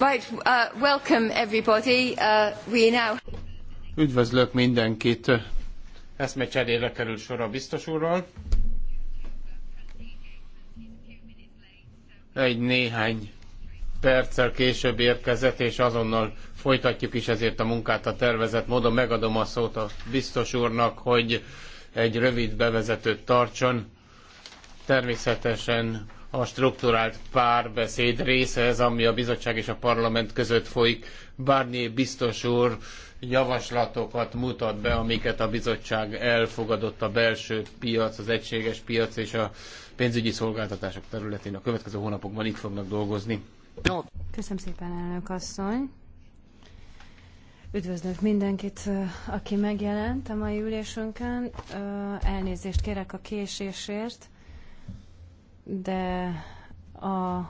Right, uh, welcome everybody. Uh, we now... Üdvözlök mindenkit. Eszmecserére kerül sor a biztos úrral. Egy néhány perccel később érkezett, és azonnal folytatjuk is ezért a munkát a tervezett módon. Megadom a szót a biztos úrnak, hogy egy rövid bevezetőt tartson. Természetesen a strukturált párbeszéd része ez, ami a bizottság és a parlament között folyik. Barnier biztos úr javaslatokat mutat be, amiket a bizottság elfogadott a belső piac, az egységes piac és a pénzügyi szolgáltatások területén. A következő hónapokban itt fognak dolgozni. Köszönöm szépen, elnök asszony. Üdvözlök mindenkit, aki megjelent a mai ülésünkön. Elnézést kérek a késésért de a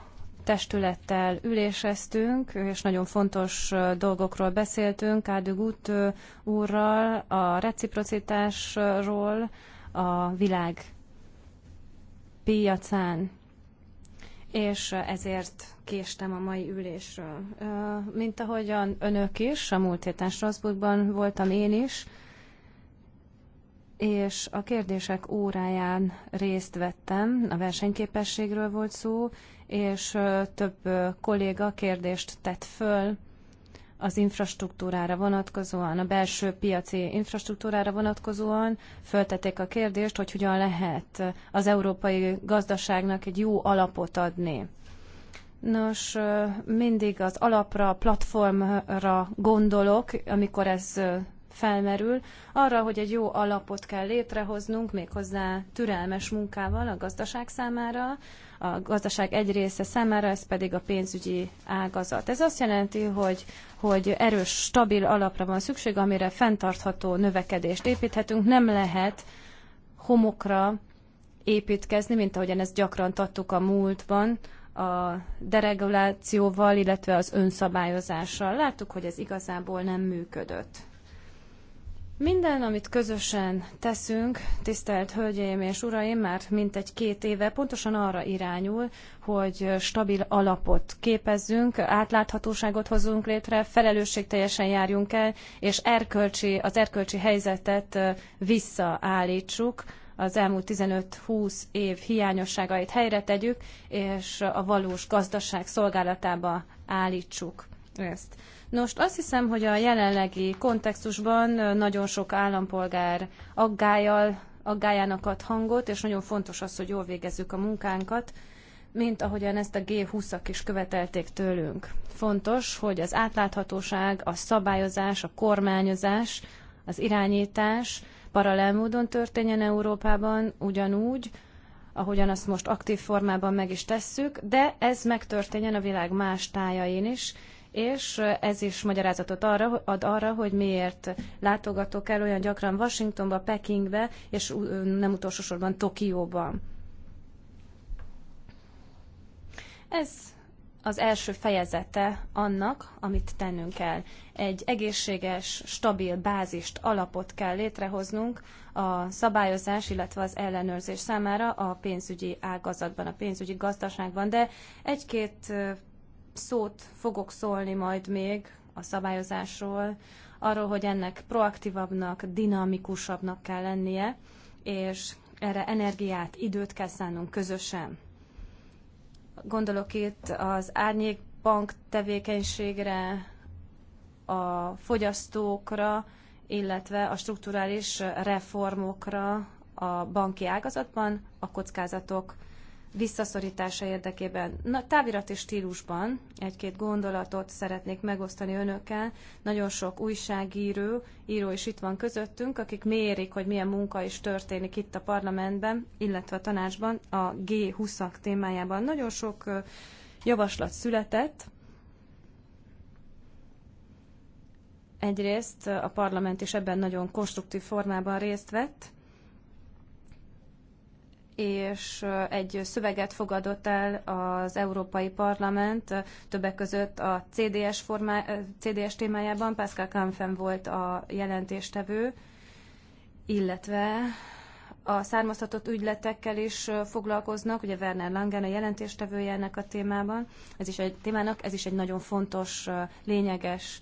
testülettel üléseztünk, és nagyon fontos dolgokról beszéltünk, Ádögút úrral, a reciprocitásról, a világ piacán, és ezért késtem a mai ülésről. Mint ahogyan önök is, a múlt héten Strasbourgban voltam én is, és a kérdések óráján részt vettem, a versenyképességről volt szó, és több kolléga kérdést tett föl az infrastruktúrára vonatkozóan, a belső piaci infrastruktúrára vonatkozóan föltették a kérdést, hogy hogyan lehet az európai gazdaságnak egy jó alapot adni. Nos, mindig az alapra, platformra gondolok, amikor ez felmerül, arra, hogy egy jó alapot kell létrehoznunk, méghozzá türelmes munkával a gazdaság számára, a gazdaság egy része számára, ez pedig a pénzügyi ágazat. Ez azt jelenti, hogy, hogy erős, stabil alapra van szükség, amire fenntartható növekedést építhetünk. Nem lehet homokra építkezni, mint ahogyan ezt gyakran tattuk a múltban, a deregulációval, illetve az önszabályozással. Láttuk, hogy ez igazából nem működött. Minden, amit közösen teszünk, tisztelt Hölgyeim és Uraim, már mintegy két éve pontosan arra irányul, hogy stabil alapot képezzünk, átláthatóságot hozunk létre, felelősségteljesen járjunk el, és erkölcsi, az erkölcsi helyzetet visszaállítsuk, az elmúlt 15-20 év hiányosságait helyre tegyük, és a valós gazdaság szolgálatába állítsuk ezt. Nos, azt hiszem, hogy a jelenlegi kontextusban nagyon sok állampolgár aggájal, aggájának ad hangot, és nagyon fontos az, hogy jól végezzük a munkánkat, mint ahogyan ezt a G20-ak is követelték tőlünk. Fontos, hogy az átláthatóság, a szabályozás, a kormányozás, az irányítás paralel módon történjen Európában, ugyanúgy, ahogyan azt most aktív formában meg is tesszük, de ez megtörténjen a világ más tájain is, és ez is magyarázatot arra, ad arra, hogy miért látogatok el olyan gyakran Washingtonba, Pekingbe, és nem utolsó sorban Tokióba. Ez az első fejezete annak, amit tennünk kell. Egy egészséges, stabil bázist, alapot kell létrehoznunk a szabályozás, illetve az ellenőrzés számára a pénzügyi ágazatban, a pénzügyi gazdaságban, de egy-két szót fogok szólni majd még a szabályozásról, arról, hogy ennek proaktívabbnak, dinamikusabbnak kell lennie, és erre energiát, időt kell szánnunk közösen. Gondolok itt az árnyékbank tevékenységre, a fogyasztókra, illetve a strukturális reformokra a banki ágazatban, a kockázatok visszaszorítása érdekében. Na, távirati stílusban egy-két gondolatot szeretnék megosztani önökkel. Nagyon sok újságíró, író is itt van közöttünk, akik mérik, hogy milyen munka is történik itt a parlamentben, illetve a tanácsban, a g 20 témájában. Nagyon sok javaslat született. Egyrészt a parlament is ebben nagyon konstruktív formában részt vett, és egy szöveget fogadott el az Európai Parlament, többek között a CDS, formá, CDS témájában, Pascal Kampfen volt a jelentéstevő, illetve a származtatott ügyletekkel is foglalkoznak, ugye Werner Langen a jelentéstevője ennek a témában, ez is egy témának, ez is egy nagyon fontos, lényeges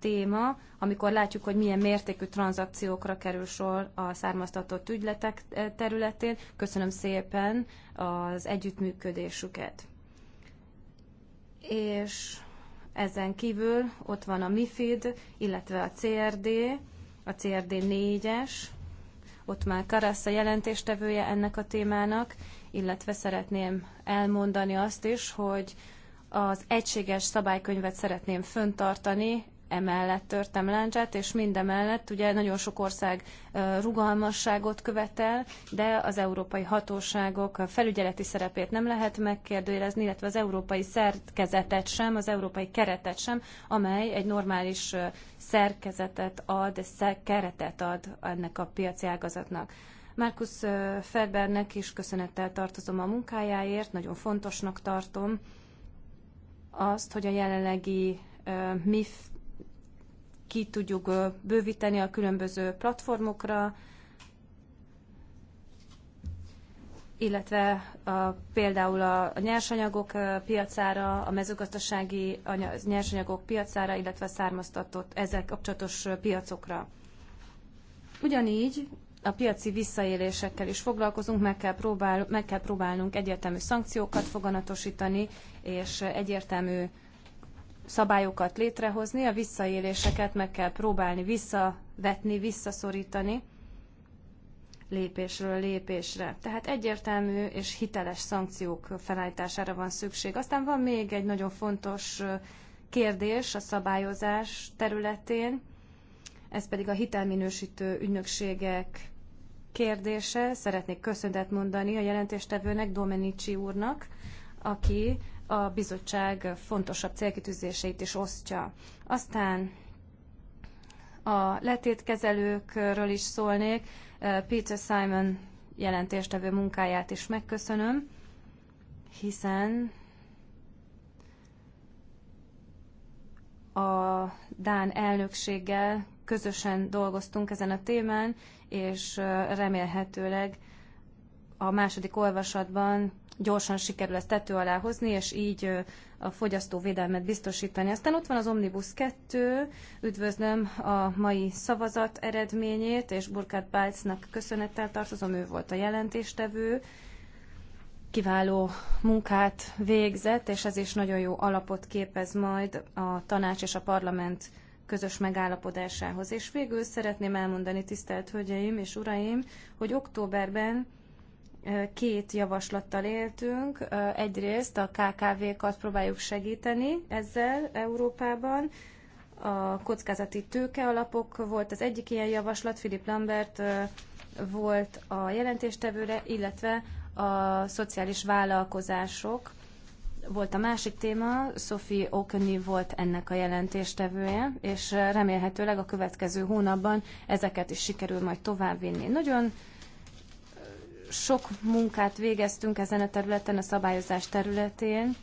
téma, amikor látjuk, hogy milyen mértékű tranzakciókra kerül sor a származtatott ügyletek eh, területén. Köszönöm szépen az együttműködésüket. És ezen kívül ott van a MIFID, illetve a CRD, a CRD 4-es, ott már Karasz a jelentéstevője ennek a témának, illetve szeretném elmondani azt is, hogy az egységes szabálykönyvet szeretném föntartani emellett törtem láncsát, és mindemellett ugye nagyon sok ország rugalmasságot követel, de az európai hatóságok felügyeleti szerepét nem lehet megkérdőjelezni, illetve az európai szerkezetet sem, az európai keretet sem, amely egy normális szerkezetet ad, keretet ad ennek a piaci ágazatnak. Markus Ferbernek is köszönettel tartozom a munkájáért, nagyon fontosnak tartom azt, hogy a jelenlegi MIF ki tudjuk bővíteni a különböző platformokra, illetve a, például a nyersanyagok piacára, a mezőgazdasági nyersanyagok piacára, illetve a származtatott ezek kapcsolatos piacokra. Ugyanígy a piaci visszaélésekkel is foglalkozunk, meg kell, próbál, meg kell próbálnunk egyértelmű szankciókat foganatosítani, és egyértelmű szabályokat létrehozni, a visszaéléseket meg kell próbálni visszavetni, visszaszorítani lépésről lépésre. Tehát egyértelmű és hiteles szankciók felállítására van szükség. Aztán van még egy nagyon fontos kérdés a szabályozás területén, ez pedig a hitelminősítő ügynökségek kérdése. Szeretnék köszönetet mondani a jelentéstevőnek, Domenici úrnak, aki a bizottság fontosabb célkitűzéseit is osztja. Aztán a letétkezelőkről is szólnék. Eh, Peter Simon jelentéstevő munkáját is megköszönöm, hiszen a Dán elnökséggel közösen dolgoztunk ezen a témán, és eh, remélhetőleg a második olvasatban gyorsan sikerül ezt tető alá hozni, és így a fogyasztóvédelmet biztosítani. Aztán ott van az Omnibus 2, üdvözlöm a mai szavazat eredményét, és Burkhard Balcnak köszönettel tartozom, ő volt a jelentéstevő, kiváló munkát végzett, és ez is nagyon jó alapot képez majd a tanács és a parlament közös megállapodásához. És végül szeretném elmondani, tisztelt Hölgyeim és Uraim, hogy októberben két javaslattal éltünk. Egyrészt a KKV-kat próbáljuk segíteni ezzel Európában. A kockázati tőkealapok volt az egyik ilyen javaslat, Filip Lambert volt a jelentéstevőre, illetve a szociális vállalkozások volt a másik téma, Sophie Okeny volt ennek a jelentéstevője, és remélhetőleg a következő hónapban ezeket is sikerül majd továbbvinni. Nagyon sok munkát végeztünk ezen a területen, a szabályozás területén,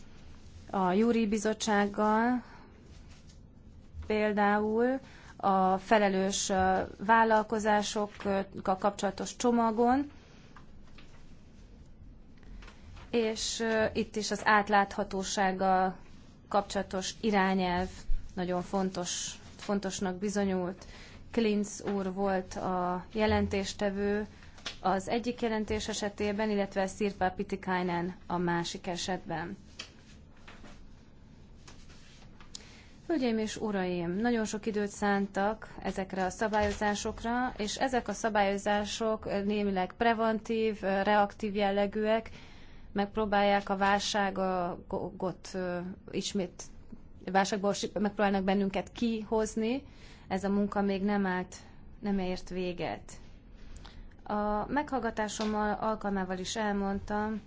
a júri bizottsággal például, a felelős vállalkozásokkal kapcsolatos csomagon, és itt is az átláthatósággal kapcsolatos irányelv nagyon fontos, fontosnak bizonyult. Klinz úr volt a jelentéstevő, az egyik jelentés esetében, illetve Szirpa Pitikainen a másik esetben. Hölgyeim és uraim, nagyon sok időt szántak ezekre a szabályozásokra, és ezek a szabályozások némileg preventív, reaktív jellegűek, megpróbálják a válságot ismét, válságból megpróbálnak bennünket kihozni, ez a munka még nem állt, nem ért véget. A meghallgatásom alkalmával is elmondtam,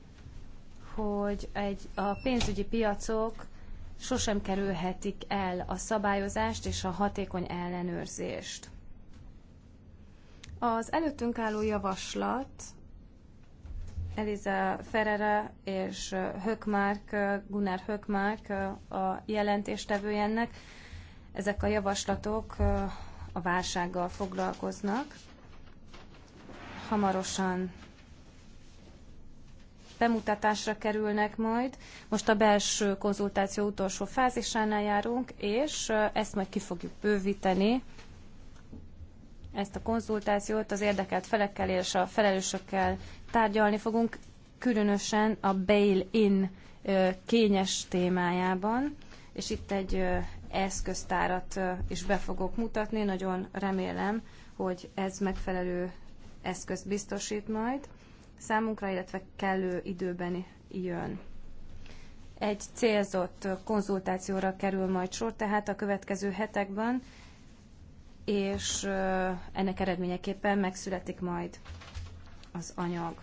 hogy egy, a pénzügyi piacok sosem kerülhetik el a szabályozást és a hatékony ellenőrzést. Az előttünk álló javaslat Eliza Ferrere és Hökmark, Gunnar Hökmark a jelentéstevőjennek. Ezek a javaslatok a válsággal foglalkoznak hamarosan bemutatásra kerülnek majd. Most a belső konzultáció utolsó fázisánál járunk, és ezt majd ki fogjuk bővíteni, ezt a konzultációt az érdekelt felekkel és a felelősökkel tárgyalni fogunk, különösen a bail-in kényes témájában, és itt egy eszköztárat is be fogok mutatni, nagyon remélem, hogy ez megfelelő eszközt biztosít majd számunkra, illetve kellő időben jön. Egy célzott konzultációra kerül majd sor, tehát a következő hetekben, és ennek eredményeképpen megszületik majd az anyag.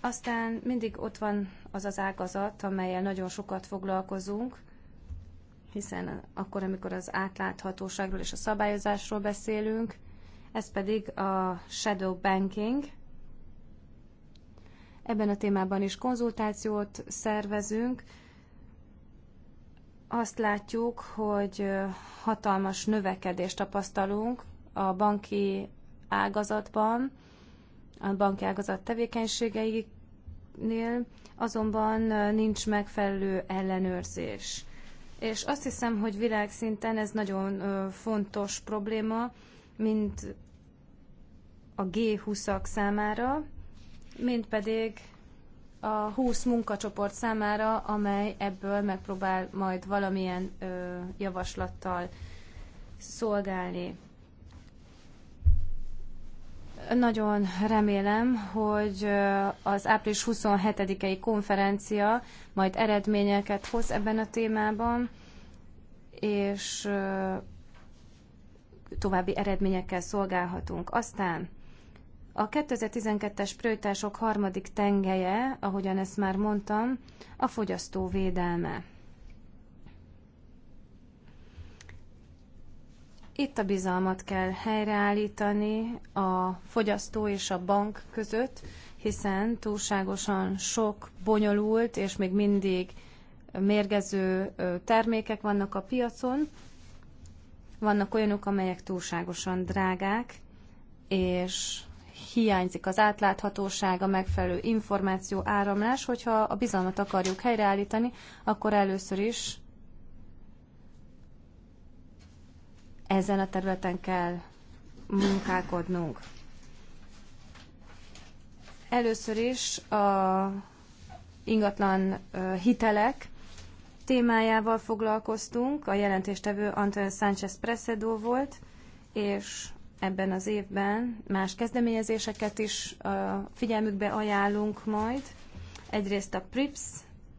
Aztán mindig ott van az az ágazat, amelyel nagyon sokat foglalkozunk, hiszen akkor, amikor az átláthatóságról és a szabályozásról beszélünk, ez pedig a shadow banking. Ebben a témában is konzultációt szervezünk. Azt látjuk, hogy hatalmas növekedést tapasztalunk a banki ágazatban, a banki ágazat tevékenységeinél, azonban nincs megfelelő ellenőrzés. És azt hiszem, hogy világszinten ez nagyon fontos probléma, mind a G20-ak számára, mind pedig a 20 munkacsoport számára, amely ebből megpróbál majd valamilyen ö, javaslattal szolgálni. Nagyon remélem, hogy az április 27-i konferencia majd eredményeket hoz ebben a témában, és további eredményekkel szolgálhatunk. Aztán a 2012-es prioritások harmadik tengelye, ahogyan ezt már mondtam, a fogyasztó védelme. Itt a bizalmat kell helyreállítani a fogyasztó és a bank között, hiszen túlságosan sok bonyolult és még mindig mérgező termékek vannak a piacon, vannak olyanok, amelyek túlságosan drágák, és hiányzik az átláthatóság, a megfelelő információ áramlás, hogyha a bizalmat akarjuk helyreállítani, akkor először is ezen a területen kell munkálkodnunk. Először is a ingatlan hitelek témájával foglalkoztunk, a jelentéstevő Antonio Sánchez Presedo volt, és ebben az évben más kezdeményezéseket is a figyelmükbe ajánlunk majd. Egyrészt a PRIPS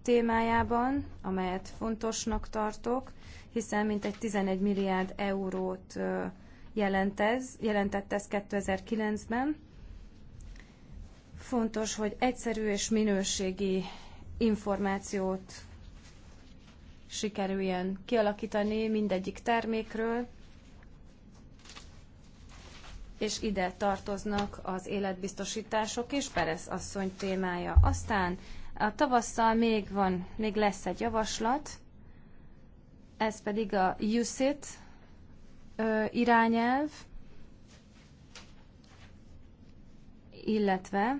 témájában, amelyet fontosnak tartok, hiszen mintegy 11 milliárd eurót jelentez, jelentett ez 2009-ben. Fontos, hogy egyszerű és minőségi információt sikerüljön kialakítani mindegyik termékről, és ide tartoznak az életbiztosítások és Peresz asszony témája. Aztán a tavasszal még van, még lesz egy javaslat, ez pedig a USIT irányelv, illetve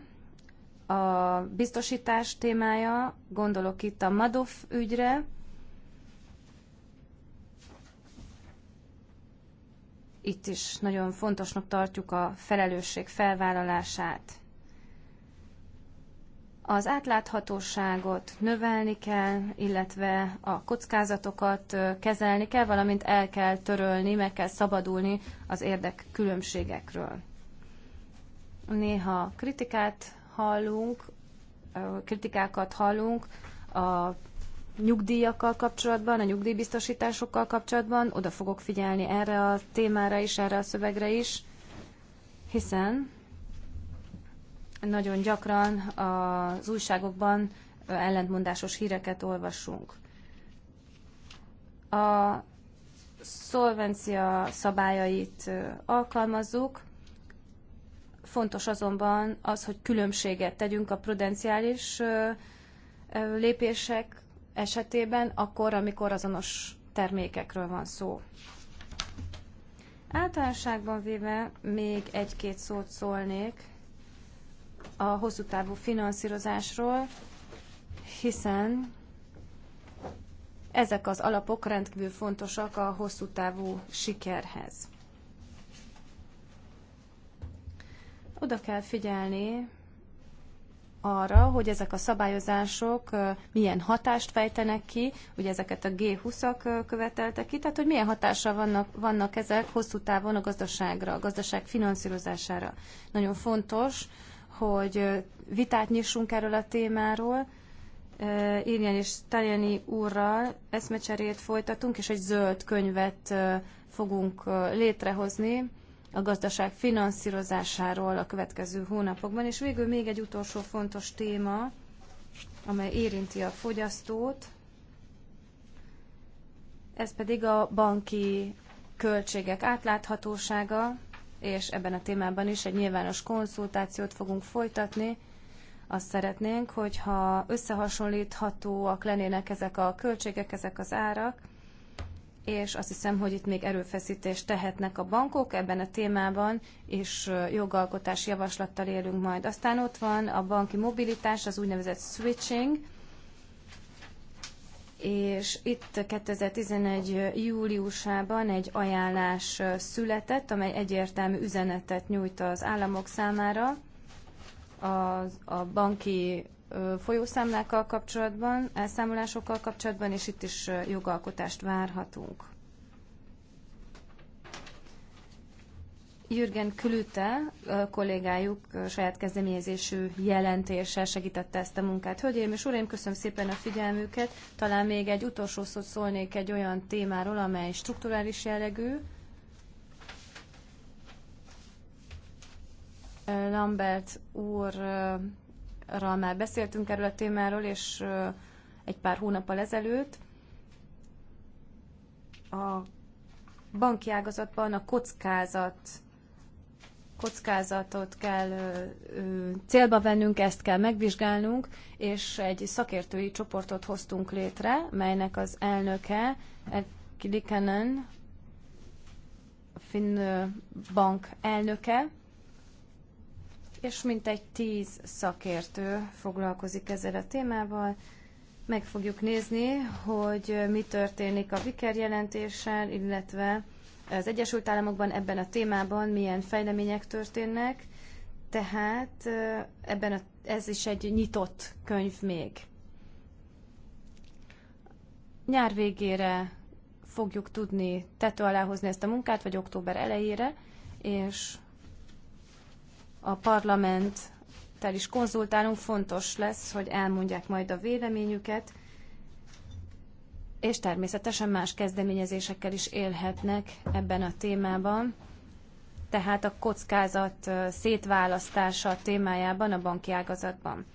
a biztosítás témája, gondolok itt a Madoff ügyre, Itt is nagyon fontosnak tartjuk a felelősség felvállalását. Az átláthatóságot növelni kell, illetve a kockázatokat kezelni kell, valamint el kell törölni, meg kell szabadulni az érdek különbségekről. Néha kritikát hallunk, kritikákat hallunk a nyugdíjakkal kapcsolatban, a nyugdíjbiztosításokkal kapcsolatban, oda fogok figyelni erre a témára is, erre a szövegre is, hiszen nagyon gyakran az újságokban ellentmondásos híreket olvasunk. A szolvencia szabályait alkalmazzuk, fontos azonban az, hogy különbséget tegyünk a prudenciális lépések esetében, akkor, amikor azonos termékekről van szó. Általánosságban véve még egy-két szót szólnék a hosszú távú finanszírozásról, hiszen ezek az alapok rendkívül fontosak a hosszú távú sikerhez. Oda kell figyelni arra, hogy ezek a szabályozások milyen hatást fejtenek ki, ugye ezeket a G20-ak követeltek ki, tehát hogy milyen hatása vannak, vannak ezek hosszú távon a gazdaságra, a gazdaság finanszírozására. Nagyon fontos, hogy vitát nyissunk erről a témáról, Írjen és Tajani úrral eszmecserét folytatunk, és egy zöld könyvet fogunk létrehozni, a gazdaság finanszírozásáról a következő hónapokban. És végül még egy utolsó fontos téma, amely érinti a fogyasztót, ez pedig a banki költségek átláthatósága, és ebben a témában is egy nyilvános konzultációt fogunk folytatni. Azt szeretnénk, hogyha összehasonlíthatóak lennének ezek a költségek, ezek az árak, és azt hiszem, hogy itt még erőfeszítést tehetnek a bankok ebben a témában, és jogalkotási javaslattal élünk majd. Aztán ott van a banki mobilitás, az úgynevezett switching, és itt 2011. júliusában egy ajánlás született, amely egyértelmű üzenetet nyújt az államok számára a, a banki folyószámlákkal kapcsolatban, elszámolásokkal kapcsolatban, és itt is jogalkotást várhatunk. Jürgen Klüte kollégájuk saját kezdeményezésű jelentéssel segítette ezt a munkát. Hölgyeim és uraim, köszönöm szépen a figyelmüket. Talán még egy utolsó szót szólnék egy olyan témáról, amely strukturális jellegű. Lambert úr Ról már beszéltünk erről a témáról, és egy pár hónappal ezelőtt a banki ágazatban a kockázat kockázatot kell célba vennünk, ezt kell megvizsgálnunk, és egy szakértői csoportot hoztunk létre, melynek az elnöke Kilikenen, a Finn Bank elnöke, és mintegy tíz szakértő foglalkozik ezzel a témával. Meg fogjuk nézni, hogy mi történik a Viker jelentéssel, illetve az Egyesült Államokban ebben a témában milyen fejlemények történnek, tehát ebben a, ez is egy nyitott könyv még. Nyár végére fogjuk tudni tető alá hozni ezt a munkát, vagy október elejére, és a parlamenttel is konzultálunk, fontos lesz, hogy elmondják majd a véleményüket, és természetesen más kezdeményezésekkel is élhetnek ebben a témában. Tehát a kockázat szétválasztása témájában a banki ágazatban.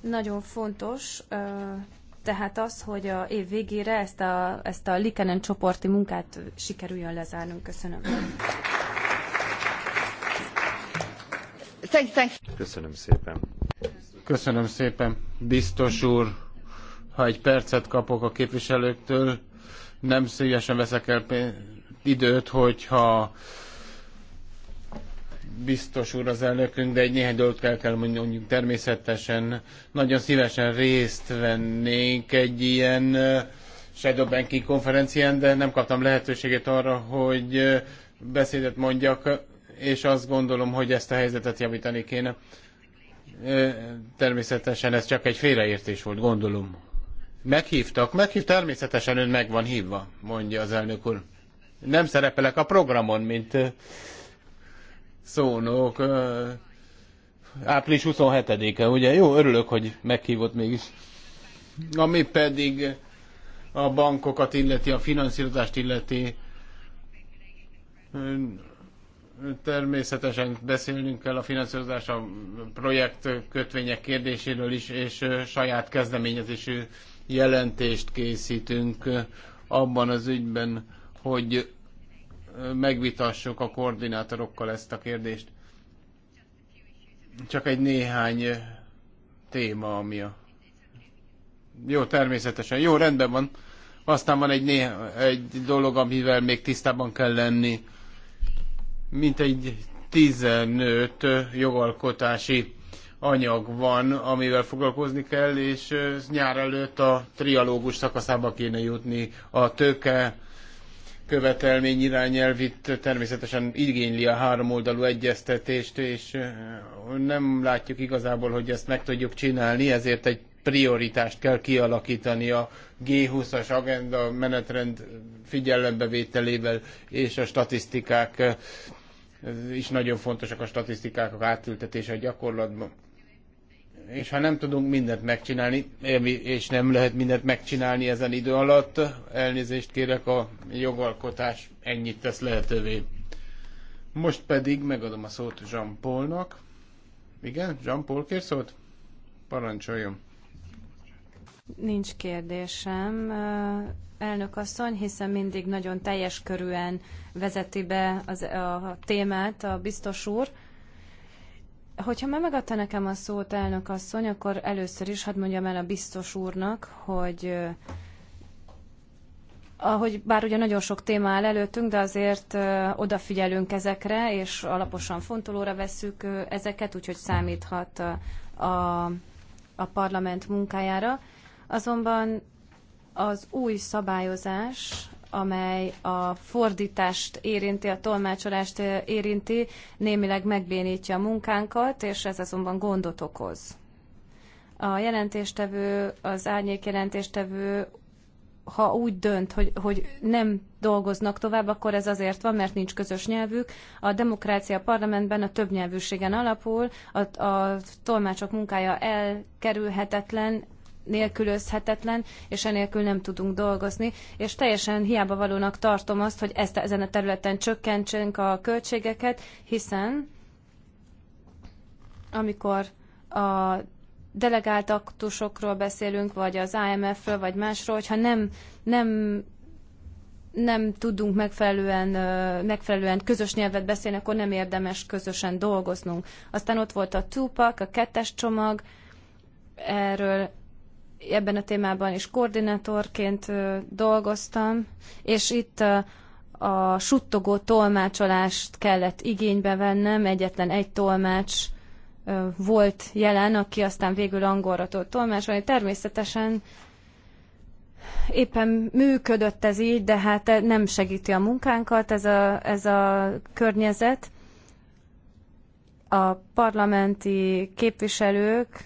Nagyon fontos tehát az, hogy a év végére ezt a, ezt a Likenen csoporti munkát sikerüljön lezárnunk. Köszönöm. Köszönöm szépen. Köszönöm szépen, biztos úr. Ha egy percet kapok a képviselőktől, nem szívesen veszek el időt, hogyha biztos úr az elnökünk, de egy néhány dolgot kell, kell mondjuk természetesen. Nagyon szívesen részt vennénk egy ilyen shadow banking konferencián, de nem kaptam lehetőséget arra, hogy beszédet mondjak és azt gondolom, hogy ezt a helyzetet javítani kéne. Természetesen ez csak egy félreértés volt, gondolom. Meghívtak, meghív, természetesen ön meg van hívva, mondja az elnök úr. Nem szerepelek a programon, mint szónok. Április 27-e, ugye? Jó, örülök, hogy meghívott mégis. Ami pedig a bankokat illeti, a finanszírozást illeti, Természetesen beszélnünk kell a finanszírozás a projekt kötvények kérdéséről is, és saját kezdeményezésű jelentést készítünk abban az ügyben, hogy megvitassuk a koordinátorokkal ezt a kérdést. Csak egy néhány téma, ami a... Jó, természetesen. Jó, rendben van. Aztán van egy, néha, egy dolog, amivel még tisztában kell lenni mint egy 15 jogalkotási anyag van, amivel foglalkozni kell, és nyár előtt a trialógus szakaszába kéne jutni. A tőke követelmény irányelvit itt természetesen igényli a háromoldalú egyeztetést, és nem látjuk igazából, hogy ezt meg tudjuk csinálni, ezért egy prioritást kell kialakítani a G20-as agenda menetrend figyelembevételével és a statisztikák is nagyon fontosak a statisztikák a átültetése a gyakorlatban. És ha nem tudunk mindent megcsinálni, és nem lehet mindent megcsinálni ezen idő alatt, elnézést kérek, a jogalkotás ennyit tesz lehetővé. Most pedig megadom a szót Jean Paulnak. Igen, Jean Paul kér szót? Parancsoljon. Nincs kérdésem elnök asszony, hiszen mindig nagyon teljes körűen vezeti be az, a témát a biztos úr. Hogyha már megadta nekem a szót, elnök asszony, akkor először is hadd mondjam el a biztos úrnak, hogy ahogy bár ugye nagyon sok téma áll előttünk, de azért odafigyelünk ezekre, és alaposan fontolóra vesszük ezeket, úgyhogy számíthat a, a, a parlament munkájára. Azonban az új szabályozás, amely a fordítást érinti, a tolmácsolást érinti, némileg megbénítja a munkánkat, és ez azonban gondot okoz. A jelentéstevő, az árnyék jelentéstevő ha úgy dönt, hogy, hogy nem dolgoznak tovább, akkor ez azért van, mert nincs közös nyelvük. A demokrácia parlamentben a többnyelvűségen alapul, a, a tolmácsok munkája elkerülhetetlen, nélkülözhetetlen, és enélkül nem tudunk dolgozni, és teljesen hiába valónak tartom azt, hogy ezt ezen a területen csökkentsünk a költségeket, hiszen amikor a delegált aktusokról beszélünk, vagy az IMF-ről, vagy másról, hogyha nem, nem nem tudunk megfelelően, megfelelően közös nyelvet beszélni, akkor nem érdemes közösen dolgoznunk. Aztán ott volt a Tupac, a kettes csomag, erről ebben a témában is koordinátorként dolgoztam, és itt a, a suttogó tolmácsolást kellett igénybe vennem, egyetlen egy tolmács volt jelen, aki aztán végül angolra tudott tolmácsolni. Természetesen éppen működött ez így, de hát nem segíti a munkánkat ez a, ez a környezet. A parlamenti képviselők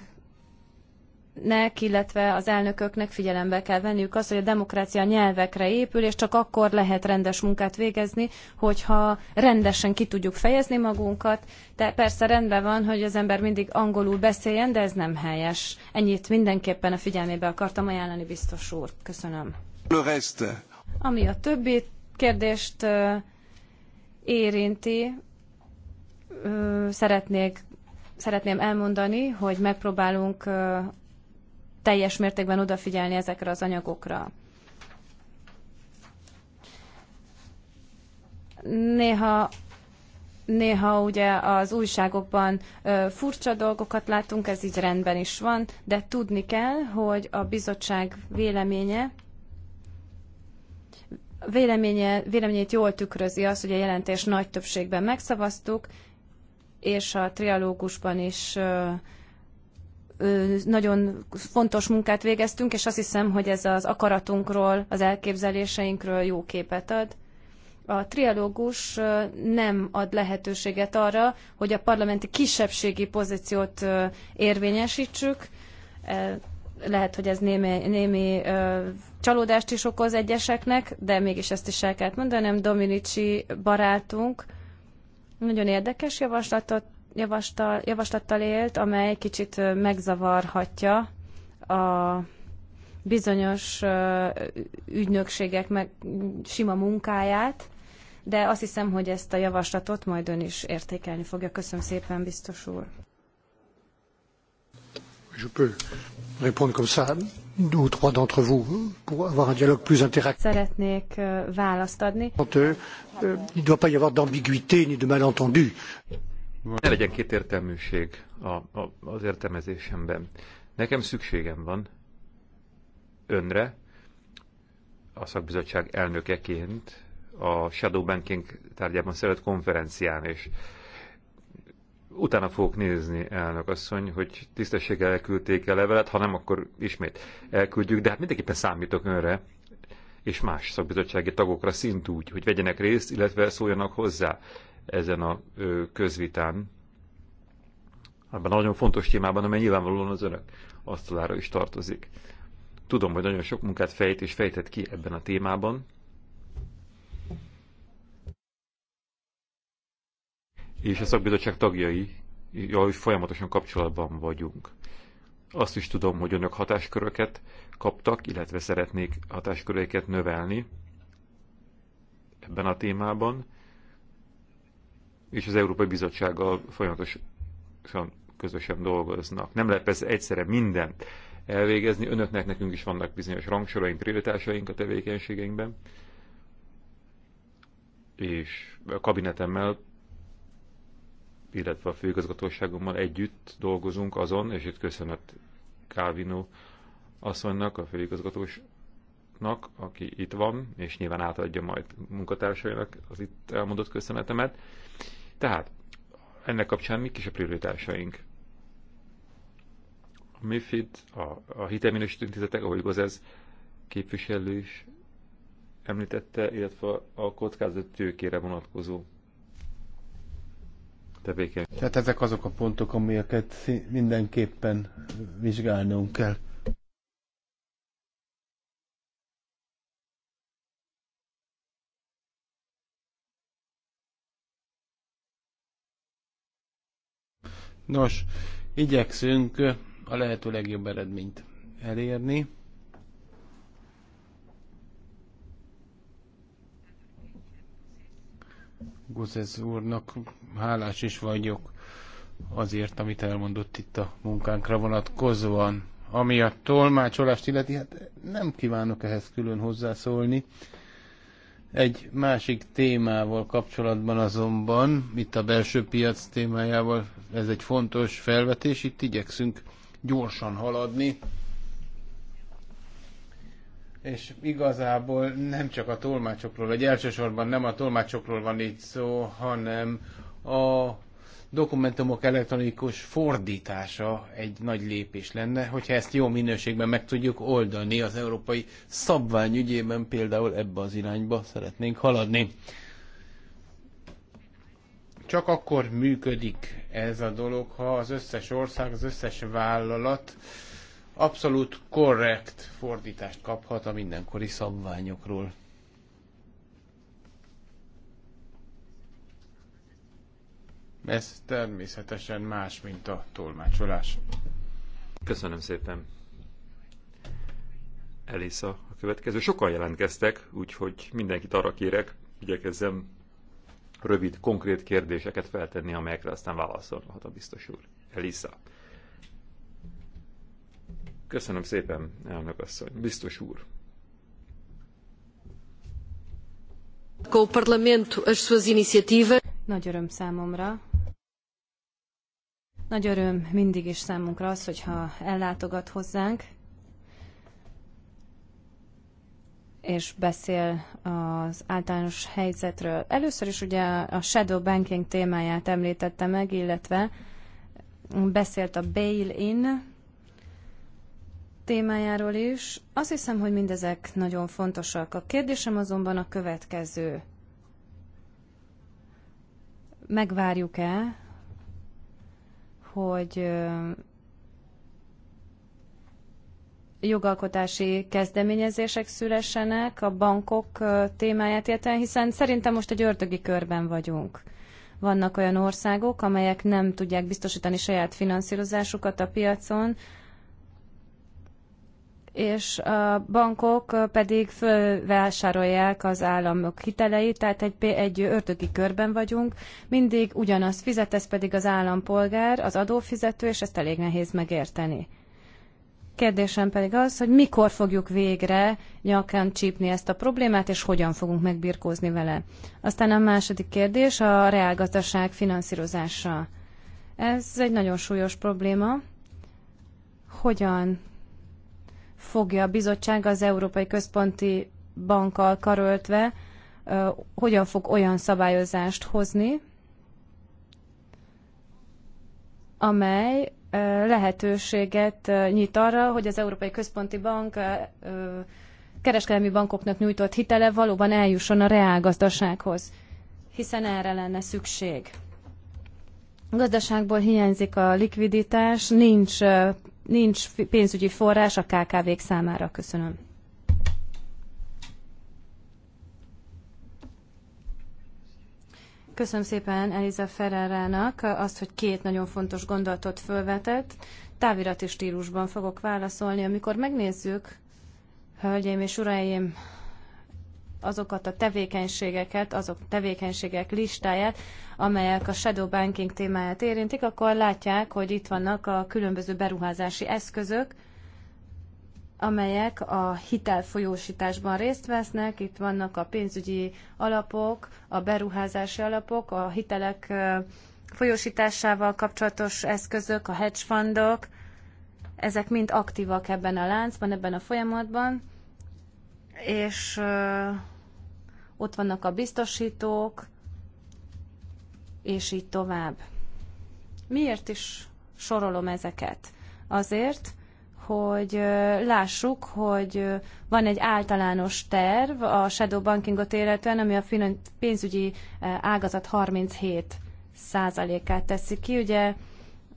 nek, illetve az elnököknek figyelembe kell venniük azt, hogy a demokrácia nyelvekre épül, és csak akkor lehet rendes munkát végezni, hogyha rendesen ki tudjuk fejezni magunkat. De persze rendben van, hogy az ember mindig angolul beszéljen, de ez nem helyes. Ennyit mindenképpen a figyelmébe akartam ajánlani, biztos úr. Köszönöm. Ami a többi kérdést érinti, szeretnék szeretném elmondani, hogy megpróbálunk teljes mértékben odafigyelni ezekre az anyagokra. Néha néha ugye az újságokban furcsa dolgokat látunk, ez így rendben is van, de tudni kell, hogy a bizottság véleménye véleménye, véleményét jól tükrözi az, hogy a jelentés nagy többségben megszavaztuk, és a trialógusban is nagyon fontos munkát végeztünk, és azt hiszem, hogy ez az akaratunkról, az elképzeléseinkről jó képet ad. A trialógus nem ad lehetőséget arra, hogy a parlamenti kisebbségi pozíciót érvényesítsük. Lehet, hogy ez némi, némi csalódást is okoz egyeseknek, de mégis ezt is el kellett mondanom. Dominici barátunk nagyon érdekes javaslatot javastal, javaslattal élt, amely kicsit megzavarhatja a bizonyos ügynökségek meg sima munkáját, de azt hiszem, hogy ezt a javaslatot majd ön is értékelni fogja. Köszönöm szépen, biztos úr. Szeretnék választ adni. Euh, il ne doit pas y avoir d'ambiguïté ni de malentendu. Ne legyen kétértelműség a, a, az értelmezésemben. Nekem szükségem van önre, a szakbizottság elnökeként a Shadow Banking tárgyában szervezett konferencián, és utána fogok nézni, elnök asszony, hogy tisztességgel elküldték a levelet, ha nem, akkor ismét elküldjük, de hát mindenképpen számítok önre, és más szakbizottsági tagokra szintúgy, hogy vegyenek részt, illetve szóljanak hozzá ezen a közvitán, ebben a nagyon fontos témában, amely nyilvánvalóan az önök asztalára is tartozik. Tudom, hogy nagyon sok munkát fejt és fejtett ki ebben a témában, és a szakbizottság tagjai, ahogy folyamatosan kapcsolatban vagyunk. Azt is tudom, hogy önök hatásköröket kaptak, illetve szeretnék hatásköröket növelni ebben a témában és az Európai Bizottsággal folyamatosan közösen dolgoznak. Nem lehet persze egyszerre mindent elvégezni, önöknek nekünk is vannak bizonyos rangsoraink, prioritásaink a tevékenységeinkben, és a kabinetemmel, illetve a főigazgatóságommal együtt dolgozunk azon, és itt köszönet Calvino asszonynak, a főigazgatósnak, aki itt van, és nyilván átadja majd munkatársainak az itt elmondott köszönetemet. Tehát ennek kapcsán mik is a prioritásaink? A MIFID, a, a hitelminősítő intézetek, ahogy igaz ez, képviselő is említette, illetve a kockázat tőkére vonatkozó tevékenység. Tehát ezek azok a pontok, amelyeket mindenképpen vizsgálnunk kell. Nos, igyekszünk a lehető legjobb eredményt elérni. Gózez úrnak hálás is vagyok azért, amit elmondott itt a munkánkra vonatkozóan. Ami a tolmácsolást illeti, hát nem kívánok ehhez külön hozzászólni. Egy másik témával kapcsolatban azonban, itt a belső piac témájával, ez egy fontos felvetés, itt igyekszünk gyorsan haladni, és igazából nem csak a tolmácsokról, vagy elsősorban nem a tolmácsokról van itt szó, hanem a dokumentumok elektronikus fordítása egy nagy lépés lenne, hogyha ezt jó minőségben meg tudjuk oldani az európai szabvány ügyében, például ebbe az irányba szeretnénk haladni. Csak akkor működik ez a dolog, ha az összes ország, az összes vállalat abszolút korrekt fordítást kaphat a mindenkori szabványokról. Ez természetesen más, mint a tolmácsolás. Köszönöm szépen. Elisa a következő. Sokan jelentkeztek, úgyhogy mindenkit arra kérek, igyekezzem rövid, konkrét kérdéseket feltenni, amelyekre aztán válaszolhat a biztos úr. Elisa. Köszönöm szépen, elnök asszony. Biztos úr. Nagy öröm számomra, nagy öröm mindig is számunkra az, hogyha ellátogat hozzánk, és beszél az általános helyzetről. Először is ugye a shadow banking témáját említette meg, illetve beszélt a bail-in témájáról is. Azt hiszem, hogy mindezek nagyon fontosak. A kérdésem azonban a következő. Megvárjuk-e hogy jogalkotási kezdeményezések szülessenek a bankok témáját illetően, hiszen szerintem most egy ördögi körben vagyunk. Vannak olyan országok, amelyek nem tudják biztosítani saját finanszírozásukat a piacon, és a bankok pedig fölvásárolják az államok hiteleit, tehát egy, egy ördögi körben vagyunk, mindig ugyanazt fizet, ez pedig az állampolgár, az adófizető, és ezt elég nehéz megérteni. Kérdésem pedig az, hogy mikor fogjuk végre nyakán csípni ezt a problémát, és hogyan fogunk megbirkózni vele. Aztán a második kérdés a reálgazdaság finanszírozása. Ez egy nagyon súlyos probléma. Hogyan fogja a bizottság az Európai Központi Bankkal karöltve, hogyan fog olyan szabályozást hozni, amely lehetőséget nyit arra, hogy az Európai Központi Bank kereskedelmi bankoknak nyújtott hitele valóban eljusson a reálgazdasághoz, hiszen erre lenne szükség. A gazdaságból hiányzik a likviditás, nincs nincs pénzügyi forrás a KKV-k számára. Köszönöm. Köszönöm szépen Eliza Ferrerának azt, hogy két nagyon fontos gondolatot fölvetett. Távirati stílusban fogok válaszolni. Amikor megnézzük, hölgyeim és uraim, azokat a tevékenységeket, azok tevékenységek listáját, amelyek a shadow banking témáját érintik, akkor látják, hogy itt vannak a különböző beruházási eszközök, amelyek a hitelfolyósításban részt vesznek. Itt vannak a pénzügyi alapok, a beruházási alapok, a hitelek folyósításával kapcsolatos eszközök, a hedge fundok. Ezek mind aktívak ebben a láncban, ebben a folyamatban és ott vannak a biztosítók, és így tovább. Miért is sorolom ezeket? Azért, hogy lássuk, hogy van egy általános terv a shadow bankingot életően, ami a pénzügyi ágazat 37 százalékát teszi ki. Ugye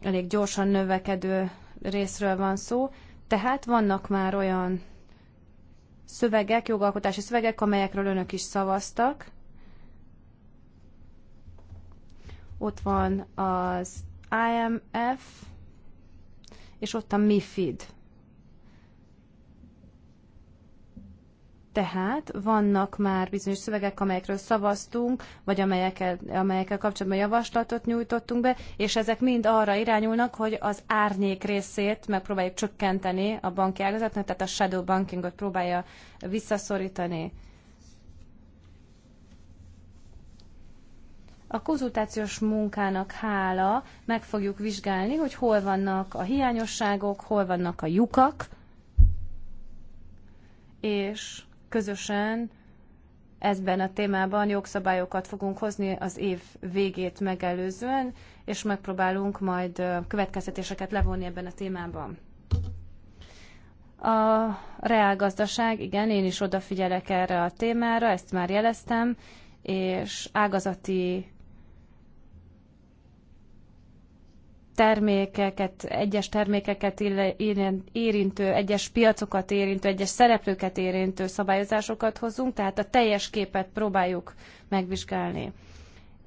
elég gyorsan növekedő részről van szó, tehát vannak már olyan szövegek, jogalkotási szövegek, amelyekről önök is szavaztak. Ott van az IMF, és ott a MIFID. Tehát vannak már bizonyos szövegek, amelyekről szavaztunk, vagy amelyekkel, amelyekkel kapcsolatban javaslatot nyújtottunk be, és ezek mind arra irányulnak, hogy az árnyék részét megpróbáljuk csökkenteni a banki ágazatnak, tehát a shadow bankingot próbálja visszaszorítani. A konzultációs munkának hála meg fogjuk vizsgálni, hogy hol vannak a hiányosságok, hol vannak a lyukak, és közösen ezben a témában jogszabályokat fogunk hozni az év végét megelőzően, és megpróbálunk majd következtetéseket levonni ebben a témában. A reálgazdaság, igen, én is odafigyelek erre a témára, ezt már jeleztem, és ágazati termékeket, egyes termékeket érintő, egyes piacokat érintő, egyes szereplőket érintő szabályozásokat hozzunk, tehát a teljes képet próbáljuk megvizsgálni.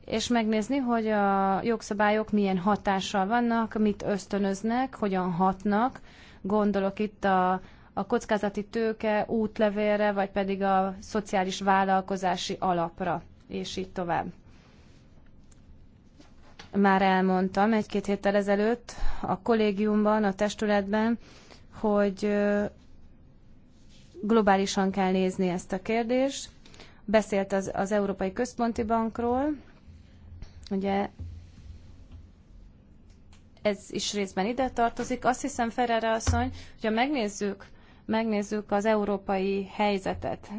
És megnézni, hogy a jogszabályok milyen hatással vannak, mit ösztönöznek, hogyan hatnak. Gondolok itt a, a kockázati tőke útlevélre, vagy pedig a szociális vállalkozási alapra, és így tovább. Már elmondtam egy-két héttel ezelőtt a kollégiumban, a testületben, hogy globálisan kell nézni ezt a kérdést. Beszélt az, az Európai Központi Bankról, ugye ez is részben ide tartozik. Azt hiszem, Ferrara asszony, hogyha megnézzük megnézzük az európai helyzetet,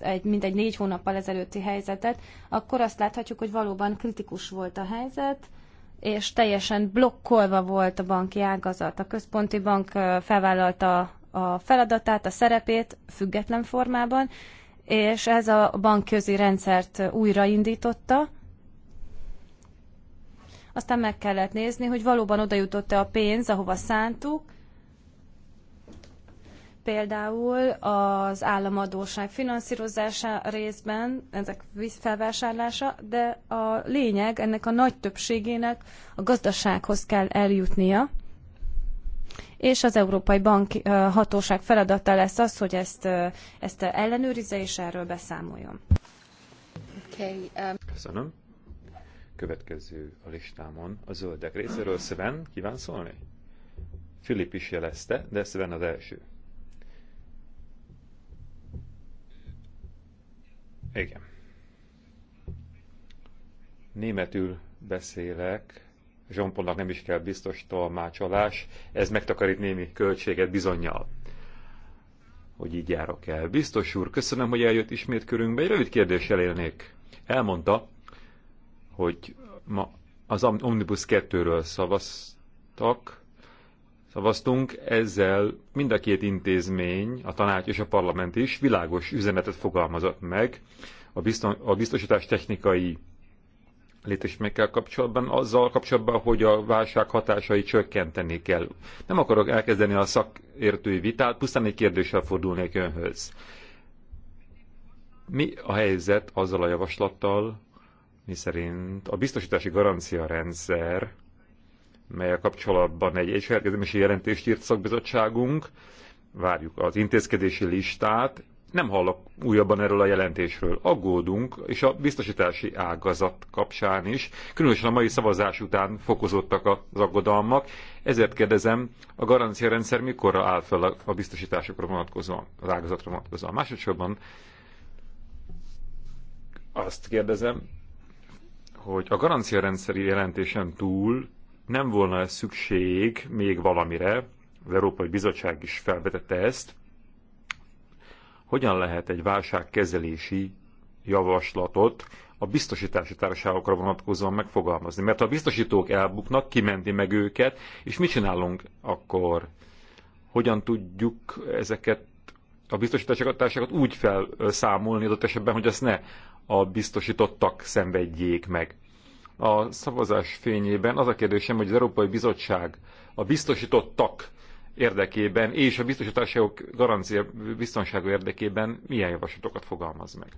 egy, mindegy négy hónappal ezelőtti helyzetet, akkor azt láthatjuk, hogy valóban kritikus volt a helyzet, és teljesen blokkolva volt a banki ágazat. A központi bank felvállalta a feladatát, a szerepét független formában, és ez a bankközi rendszert újraindította. Aztán meg kellett nézni, hogy valóban oda jutott-e a pénz, ahova szántuk, például az államadóság finanszírozása részben, ezek felvásárlása, de a lényeg ennek a nagy többségének a gazdasághoz kell eljutnia, és az Európai Bank hatóság feladata lesz az, hogy ezt, ezt ellenőrizze és erről beszámoljon. Okay, um... Köszönöm. Következő a listámon a zöldek részéről. Sven, kíván szólni? Filip is jelezte, de Sven az első. Igen. Németül beszélek, Zsompolnak nem is kell biztos tolmácsolás, ez megtakarít némi költséget bizonyal hogy így járok el. Biztos úr, köszönöm, hogy eljött ismét körünkbe. Egy rövid kérdéssel élnék. Elmondta, hogy ma az Omnibus 2-ről szavaztak, szavaztunk, ezzel mind a két intézmény, a tanács és a parlament is világos üzenetet fogalmazott meg a, biztosítás technikai létesítményekkel kapcsolatban, azzal kapcsolatban, hogy a válság hatásai csökkenteni kell. Nem akarok elkezdeni a szakértői vitát, pusztán egy kérdéssel fordulnék önhöz. Mi a helyzet azzal a javaslattal, miszerint a biztosítási garancia rendszer melyek kapcsolatban egy egyszerkezdemesi jelentést írt szakbizottságunk, várjuk az intézkedési listát, nem hallok újabban erről a jelentésről. Aggódunk, és a biztosítási ágazat kapcsán is, különösen a mai szavazás után fokozottak az aggodalmak, ezért kérdezem, a garanciarendszer mikorra áll fel a biztosításokra vonatkozóan, az ágazatra vonatkozóan. Másodszorban azt kérdezem, hogy a garanciarendszeri jelentésen túl nem volna szükség még valamire, az Európai Bizottság is felvetette ezt, hogyan lehet egy válságkezelési javaslatot a biztosítási társaságokra vonatkozóan megfogalmazni. Mert ha a biztosítók elbuknak, kimenti meg őket, és mit csinálunk akkor? Hogyan tudjuk ezeket a biztosítási társaságokat úgy felszámolni adott esetben, hogy ezt ne a biztosítottak szenvedjék meg a szavazás fényében az a kérdésem, hogy az Európai Bizottság a biztosítottak érdekében és a biztosítások garancia biztonsága érdekében milyen javaslatokat fogalmaz meg?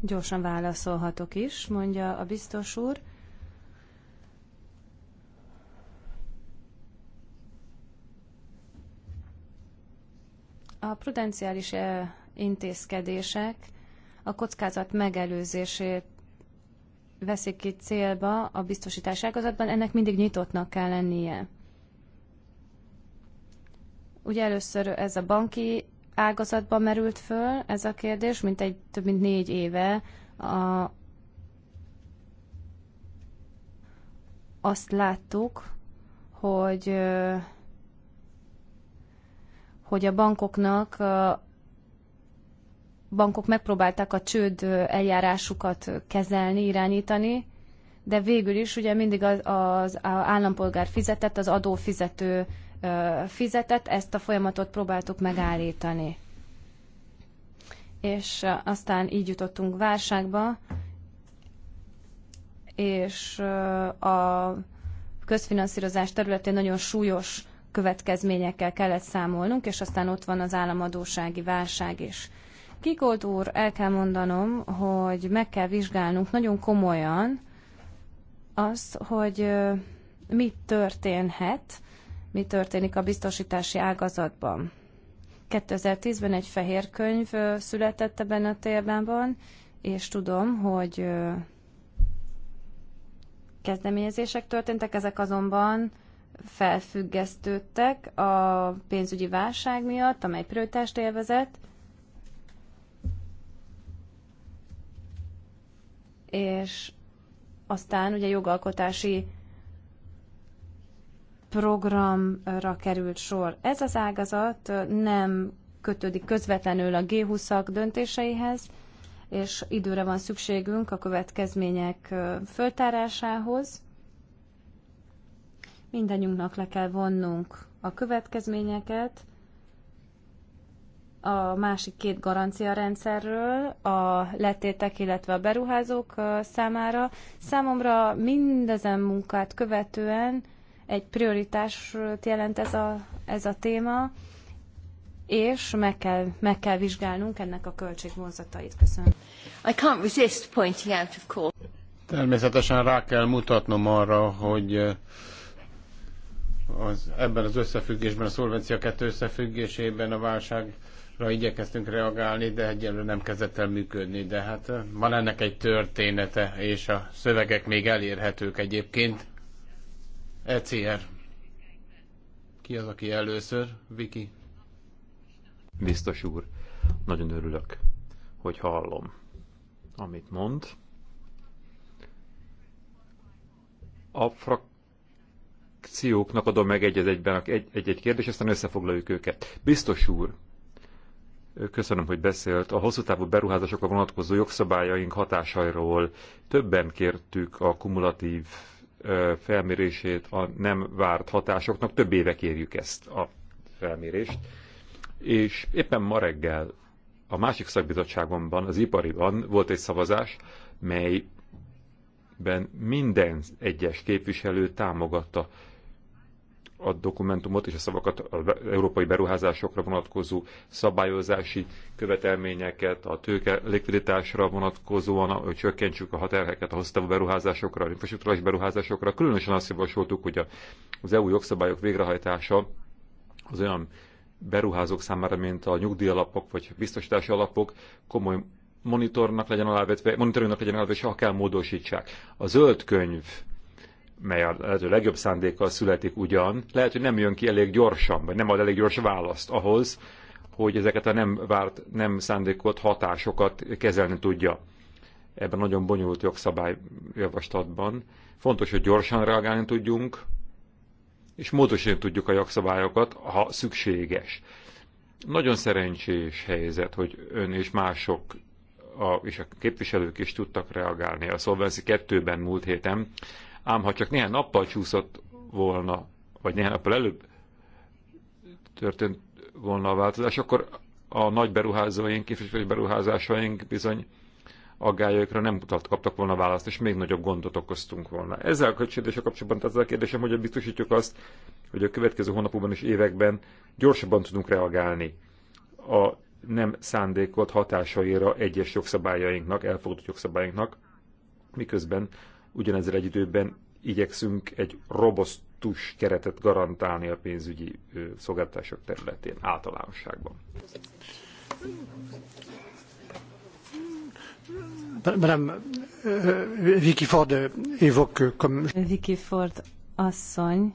Gyorsan válaszolhatok is, mondja a biztos úr. A prudenciális intézkedések a kockázat megelőzését veszik ki célba a biztosítás ágazatban, ennek mindig nyitottnak kell lennie. Ugye először ez a banki ágazatban merült föl ez a kérdés, mint egy több mint négy éve a, azt láttuk, hogy hogy a bankoknak bankok megpróbálták a csőd eljárásukat kezelni, irányítani, de végül is ugye mindig az, az állampolgár fizetett, az adófizető fizetett, ezt a folyamatot próbáltuk megállítani. És aztán így jutottunk válságba, és a közfinanszírozás területén nagyon súlyos következményekkel kellett számolnunk, és aztán ott van az államadósági válság is. Kikolt úr, el kell mondanom, hogy meg kell vizsgálnunk nagyon komolyan azt, hogy mi történhet, mi történik a biztosítási ágazatban. 2010-ben egy fehér könyv született ebben a témában, és tudom, hogy kezdeményezések történtek, ezek azonban felfüggesztődtek a pénzügyi válság miatt, amely prioritást élvezett, és aztán ugye jogalkotási programra került sor. Ez az ágazat nem kötődik közvetlenül a G20-ak döntéseihez, és időre van szükségünk a következmények föltárásához mindannyiunknak le kell vonnunk a következményeket a másik két garanciarendszerről a letétek, illetve a beruházók számára. Számomra mindezen munkát követően egy prioritást jelent ez a, ez a téma, és meg kell, meg kell vizsgálnunk ennek a költségvonzatait. Köszönöm. I can't resist pointing out, of course. Természetesen rá kell mutatnom arra, hogy az, ebben az összefüggésben, a szolvencia kettő összefüggésében a válságra igyekeztünk reagálni, de egyelőre nem kezdett el működni. De hát eh, van ennek egy története, és a szövegek még elérhetők egyébként. ECR. Ki az, aki először? Viki? Biztos úr, nagyon örülök, hogy hallom, amit mond. A frak frakcióknak adom meg egy-egyben egy-egy kérdést, aztán összefoglaljuk őket. Biztos úr, köszönöm, hogy beszélt, a hosszú távú beruházásokra vonatkozó jogszabályaink hatásairól többen kértük a kumulatív felmérését a nem várt hatásoknak, több éve kérjük ezt a felmérést, és éppen ma reggel a másik szakbizottságomban, az ipariban volt egy szavazás, mely ben minden egyes képviselő támogatta a dokumentumot és a szavakat, az európai beruházásokra vonatkozó szabályozási követelményeket, a tőke likviditásra vonatkozóan, hogy csökkentsük a haterheket a hosszú beruházásokra, a infrastruktúrális beruházásokra. Különösen azt javasoltuk, hogy az EU jogszabályok végrehajtása az olyan beruházók számára, mint a nyugdíjalapok vagy biztosítási alapok komoly monitornak legyen alávetve, monitorunknak legyen alávetve, ha kell módosítsák. A zöld könyv, mely a lehető legjobb szándékkal születik ugyan, lehet, hogy nem jön ki elég gyorsan, vagy nem ad elég gyors választ ahhoz, hogy ezeket a nem várt, nem szándékolt hatásokat kezelni tudja ebben nagyon bonyolult jogszabályjavaslatban. Fontos, hogy gyorsan reagálni tudjunk, és módosítani tudjuk a jogszabályokat, ha szükséges. Nagyon szerencsés helyzet, hogy ön és mások a, és a képviselők is tudtak reagálni a Solvency 2-ben múlt héten, ám ha csak néhány nappal csúszott volna, vagy néhány nappal előbb történt volna a változás, akkor a nagy beruházóink, képviselői beruházásaink bizony aggályokra nem kaptak volna választ, és még nagyobb gondot okoztunk volna. Ezzel a költségvetéssel kapcsolatban az a kérdésem, hogy biztosítjuk azt, hogy a következő hónapokban és években gyorsabban tudunk reagálni a nem szándékolt hatásaira egyes jogszabályainknak, elfogadott jogszabályainknak, miközben ugyanezzel egy időben igyekszünk egy robosztus keretet garantálni a pénzügyi szolgáltatások területén általánosságban. Madame euh, Vicky Ford évoque comme... Vicky Ford asszony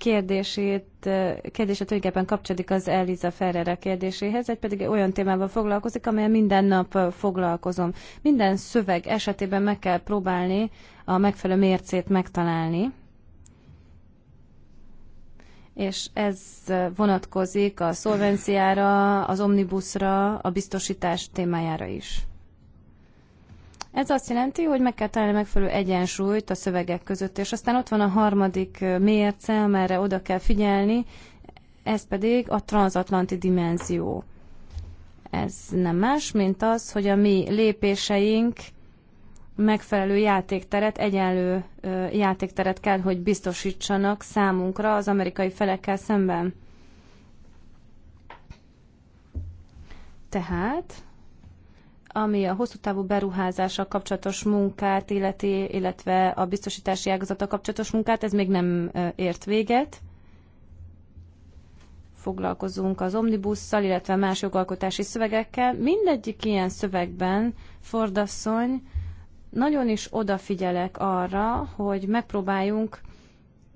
kérdését, eh, kérdése tulajdonképpen kapcsolódik az Eliza Ferrera kérdéséhez, egy pedig olyan témával foglalkozik, amelyen minden nap eh, foglalkozom. Minden szöveg esetében meg kell próbálni a megfelelő mércét megtalálni, és ez eh, vonatkozik a szolvenciára, az omnibuszra, a biztosítás témájára is. Ez azt jelenti, hogy meg kell találni megfelelő egyensúlyt a szövegek között, és aztán ott van a harmadik mérce, amelyre oda kell figyelni, ez pedig a transatlanti dimenzió. Ez nem más, mint az, hogy a mi lépéseink megfelelő játékteret, egyenlő játékteret kell, hogy biztosítsanak számunkra az amerikai felekkel szemben. Tehát ami a hosszú távú beruházással kapcsolatos munkát illeti, illetve a biztosítási ágazata kapcsolatos munkát, ez még nem ért véget. Foglalkozunk az omnibusszal, illetve más jogalkotási szövegekkel. Mindegyik ilyen szövegben, Fordasszony, nagyon is odafigyelek arra, hogy megpróbáljunk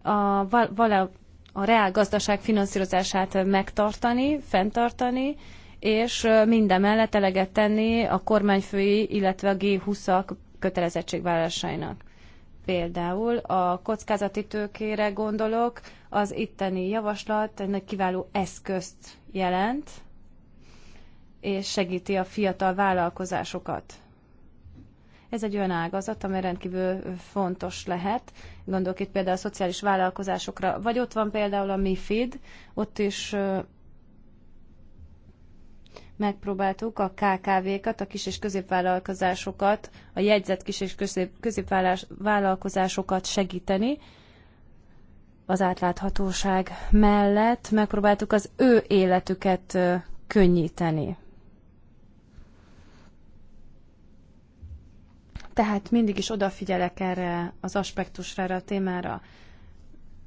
a, vala, a reál gazdaság finanszírozását megtartani, fenntartani, és mindemellett eleget tenni a kormányfői, illetve a G20-ak kötelezettségvállásainak. Például a kockázati tőkére gondolok, az itteni javaslat egy kiváló eszközt jelent, és segíti a fiatal vállalkozásokat. Ez egy olyan ágazat, amely rendkívül fontos lehet. Gondolok itt például a szociális vállalkozásokra, vagy ott van például a MIFID, ott is megpróbáltuk a KKV-kat, a kis- és középvállalkozásokat, a jegyzett kis- és középvállalkozásokat segíteni az átláthatóság mellett, megpróbáltuk az ő életüket könnyíteni. Tehát mindig is odafigyelek erre az aspektusra, erre a témára.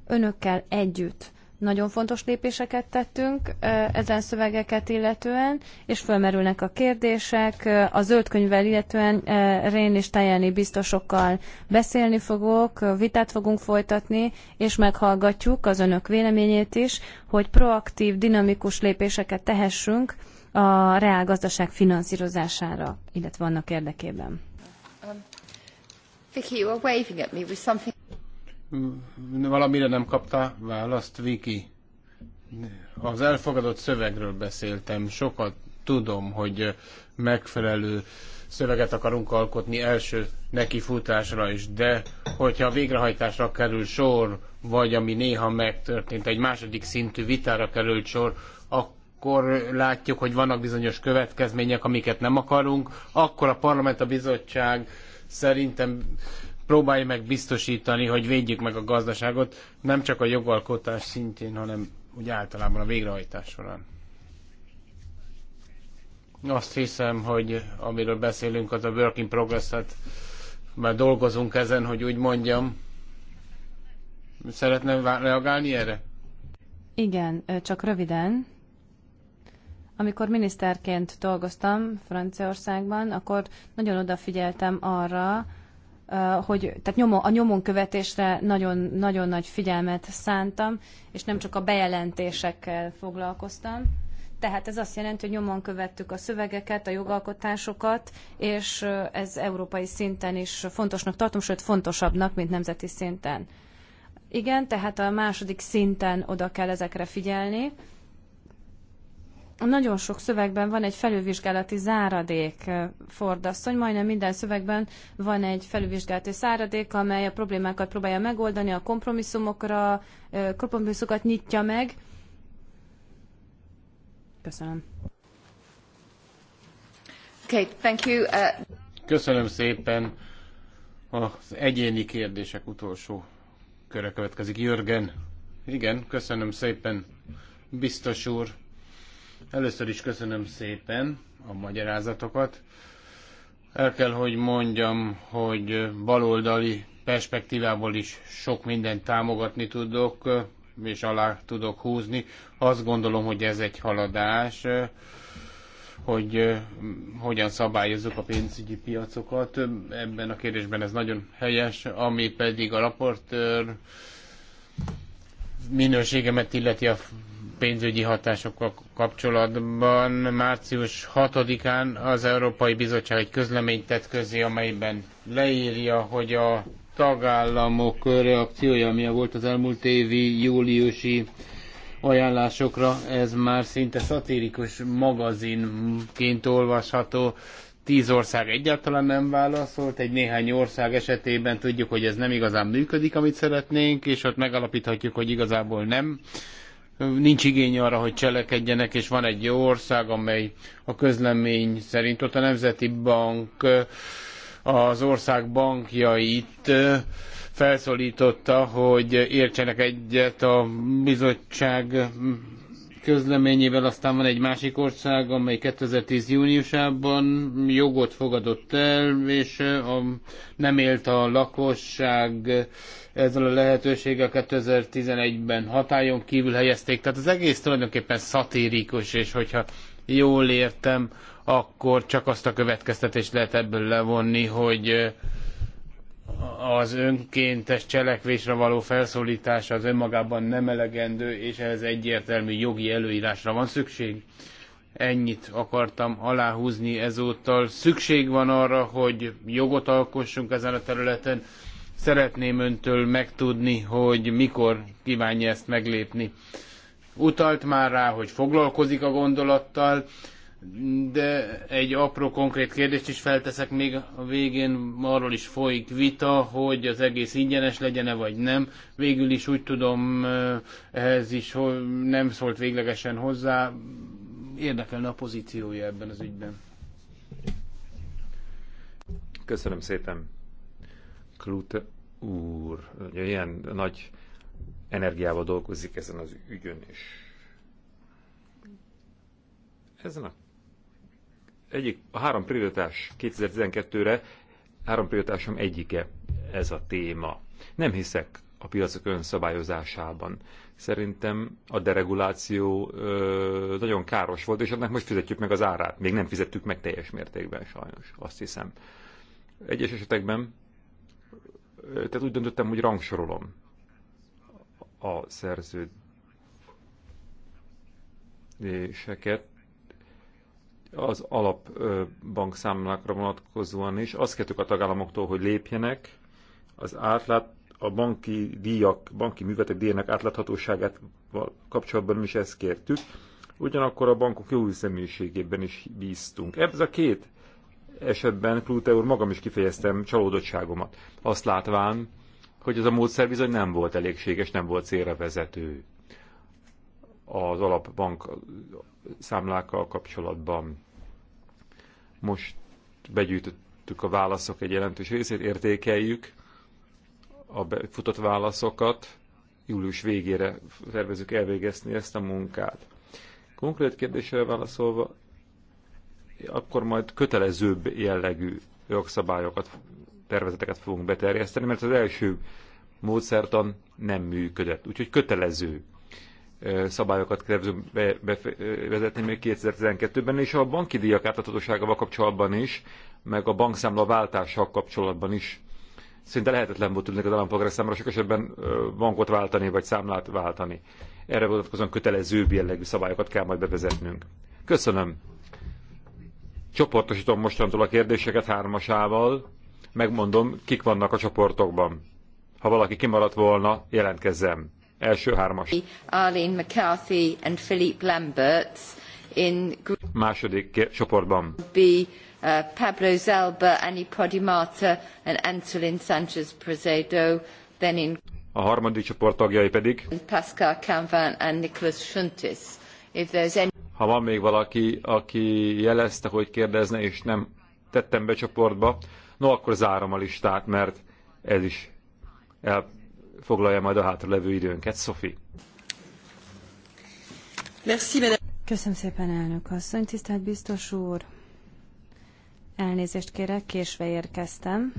Önökkel együtt nagyon fontos lépéseket tettünk ezen szövegeket illetően, és fölmerülnek a kérdések. A zöld könyvvel illetően Rén és Tajani biztosokkal beszélni fogok, vitát fogunk folytatni, és meghallgatjuk az önök véleményét is, hogy proaktív, dinamikus lépéseket tehessünk a reálgazdaság finanszírozására, illetve annak érdekében. Um, Vicky, you are waving at me with something valamire nem kaptál választ, Viki? Az elfogadott szövegről beszéltem, sokat tudom, hogy megfelelő szöveget akarunk alkotni első nekifutásra is, de hogyha a végrehajtásra kerül sor, vagy ami néha megtörtént, egy második szintű vitára került sor, akkor látjuk, hogy vannak bizonyos következmények, amiket nem akarunk, akkor a parlament, a bizottság szerintem próbálja meg biztosítani, hogy védjük meg a gazdaságot, nem csak a jogalkotás szintjén, hanem úgy általában a végrehajtás során. Azt hiszem, hogy amiről beszélünk, az a work in progress, hát már dolgozunk ezen, hogy úgy mondjam. Szeretne reagálni erre? Igen, csak röviden. Amikor miniszterként dolgoztam Franciaországban, akkor nagyon odafigyeltem arra, hogy tehát nyomon, a nyomon követésre nagyon, nagyon nagy figyelmet szántam, és nem csak a bejelentésekkel foglalkoztam. Tehát ez azt jelenti, hogy nyomon követtük a szövegeket, a jogalkotásokat, és ez európai szinten is fontosnak tartom, sőt fontosabbnak, mint nemzeti szinten. Igen, tehát a második szinten oda kell ezekre figyelni, nagyon sok szövegben van egy felülvizsgálati záradék, eh, Fordasszony, majdnem minden szövegben van egy felülvizsgálati záradék, amely a problémákat próbálja megoldani, a kompromisszumokra, eh, kompromisszokat nyitja meg. Köszönöm. Okay, thank you. Uh... Köszönöm szépen. Az egyéni kérdések utolsó köre következik. Jörgen, igen, köszönöm szépen. Biztos úr, Először is köszönöm szépen a magyarázatokat. El kell, hogy mondjam, hogy baloldali perspektívából is sok mindent támogatni tudok, és alá tudok húzni. Azt gondolom, hogy ez egy haladás, hogy hogyan szabályozzuk a pénzügyi piacokat. Ebben a kérdésben ez nagyon helyes, ami pedig a raportőr minőségemet illeti a pénzügyi hatásokkal kapcsolatban március 6-án az Európai Bizottság egy közleményt tett közé, amelyben leírja, hogy a tagállamok reakciója, ami volt az elmúlt évi júliusi ajánlásokra, ez már szinte szatirikus magazinként olvasható. Tíz ország egyáltalán nem válaszolt, egy néhány ország esetében tudjuk, hogy ez nem igazán működik, amit szeretnénk, és ott megalapíthatjuk, hogy igazából nem nincs igény arra, hogy cselekedjenek, és van egy ország, amely a közlemény szerint ott a Nemzeti Bank, az ország bankjait felszólította, hogy értsenek egyet a bizottság közleményével, aztán van egy másik ország, amely 2010 júniusában jogot fogadott el, és a, nem élt a lakosság ezzel a lehetőséggel 2011-ben hatályon kívül helyezték. Tehát az egész tulajdonképpen szatírikus, és hogyha jól értem, akkor csak azt a következtetést lehet ebből levonni, hogy az önkéntes cselekvésre való felszólítás az önmagában nem elegendő, és ehhez egyértelmű jogi előírásra van szükség. Ennyit akartam aláhúzni ezúttal. Szükség van arra, hogy jogot alkossunk ezen a területen. Szeretném öntől megtudni, hogy mikor kívánja ezt meglépni. Utalt már rá, hogy foglalkozik a gondolattal de egy apró konkrét kérdést is felteszek még a végén, arról is folyik vita, hogy az egész ingyenes legyen-e vagy nem. Végül is úgy tudom, eh, ehhez is nem szólt véglegesen hozzá. Érdekelne a pozíciója ebben az ügyben. Köszönöm szépen. Klute úr, ugye ilyen nagy energiával dolgozik ezen az ügyön, is. ezen a egyik, a három prioritás 2012-re, három prioritásom egyike ez a téma. Nem hiszek a piacok önszabályozásában. Szerintem a dereguláció ö, nagyon káros volt, és annak most fizetjük meg az árát. Még nem fizettük meg teljes mértékben sajnos, azt hiszem. Egyes esetekben, tehát úgy döntöttem, hogy rangsorolom a szerződéseket, az alapbankszámlákra vonatkozóan is. Azt kértük a tagállamoktól, hogy lépjenek az átlát, a banki díjak, banki művetek díjának átláthatóságát kapcsolatban is ezt kértük. Ugyanakkor a bankok jó személyiségében is bíztunk. Ez a két esetben Klute úr magam is kifejeztem csalódottságomat. Azt látván, hogy ez a módszer bizony nem volt elégséges, nem volt célra vezető. Az alapbank számlákkal kapcsolatban. Most begyűjtöttük a válaszok egy jelentős részét, értékeljük a futott válaszokat, július végére tervezük elvégezni ezt a munkát. Konkrét kérdésre válaszolva, akkor majd kötelezőbb jellegű jogszabályokat, tervezeteket fogunk beterjeszteni, mert az első módszertan nem működött. Úgyhogy kötelező szabályokat kell bevezetni még 2012-ben, és a banki díjak átláthatóságával kapcsolatban is, meg a bankszámla váltással kapcsolatban is. Szinte lehetetlen volt tudni az állampolgár számára sok esetben bankot váltani, vagy számlát váltani. Erre vonatkozóan kötelező jellegű szabályokat kell majd bevezetnünk. Köszönöm. Csoportosítom mostantól a kérdéseket hármasával, megmondom, kik vannak a csoportokban. Ha valaki kimaradt volna, jelentkezzem. Első hármas. Arlene McCarthy and Philip Lamberts in Második csoportban. B. Uh, Pablo Zalba, Annie Podimata and Antolin Sanchez Prezedo, then in a harmadik csoport tagjai pedig Pascal Canvan and Nicholas Shuntis. If there's any... Ha van még valaki, aki jelezte, hogy kérdezne, és nem tettem be csoportba, no akkor zárom a listát, mert ez is el foglalja majd a levő időnket. Sophie. Köszönöm szépen, elnök asszony, tisztelt biztos úr. Elnézést kérek, késve érkeztem,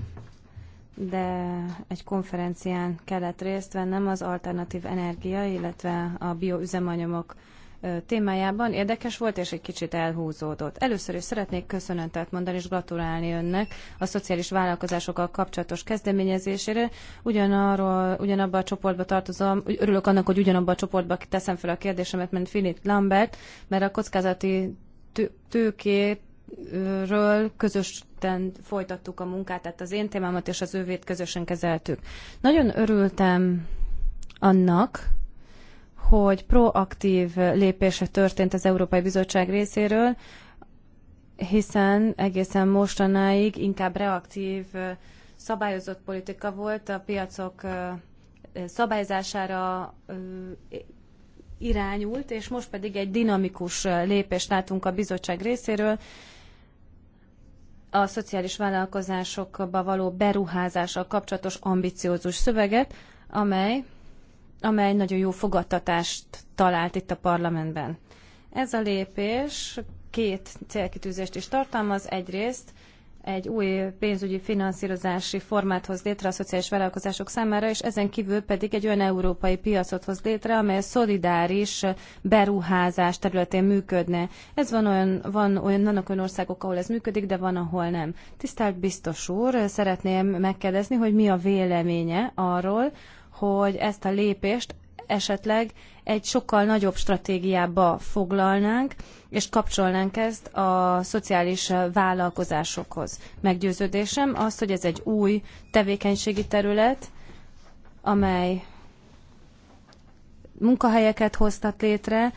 de egy konferencián kellett részt vennem az alternatív energia, illetve a bioüzemanyagok témájában érdekes volt, és egy kicsit elhúzódott. Először is szeretnék köszönetet mondani és gratulálni önnek a szociális vállalkozásokkal kapcsolatos kezdeményezésére. Ugyanarról, ugyanabba a csoportba tartozom, örülök annak, hogy ugyanabba a csoportba teszem fel a kérdésemet, mint Philip Lambert, mert a kockázati tőkét ről közösen folytattuk a munkát, tehát az én témámat és az ővét közösen kezeltük. Nagyon örültem annak, hogy proaktív lépése történt az Európai Bizottság részéről, hiszen egészen mostanáig inkább reaktív szabályozott politika volt a piacok szabályzására irányult, és most pedig egy dinamikus lépést látunk a bizottság részéről, a szociális vállalkozásokba való beruházással kapcsolatos ambiciózus szöveget, amely amely nagyon jó fogadtatást talált itt a parlamentben. Ez a lépés két célkitűzést is tartalmaz. Egyrészt egy új pénzügyi finanszírozási formát hoz létre a szociális vállalkozások számára, és ezen kívül pedig egy olyan európai piacot hoz létre, amely szolidáris beruházás területén működne. Ez van olyan, van olyan, vannak olyan országok, ahol ez működik, de van, ahol nem. Tisztelt biztos úr, szeretném megkérdezni, hogy mi a véleménye arról, hogy ezt a lépést esetleg egy sokkal nagyobb stratégiába foglalnánk, és kapcsolnánk ezt a szociális vállalkozásokhoz. Meggyőződésem az, hogy ez egy új tevékenységi terület, amely munkahelyeket hoztat létre,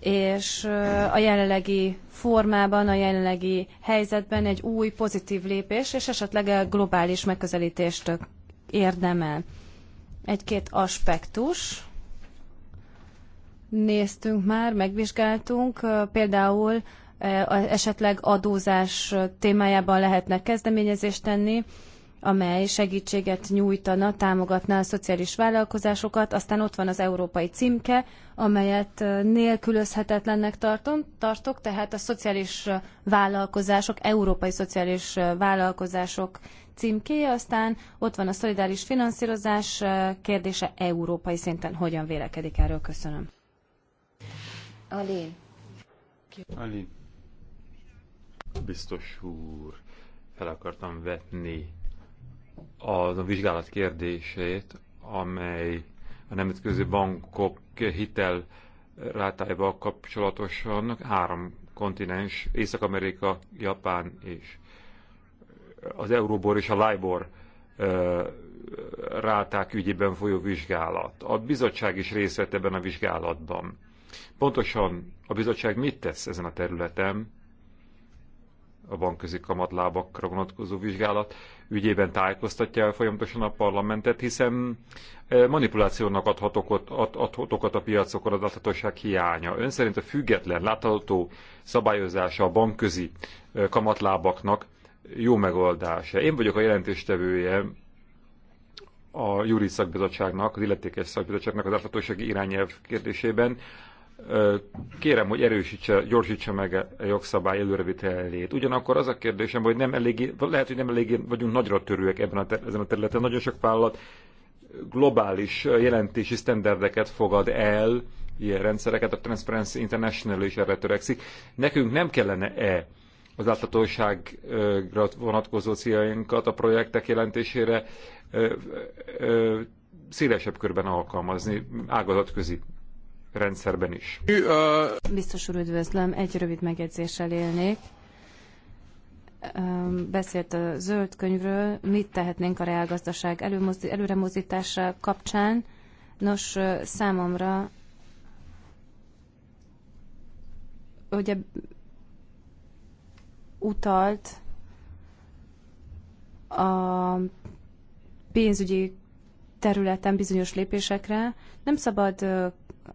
és a jelenlegi formában, a jelenlegi helyzetben egy új pozitív lépés, és esetleg a globális megközelítést érdemel. Egy-két aspektus néztünk már, megvizsgáltunk, például esetleg adózás témájában lehetne kezdeményezést tenni, amely segítséget nyújtana, támogatná a szociális vállalkozásokat. Aztán ott van az európai címke, amelyet nélkülözhetetlennek tartom, tartok, tehát a szociális vállalkozások, európai szociális vállalkozások címkéje, aztán ott van a szolidáris finanszírozás kérdése európai szinten. Hogyan vélekedik erről? Köszönöm. Alin. Alin. Biztos úr, fel akartam vetni a vizsgálat kérdését, amely a nemzetközi bankok hitel rátájával kapcsolatosan három kontinens, Észak-Amerika, Japán és az Euróbor és a Libor ráták ügyében folyó vizsgálat. A bizottság is részt vett ebben a vizsgálatban. Pontosan a bizottság mit tesz ezen a területen, a bankközi kamatlábakra vonatkozó vizsgálat ügyében tájékoztatja folyamatosan a parlamentet, hiszen e, manipulációnak adhat okot, ad, adhat okot a piacokon az adhatóság hiánya. Ön szerint a független, látható szabályozása a bankközi e, kamatlábaknak jó megoldása. Én vagyok a jelentéstevője a júri szakbizottságnak, az illetékes szakbizottságnak az átláthatósági irányelv kérdésében, kérem, hogy erősítse, gyorsítsa meg a jogszabály előrevitelét. Ugyanakkor az a kérdésem, hogy nem eléggé, lehet, hogy nem eléggé vagyunk nagyra törőek ebben a, ezen a területen. Nagyon sok vállalat globális jelentési sztenderdeket fogad el, ilyen rendszereket, a Transparency International is erre törekszik. Nekünk nem kellene-e az láthatóságra vonatkozó céljainkat a projektek jelentésére ö, ö, szélesebb körben alkalmazni ágazatközi rendszerben is. Biztos úr, üdvözlöm. Egy rövid megjegyzéssel élnék. Beszélt a zöld könyvről, mit tehetnénk a reálgazdaság előremozítása kapcsán. Nos, számomra ugye utalt a pénzügyi területen bizonyos lépésekre. Nem szabad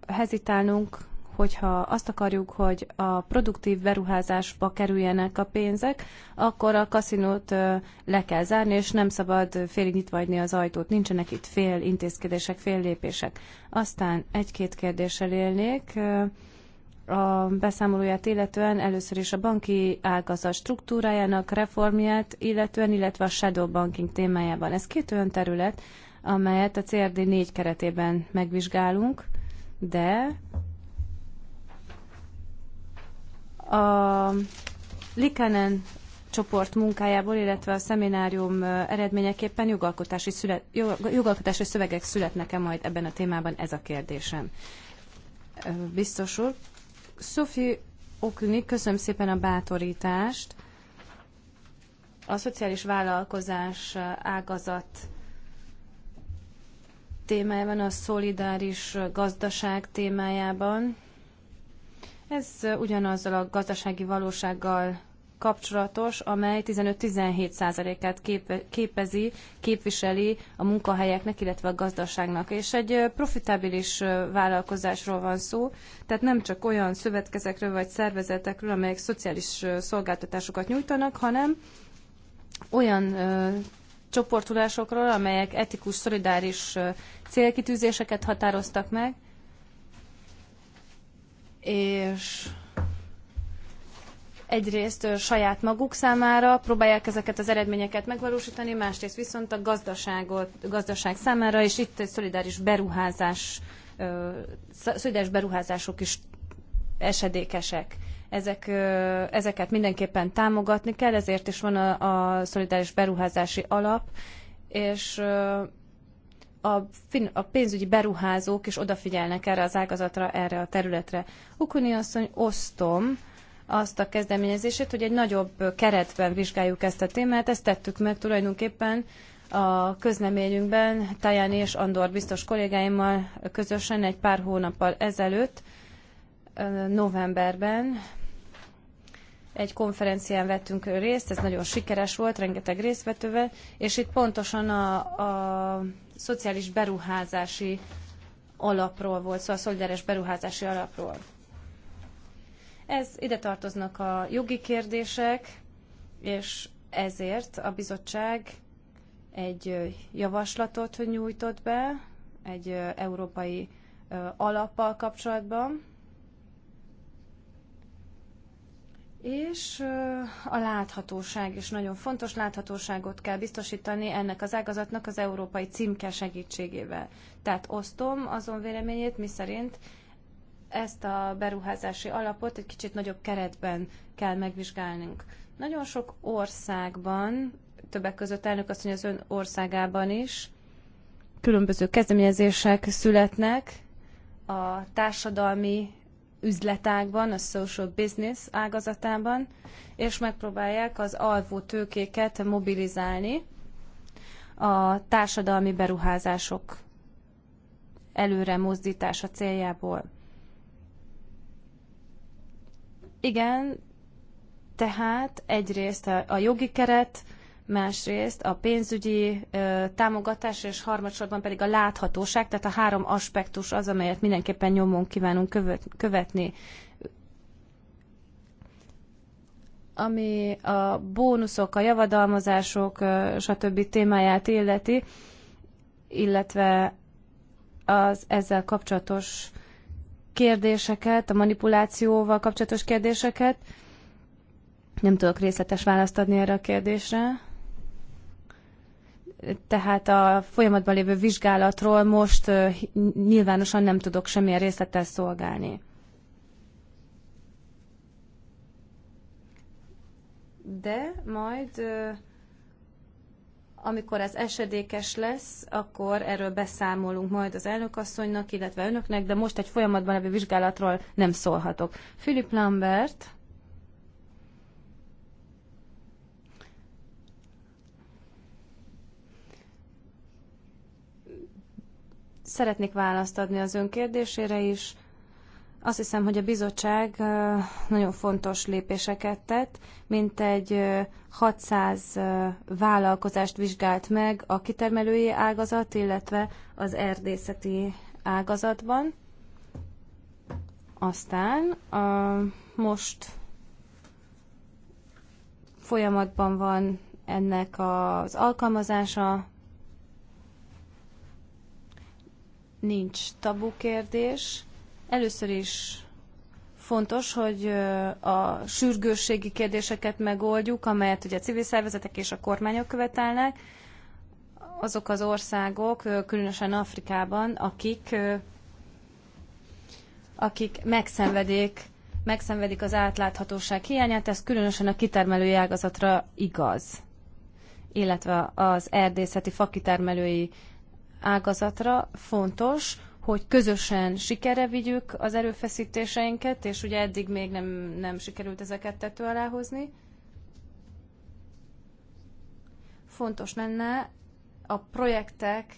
hezitálnunk, hogyha azt akarjuk, hogy a produktív beruházásba kerüljenek a pénzek, akkor a kaszinót le kell zárni, és nem szabad félig nyitva hagyni az ajtót. Nincsenek itt fél intézkedések, fél lépések. Aztán egy-két kérdéssel élnék a beszámolóját illetően, először is a banki ágazat struktúrájának reformját illetően, illetve a shadow banking témájában. Ez két olyan terület, amelyet a CRD négy keretében megvizsgálunk de a Likanen csoport munkájából, illetve a szeminárium eredményeképpen jogalkotási, szület, jogalkotási szövegek születnek-e majd ebben a témában? Ez a kérdésem. Biztos úr. Sophie Okuni, köszönöm szépen a bátorítást. A szociális vállalkozás ágazat témájában, a szolidáris gazdaság témájában. Ez ugyanazzal a gazdasági valósággal kapcsolatos, amely 15-17 százalékát képezi, képviseli a munkahelyeknek, illetve a gazdaságnak. És egy profitabilis vállalkozásról van szó, tehát nem csak olyan szövetkezekről vagy szervezetekről, amelyek szociális szolgáltatásokat nyújtanak, hanem olyan csoportulásokról, amelyek etikus, szolidáris célkitűzéseket határoztak meg, és egyrészt saját maguk számára próbálják ezeket az eredményeket megvalósítani, másrészt viszont a gazdaságot, gazdaság számára, és itt egy szolidáris beruházás, szolidáris beruházások is esedékesek ezek, ezeket mindenképpen támogatni kell, ezért is van a, a szolidáris beruházási alap, és a, fin- a pénzügyi beruházók is odafigyelnek erre az ágazatra, erre a területre. Ukuni asszony, osztom azt a kezdeményezését, hogy egy nagyobb keretben vizsgáljuk ezt a témát, ezt tettük meg tulajdonképpen a közleményünkben Tajani és Andor biztos kollégáimmal közösen egy pár hónappal ezelőtt, novemberben egy konferencián vettünk részt, ez nagyon sikeres volt, rengeteg részvetővel, és itt pontosan a, a szociális beruházási alapról volt szó, szóval a szolidáris beruházási alapról. Ez ide tartoznak a jogi kérdések, és ezért a bizottság egy javaslatot nyújtott be egy európai alappal kapcsolatban, És a láthatóság is nagyon fontos, láthatóságot kell biztosítani ennek az ágazatnak az európai címke segítségével. Tehát osztom azon véleményét, miszerint ezt a beruházási alapot egy kicsit nagyobb keretben kell megvizsgálnunk. Nagyon sok országban, többek között elnök azt mondja, az ön országában is, különböző kezdeményezések születnek a társadalmi üzletágban, a social business ágazatában, és megpróbálják az alvó tőkéket mobilizálni a társadalmi beruházások előre mozdítása céljából. Igen, tehát egyrészt a jogi keret, másrészt a pénzügyi támogatás, és harmadsorban pedig a láthatóság, tehát a három aspektus az, amelyet mindenképpen nyomon kívánunk követni. Ami a bónuszok, a javadalmazások, stb. témáját illeti, illetve az ezzel kapcsolatos kérdéseket, a manipulációval kapcsolatos kérdéseket. Nem tudok részletes választ adni erre a kérdésre tehát a folyamatban lévő vizsgálatról most nyilvánosan nem tudok semmilyen részlettel szolgálni. De majd, amikor ez esedékes lesz, akkor erről beszámolunk majd az elnökasszonynak, illetve önöknek, de most egy folyamatban levő vizsgálatról nem szólhatok. Philip Lambert Szeretnék választ adni az ön kérdésére is. Azt hiszem, hogy a bizottság nagyon fontos lépéseket tett, mint egy 600 vállalkozást vizsgált meg a kitermelői ágazat, illetve az erdészeti ágazatban. Aztán a, most folyamatban van ennek az alkalmazása, nincs tabu kérdés. Először is fontos, hogy a sürgősségi kérdéseket megoldjuk, amelyet ugye a civil szervezetek és a kormányok követelnek. Azok az országok, különösen Afrikában, akik, akik megszenvedik, megszenvedik az átláthatóság hiányát, ez különösen a kitermelői ágazatra igaz illetve az erdészeti fakitermelői ágazatra fontos, hogy közösen sikere vigyük az erőfeszítéseinket, és ugye eddig még nem, nem sikerült ezeket tető alá hozni. Fontos lenne a projektek,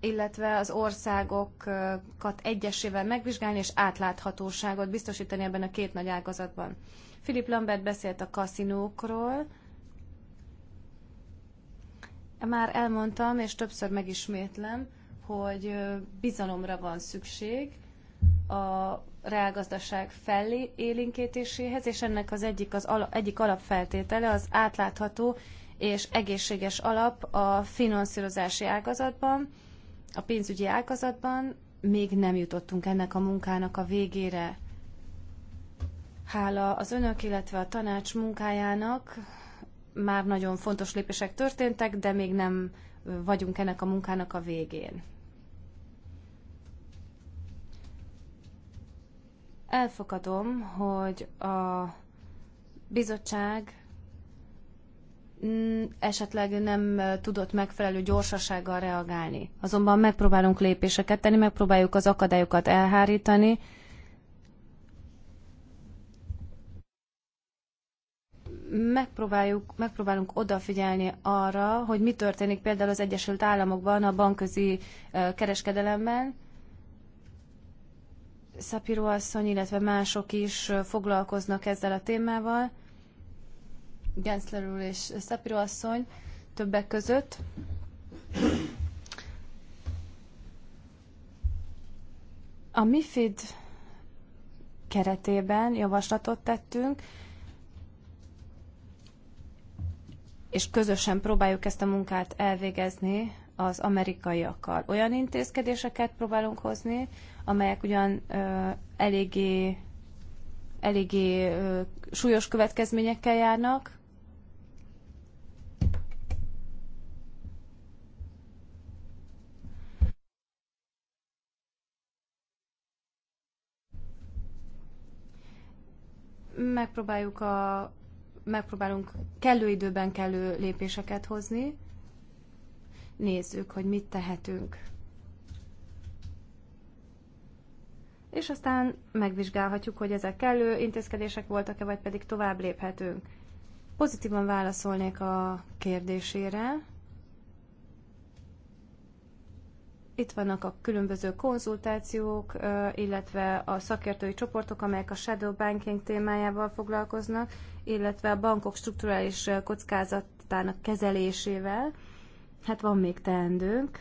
illetve az országokat egyesével megvizsgálni, és átláthatóságot biztosítani ebben a két nagy ágazatban. Philip Lambert beszélt a kaszinókról, már elmondtam, és többször megismétlem, hogy bizalomra van szükség a reálgazdaság felélénkítéséhez, és ennek az egyik, az ala, egyik alapfeltétele az átlátható és egészséges alap a finanszírozási ágazatban, a pénzügyi ágazatban. Még nem jutottunk ennek a munkának a végére. Hála az önök, illetve a tanács munkájának, már nagyon fontos lépések történtek, de még nem vagyunk ennek a munkának a végén. Elfogadom, hogy a bizottság esetleg nem tudott megfelelő gyorsasággal reagálni. Azonban megpróbálunk lépéseket tenni, megpróbáljuk az akadályokat elhárítani, megpróbáljuk, megpróbálunk odafigyelni arra, hogy mi történik például az Egyesült Államokban a bankközi kereskedelemben. Szapiro asszony, illetve mások is foglalkoznak ezzel a témával. Gensler úr és Szapiro asszony többek között. A MIFID keretében javaslatot tettünk, és közösen próbáljuk ezt a munkát elvégezni az amerikaiakkal. Olyan intézkedéseket próbálunk hozni, amelyek ugyan ö, eléggé, eléggé ö, súlyos következményekkel járnak, megpróbáljuk a megpróbálunk kellő időben kellő lépéseket hozni. Nézzük, hogy mit tehetünk. És aztán megvizsgálhatjuk, hogy ezek kellő intézkedések voltak-e, vagy pedig tovább léphetünk. Pozitívan válaszolnék a kérdésére Itt vannak a különböző konzultációk, illetve a szakértői csoportok, amelyek a shadow banking témájával foglalkoznak, illetve a bankok strukturális kockázatának kezelésével. Hát van még teendőnk.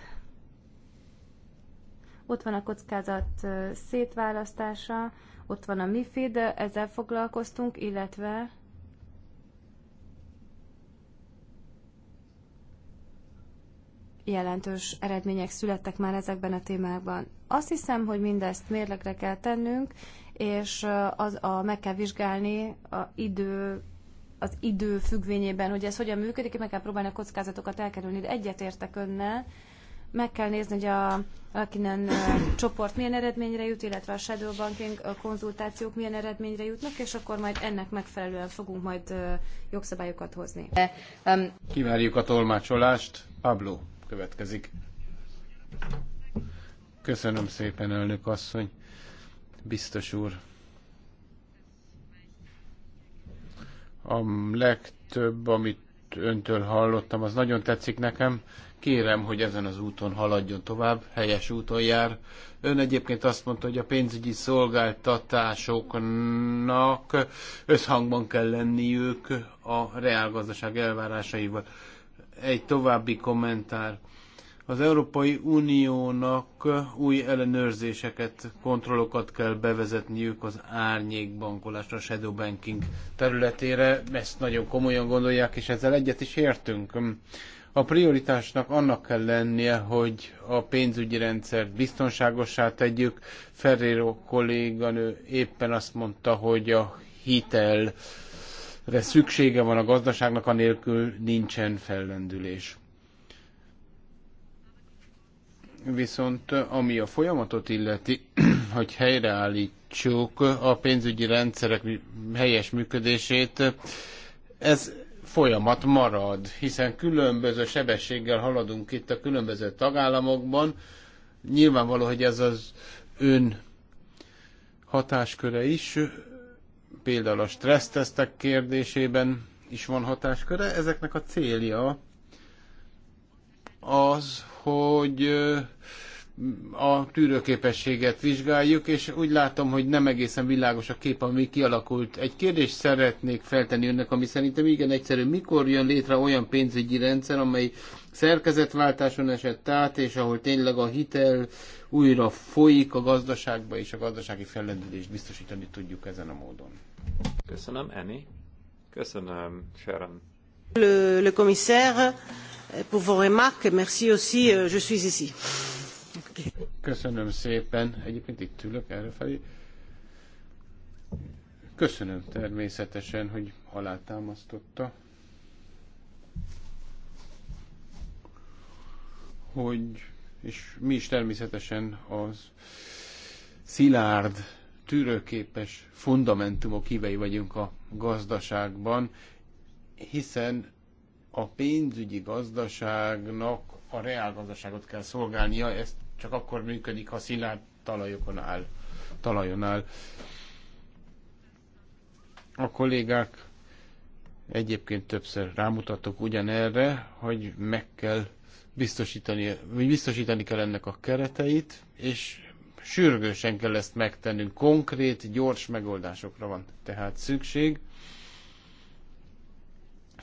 Ott van a kockázat szétválasztása, ott van a MIFID, ezzel foglalkoztunk, illetve jelentős eredmények születtek már ezekben a témákban. Azt hiszem, hogy mindezt mérlegre kell tennünk, és az a, meg kell vizsgálni a idő, az idő függvényében, hogy ez hogyan működik, meg kell próbálni a kockázatokat elkerülni, de egyetértek önnel, meg kell nézni, hogy a Alkinen csoport milyen eredményre jut, illetve a shadow banking konzultációk milyen eredményre jutnak, és akkor majd ennek megfelelően fogunk majd jogszabályokat hozni. Kivárjuk a tolmácsolást. Pablo következik. Köszönöm szépen, elnök asszony. Biztos úr. A legtöbb, amit öntől hallottam, az nagyon tetszik nekem. Kérem, hogy ezen az úton haladjon tovább, helyes úton jár. Ön egyébként azt mondta, hogy a pénzügyi szolgáltatásoknak összhangban kell lenniük a reálgazdaság elvárásaival. Egy további kommentár. Az Európai Uniónak új ellenőrzéseket, kontrollokat kell bevezetniük az árnyékbankolásra, a shadow banking területére. Ezt nagyon komolyan gondolják, és ezzel egyet is értünk. A prioritásnak annak kell lennie, hogy a pénzügyi rendszert biztonságosá tegyük. Ferrero kolléganő éppen azt mondta, hogy a hitel szüksége van a gazdaságnak, anélkül nincsen fellendülés. Viszont ami a folyamatot illeti, hogy helyreállítsuk a pénzügyi rendszerek helyes működését, ez folyamat marad, hiszen különböző sebességgel haladunk itt a különböző tagállamokban. Nyilvánvaló, hogy ez az ön hatásköre is, például a stressztesztek kérdésében is van hatásköre. Ezeknek a célja az, hogy a tűrőképességet vizsgáljuk, és úgy látom, hogy nem egészen világos a kép, ami kialakult. Egy kérdést szeretnék feltenni önnek, ami szerintem igen egyszerű. Mikor jön létre olyan pénzügyi rendszer, amely szerkezetváltáson esett át, és ahol tényleg a hitel újra folyik a gazdaságba, és a gazdasági fellendülést biztosítani tudjuk ezen a módon. Köszönöm, Eni. Köszönöm, Sharon. Le, le commissaire, pour vos remarques, merci aussi, euh, je suis ici. Köszönöm szépen. Egyébként itt ülök errefelé. Köszönöm természetesen, hogy alátámasztotta hogy, és mi is természetesen az szilárd, tűrőképes fundamentumok hívei vagyunk a gazdaságban, hiszen a pénzügyi gazdaságnak a reálgazdaságot kell szolgálnia, ez csak akkor működik, ha szilárd talajokon áll, talajon áll. A kollégák egyébként többször rámutatok ugyanerre, hogy meg kell biztosítani, biztosítani kell ennek a kereteit, és sürgősen kell ezt megtennünk. Konkrét, gyors megoldásokra van tehát szükség.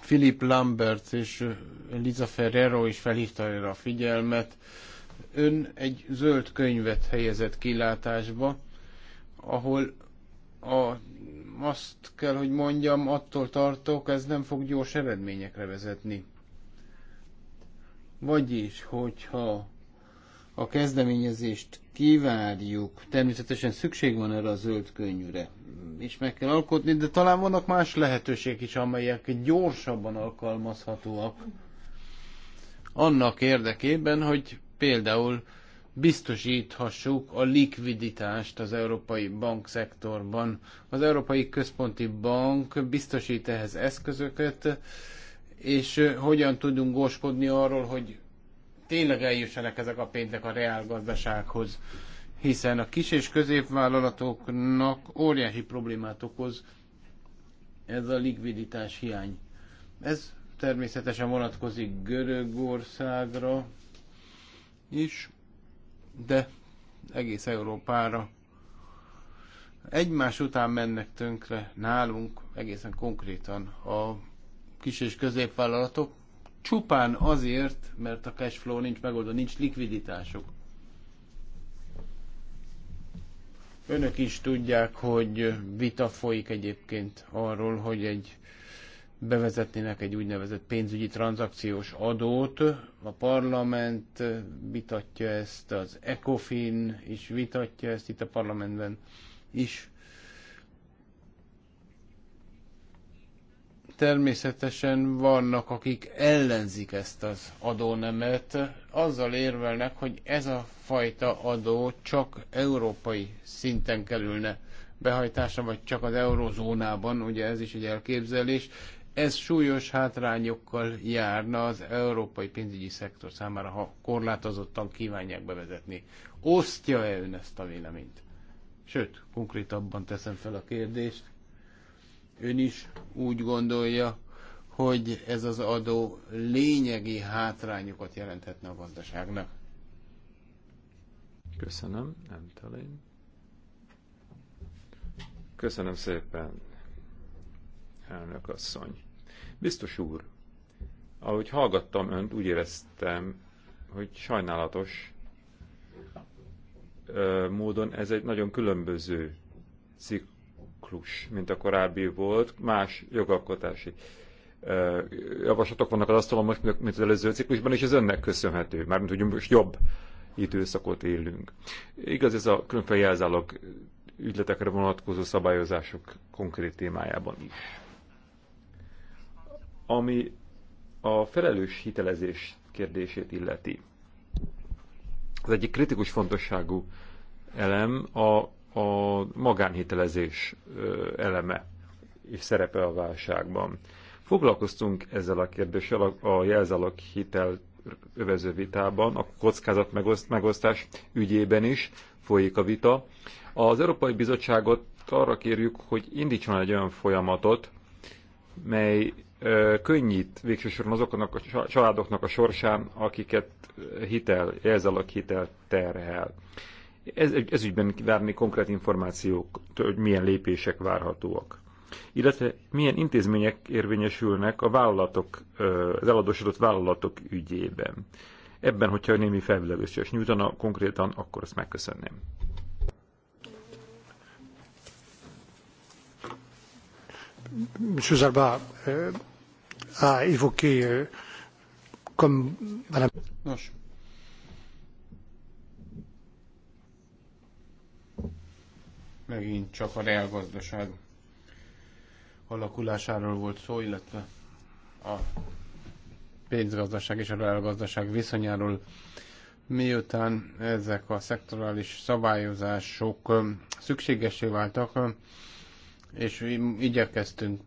Philip Lambert és Liza Ferrero is felhívta erre a figyelmet. Ön egy zöld könyvet helyezett kilátásba, ahol a, azt kell, hogy mondjam, attól tartok, ez nem fog gyors eredményekre vezetni vagyis, hogyha a kezdeményezést kivárjuk, természetesen szükség van erre a zöld könyvre, és meg kell alkotni, de talán vannak más lehetőségek is, amelyek gyorsabban alkalmazhatóak. Annak érdekében, hogy például biztosíthassuk a likviditást az európai bankszektorban. Az Európai Központi Bank biztosít ehhez eszközöket, és hogyan tudunk góskodni arról, hogy tényleg eljussanak ezek a pénzek a reálgazdasághoz, hiszen a kis és középvállalatoknak óriási problémát okoz ez a likviditás hiány. Ez természetesen vonatkozik Görögországra is, de egész Európára. Egymás után mennek tönkre nálunk egészen konkrétan a kis és középvállalatok, csupán azért, mert a cash flow nincs megoldva, nincs likviditásuk. Önök is tudják, hogy vita folyik egyébként arról, hogy egy bevezetnének egy úgynevezett pénzügyi tranzakciós adót. A parlament vitatja ezt, az ECOFIN is vitatja ezt itt a parlamentben is. Természetesen vannak, akik ellenzik ezt az adónemet, azzal érvelnek, hogy ez a fajta adó csak európai szinten kerülne behajtásra, vagy csak az eurozónában, ugye ez is egy elképzelés. Ez súlyos hátrányokkal járna az európai pénzügyi szektor számára, ha korlátozottan kívánják bevezetni. Osztja-e ön ezt a véleményt? Sőt, konkrétabban teszem fel a kérdést ön is úgy gondolja, hogy ez az adó lényegi hátrányokat jelenthetne a gazdaságnak. Köszönöm, nem talán. Köszönöm szépen, elnök asszony. Biztos úr, ahogy hallgattam önt, úgy éreztem, hogy sajnálatos módon ez egy nagyon különböző cikk ciklus, mint a korábbi volt, más jogalkotási javaslatok vannak az asztalon most, mint az előző ciklusban, és ez önnek köszönhető, mármint hogy most jobb időszakot élünk. Igaz ez a különféle jelzálog ügyletekre vonatkozó szabályozások konkrét témájában is. Ami a felelős hitelezés kérdését illeti. Az egyik kritikus fontosságú elem a a magánhitelezés eleme és szerepe a válságban. Foglalkoztunk ezzel a kérdéssel a jelzálog hitel övező vitában, a kockázat megosztás ügyében is folyik a vita. Az Európai Bizottságot arra kérjük, hogy indítson egy olyan folyamatot, mely könnyít végsősorban azoknak a családoknak a sorsán, akiket hitel, jelzálog hitel terhel. Ez, ez ügyben várni konkrét információk, hogy milyen lépések várhatóak. Illetve milyen intézmények érvényesülnek a vállalatok, az eladósodott vállalatok ügyében. Ebben, hogyha némi felvilágosítás nyújtana konkrétan, akkor ezt megköszönném. Monsieur Zalba a évoqué, comme Madame... Nos, Megint csak a reálgazdaság alakulásáról volt szó, illetve a pénzgazdaság és a reálgazdaság viszonyáról. Miután ezek a szektorális szabályozások um, szükségesé váltak, um, és igyekeztünk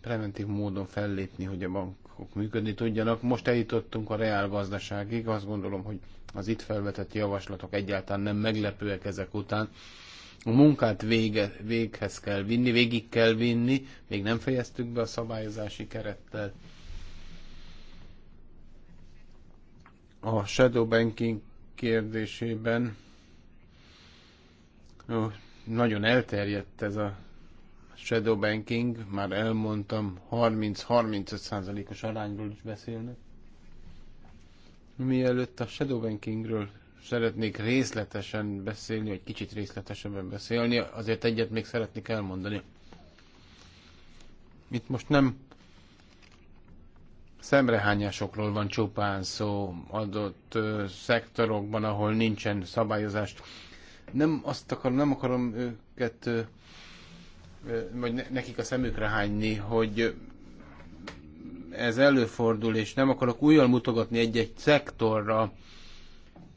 preventív módon fellépni, hogy a bankok működni tudjanak. Most eljutottunk a reálgazdaságig, azt gondolom, hogy az itt felvetett javaslatok egyáltalán nem meglepőek ezek után a munkát vége, véghez kell vinni, végig kell vinni, még nem fejeztük be a szabályozási kerettel. A shadow banking kérdésében ó, nagyon elterjedt ez a shadow banking, már elmondtam, 30-35%-os arányról is beszélnek. Mielőtt a shadow bankingről szeretnék részletesen beszélni, vagy kicsit részletesebben beszélni, azért egyet még szeretnék elmondani. Itt most nem szemrehányásokról van csupán szó adott ö, szektorokban, ahol nincsen szabályozás. Nem azt akarom, nem akarom őket, ö, vagy ne, nekik a szemükre hányni, hogy ez előfordul, és nem akarok újjal mutogatni egy-egy szektorra,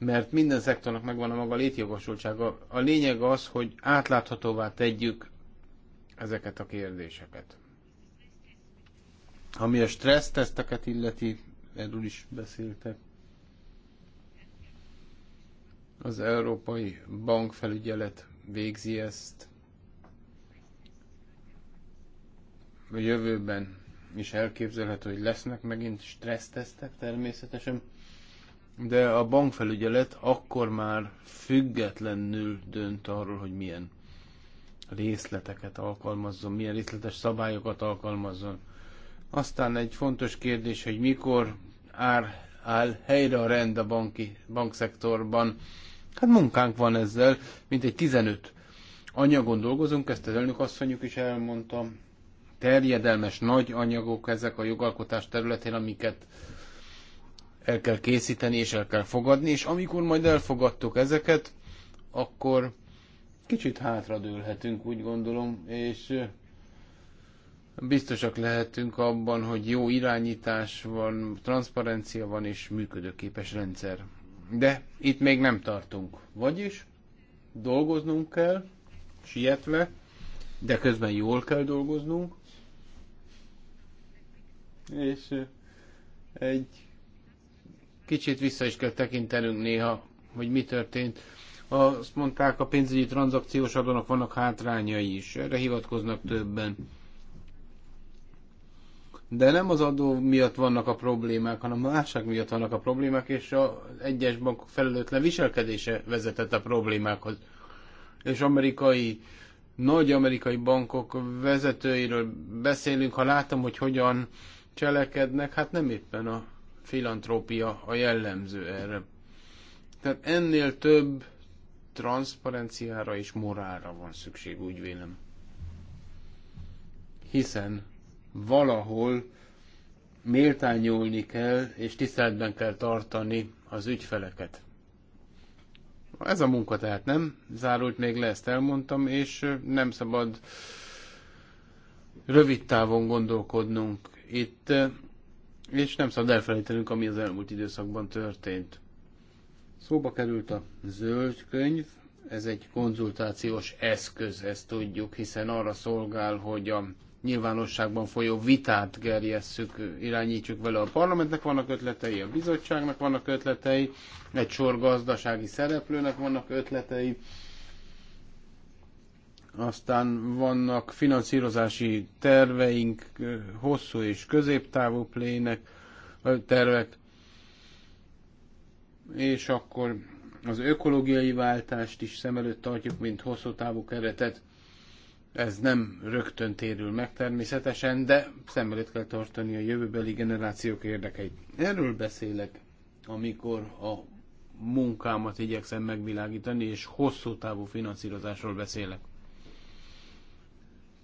mert minden szektornak megvan a maga létjogosultsága. A lényeg az, hogy átláthatóvá tegyük ezeket a kérdéseket. Ami a stresszteszteket illeti, erről is beszéltek. Az Európai Bankfelügyelet végzi ezt. A jövőben is elképzelhető, hogy lesznek megint stressztesztek természetesen de a bankfelügyelet akkor már függetlenül dönt arról, hogy milyen részleteket alkalmazzon, milyen részletes szabályokat alkalmazzon. Aztán egy fontos kérdés, hogy mikor ár, áll helyre a rend a banki, bankszektorban. Hát munkánk van ezzel, mint egy 15 anyagon dolgozunk, ezt az elnök asszonyuk is elmondta. Terjedelmes nagy anyagok ezek a jogalkotás területén, amiket el kell készíteni és el kell fogadni, és amikor majd elfogadtuk ezeket, akkor kicsit hátradőlhetünk, úgy gondolom, és biztosak lehetünk abban, hogy jó irányítás van, transzparencia van és működőképes rendszer. De itt még nem tartunk. Vagyis dolgoznunk kell, sietve, de közben jól kell dolgoznunk, és egy kicsit vissza is kell tekintenünk néha, hogy mi történt. Azt mondták, a pénzügyi tranzakciós adónak vannak hátrányai is, erre hivatkoznak többen. De nem az adó miatt vannak a problémák, hanem a válság miatt vannak a problémák, és az egyes bankok felelőtlen viselkedése vezetett a problémákhoz. És amerikai, nagy amerikai bankok vezetőiről beszélünk, ha látom, hogy hogyan cselekednek, hát nem éppen a filantrópia a jellemző erre. Tehát ennél több transzparenciára és morálra van szükség, úgy vélem. Hiszen valahol méltányolni kell, és tiszteletben kell tartani az ügyfeleket. Ez a munka tehát nem zárult még le, ezt elmondtam, és nem szabad rövid távon gondolkodnunk. Itt és nem szabad elfelejtenünk, ami az elmúlt időszakban történt. Szóba került a zöld könyv, ez egy konzultációs eszköz, ezt tudjuk, hiszen arra szolgál, hogy a nyilvánosságban folyó vitát gerjesszük, irányítsuk vele a parlamentnek, vannak ötletei, a bizottságnak vannak ötletei, egy sor gazdasági szereplőnek vannak ötletei, aztán vannak finanszírozási terveink, hosszú és középtávú plének, tervek, és akkor az ökológiai váltást is szem előtt tartjuk, mint hosszú távú keretet. Ez nem rögtön térül meg természetesen, de szem előtt kell tartani a jövőbeli generációk érdekeit. Erről beszélek, amikor a munkámat igyekszem megvilágítani, és hosszú távú finanszírozásról beszélek.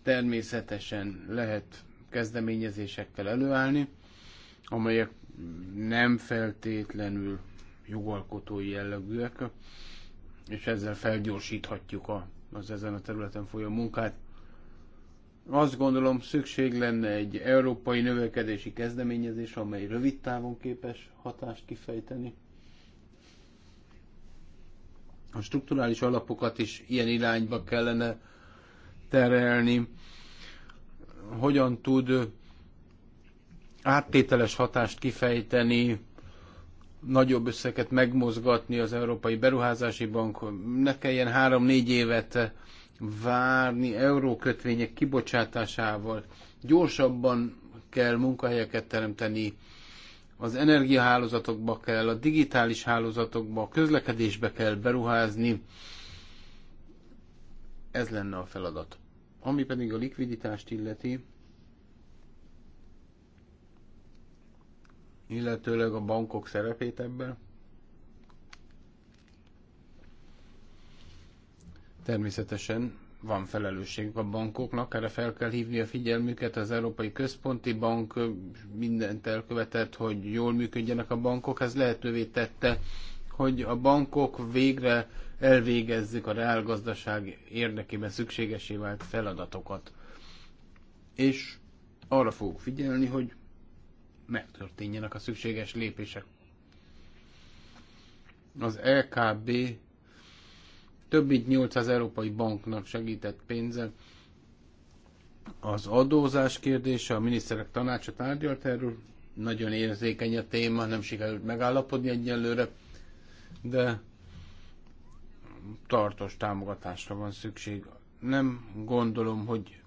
Természetesen lehet kezdeményezésekkel előállni, amelyek nem feltétlenül jogalkotói jellegűek, és ezzel felgyorsíthatjuk a, az ezen a területen folyó munkát. Azt gondolom szükség lenne egy európai növekedési kezdeményezés, amely rövid távon képes hatást kifejteni. A strukturális alapokat is ilyen irányba kellene terelni, hogyan tud áttételes hatást kifejteni, nagyobb összeget megmozgatni az Európai Beruházási Bank, ne kelljen három-négy évet várni eurókötvények kibocsátásával. Gyorsabban kell munkahelyeket teremteni, az energiahálózatokba kell, a digitális hálózatokba, a közlekedésbe kell beruházni, ez lenne a feladat. Ami pedig a likviditást illeti, illetőleg a bankok szerepét ebben, természetesen van felelősség a bankoknak, erre fel kell hívni a figyelmüket. Az Európai Központi Bank mindent elkövetett, hogy jól működjenek a bankok. Ez lehetővé tette, hogy a bankok végre elvégezzük a reálgazdaság érdekében szükségesé vált feladatokat. És arra fogok figyelni, hogy megtörténjenek a szükséges lépések. Az LKB több mint 800 európai banknak segített pénzzel. Az adózás kérdése, a miniszterek tanácsa tárgyalt erről, nagyon érzékeny a téma, nem sikerült megállapodni egyelőre, de tartós támogatásra van szükség. Nem gondolom, hogy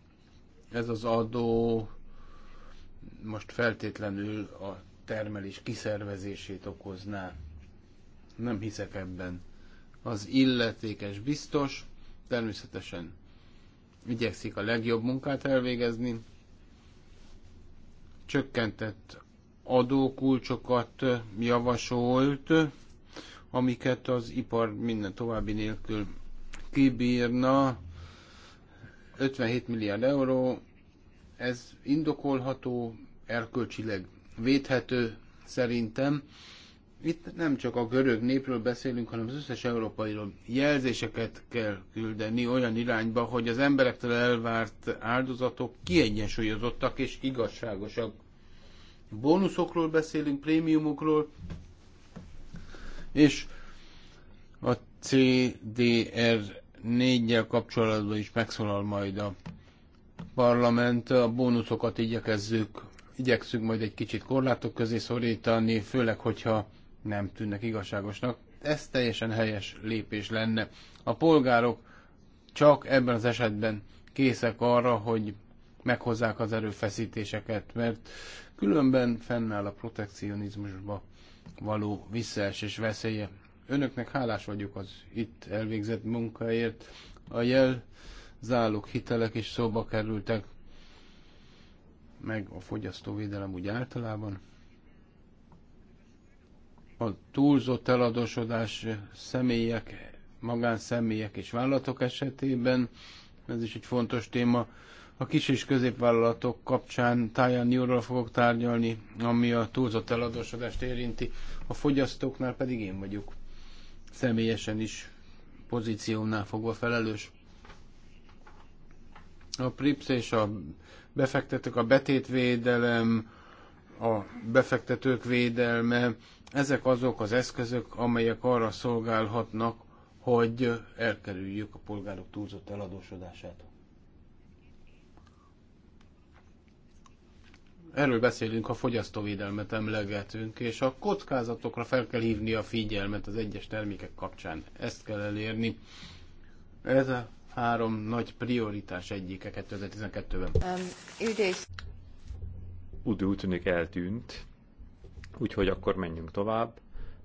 ez az adó most feltétlenül a termelés kiszervezését okozná. Nem hiszek ebben. Az illetékes biztos, természetesen igyekszik a legjobb munkát elvégezni, csökkentett adókulcsokat javasolt, amiket az ipar minden további nélkül kibírna. 57 milliárd euró, ez indokolható, erkölcsileg védhető szerintem. Itt nem csak a görög népről beszélünk, hanem az összes európairól jelzéseket kell küldeni olyan irányba, hogy az emberektől elvárt áldozatok kiegyensúlyozottak és igazságosak. Bónuszokról beszélünk, prémiumokról, és a CDR 4-jel kapcsolatban is megszólal majd a parlament. A bónuszokat igyekezzük, igyekszünk majd egy kicsit korlátok közé szorítani, főleg, hogyha nem tűnnek igazságosnak. Ez teljesen helyes lépés lenne. A polgárok csak ebben az esetben készek arra, hogy meghozzák az erőfeszítéseket, mert különben fennáll a protekcionizmusba való visszaesés veszélye. Önöknek hálás vagyok az itt elvégzett munkáért. A jel zálog hitelek is szóba kerültek, meg a fogyasztóvédelem úgy általában. A túlzott eladósodás személyek, magánszemélyek és vállalatok esetében, ez is egy fontos téma, a kis és középvállalatok kapcsán Táján Newról fogok tárgyalni, ami a túlzott eladósodást érinti, a fogyasztóknál pedig én vagyok személyesen is pozíciómnál fogva felelős. A PRIPS és a befektetők, a betétvédelem, a befektetők védelme, ezek azok az eszközök, amelyek arra szolgálhatnak, hogy elkerüljük a polgárok túlzott eladósodását. Erről beszélünk, ha fogyasztóvédelmet emlegetünk, és a kockázatokra fel kell hívni a figyelmet az egyes termékek kapcsán. Ezt kell elérni. Ez a három nagy prioritás egyike 2012-ben. Um, úgy tűnik eltűnt, úgyhogy akkor menjünk tovább.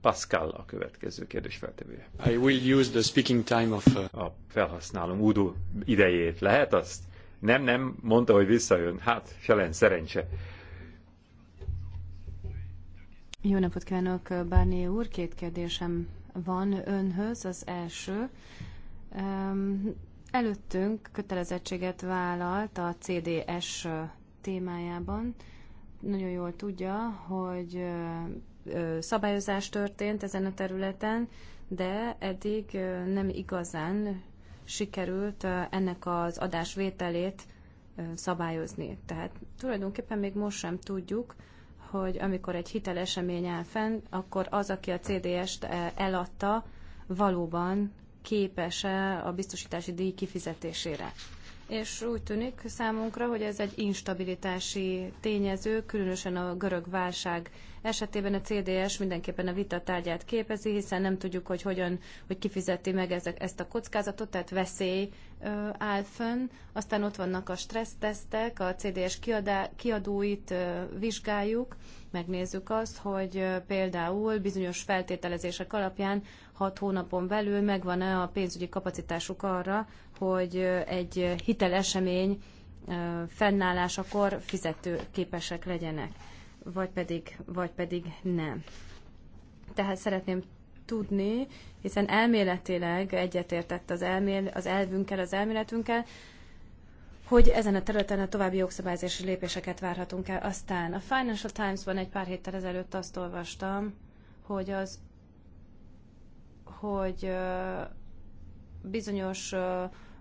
Pascal a következő kérdés feltevője. I will use the speaking time of... A, uh, a felhasználom Udo idejét. Lehet azt? Nem, nem, mondta, hogy visszajön. Hát, se szerencse. Jó napot kívánok, Bárné úr! Két kérdésem van önhöz. Az első, előttünk kötelezettséget vállalt a CDS témájában. Nagyon jól tudja, hogy szabályozás történt ezen a területen, de eddig nem igazán sikerült ennek az adásvételét szabályozni. Tehát tulajdonképpen még most sem tudjuk, hogy amikor egy hitelesemény áll fenn, akkor az, aki a CDS-t eh, eladta, valóban képes-e a biztosítási díj kifizetésére és úgy tűnik számunkra, hogy ez egy instabilitási tényező, különösen a görög válság esetében a CDS mindenképpen a vita tárgyát képezi, hiszen nem tudjuk, hogy hogyan, hogy kifizeti meg ezek, ezt a kockázatot, tehát veszély ö, áll fönn. Aztán ott vannak a stressztesztek, a CDS kiadá, kiadóit ö, vizsgáljuk, megnézzük azt, hogy ö, például bizonyos feltételezések alapján hat hónapon belül megvan-e a pénzügyi kapacitásuk arra, hogy egy hitelesemény fennállásakor fizetőképesek legyenek, vagy pedig, vagy pedig nem. Tehát szeretném tudni, hiszen elméletileg egyetértett az, elmél, az elvünkkel, az elméletünkkel, hogy ezen a területen a további jogszabályzási lépéseket várhatunk el. Aztán a Financial Times-ban egy pár héttel ezelőtt azt olvastam, hogy az hogy bizonyos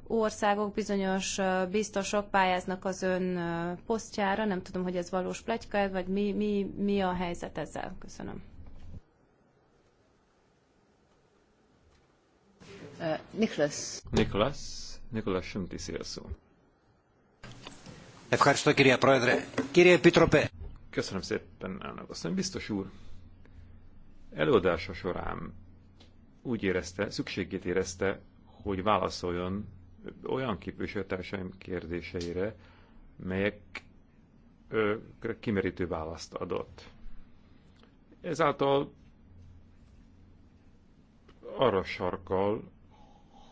országok, bizonyos biztosok pályáznak az ön posztjára. Nem tudom, hogy ez valós pletyka, vagy mi, mi, mi a helyzet ezzel. Köszönöm. Uh, Niklas. Niklas. Niklas szélszó. Köszönöm szépen, elnök asszony. Biztos úr, előadása során úgy érezte, szükségét érezte, hogy válaszoljon olyan képviselőtársaim kérdéseire, melyek ö, kimerítő választ adott. Ezáltal arra sarkal,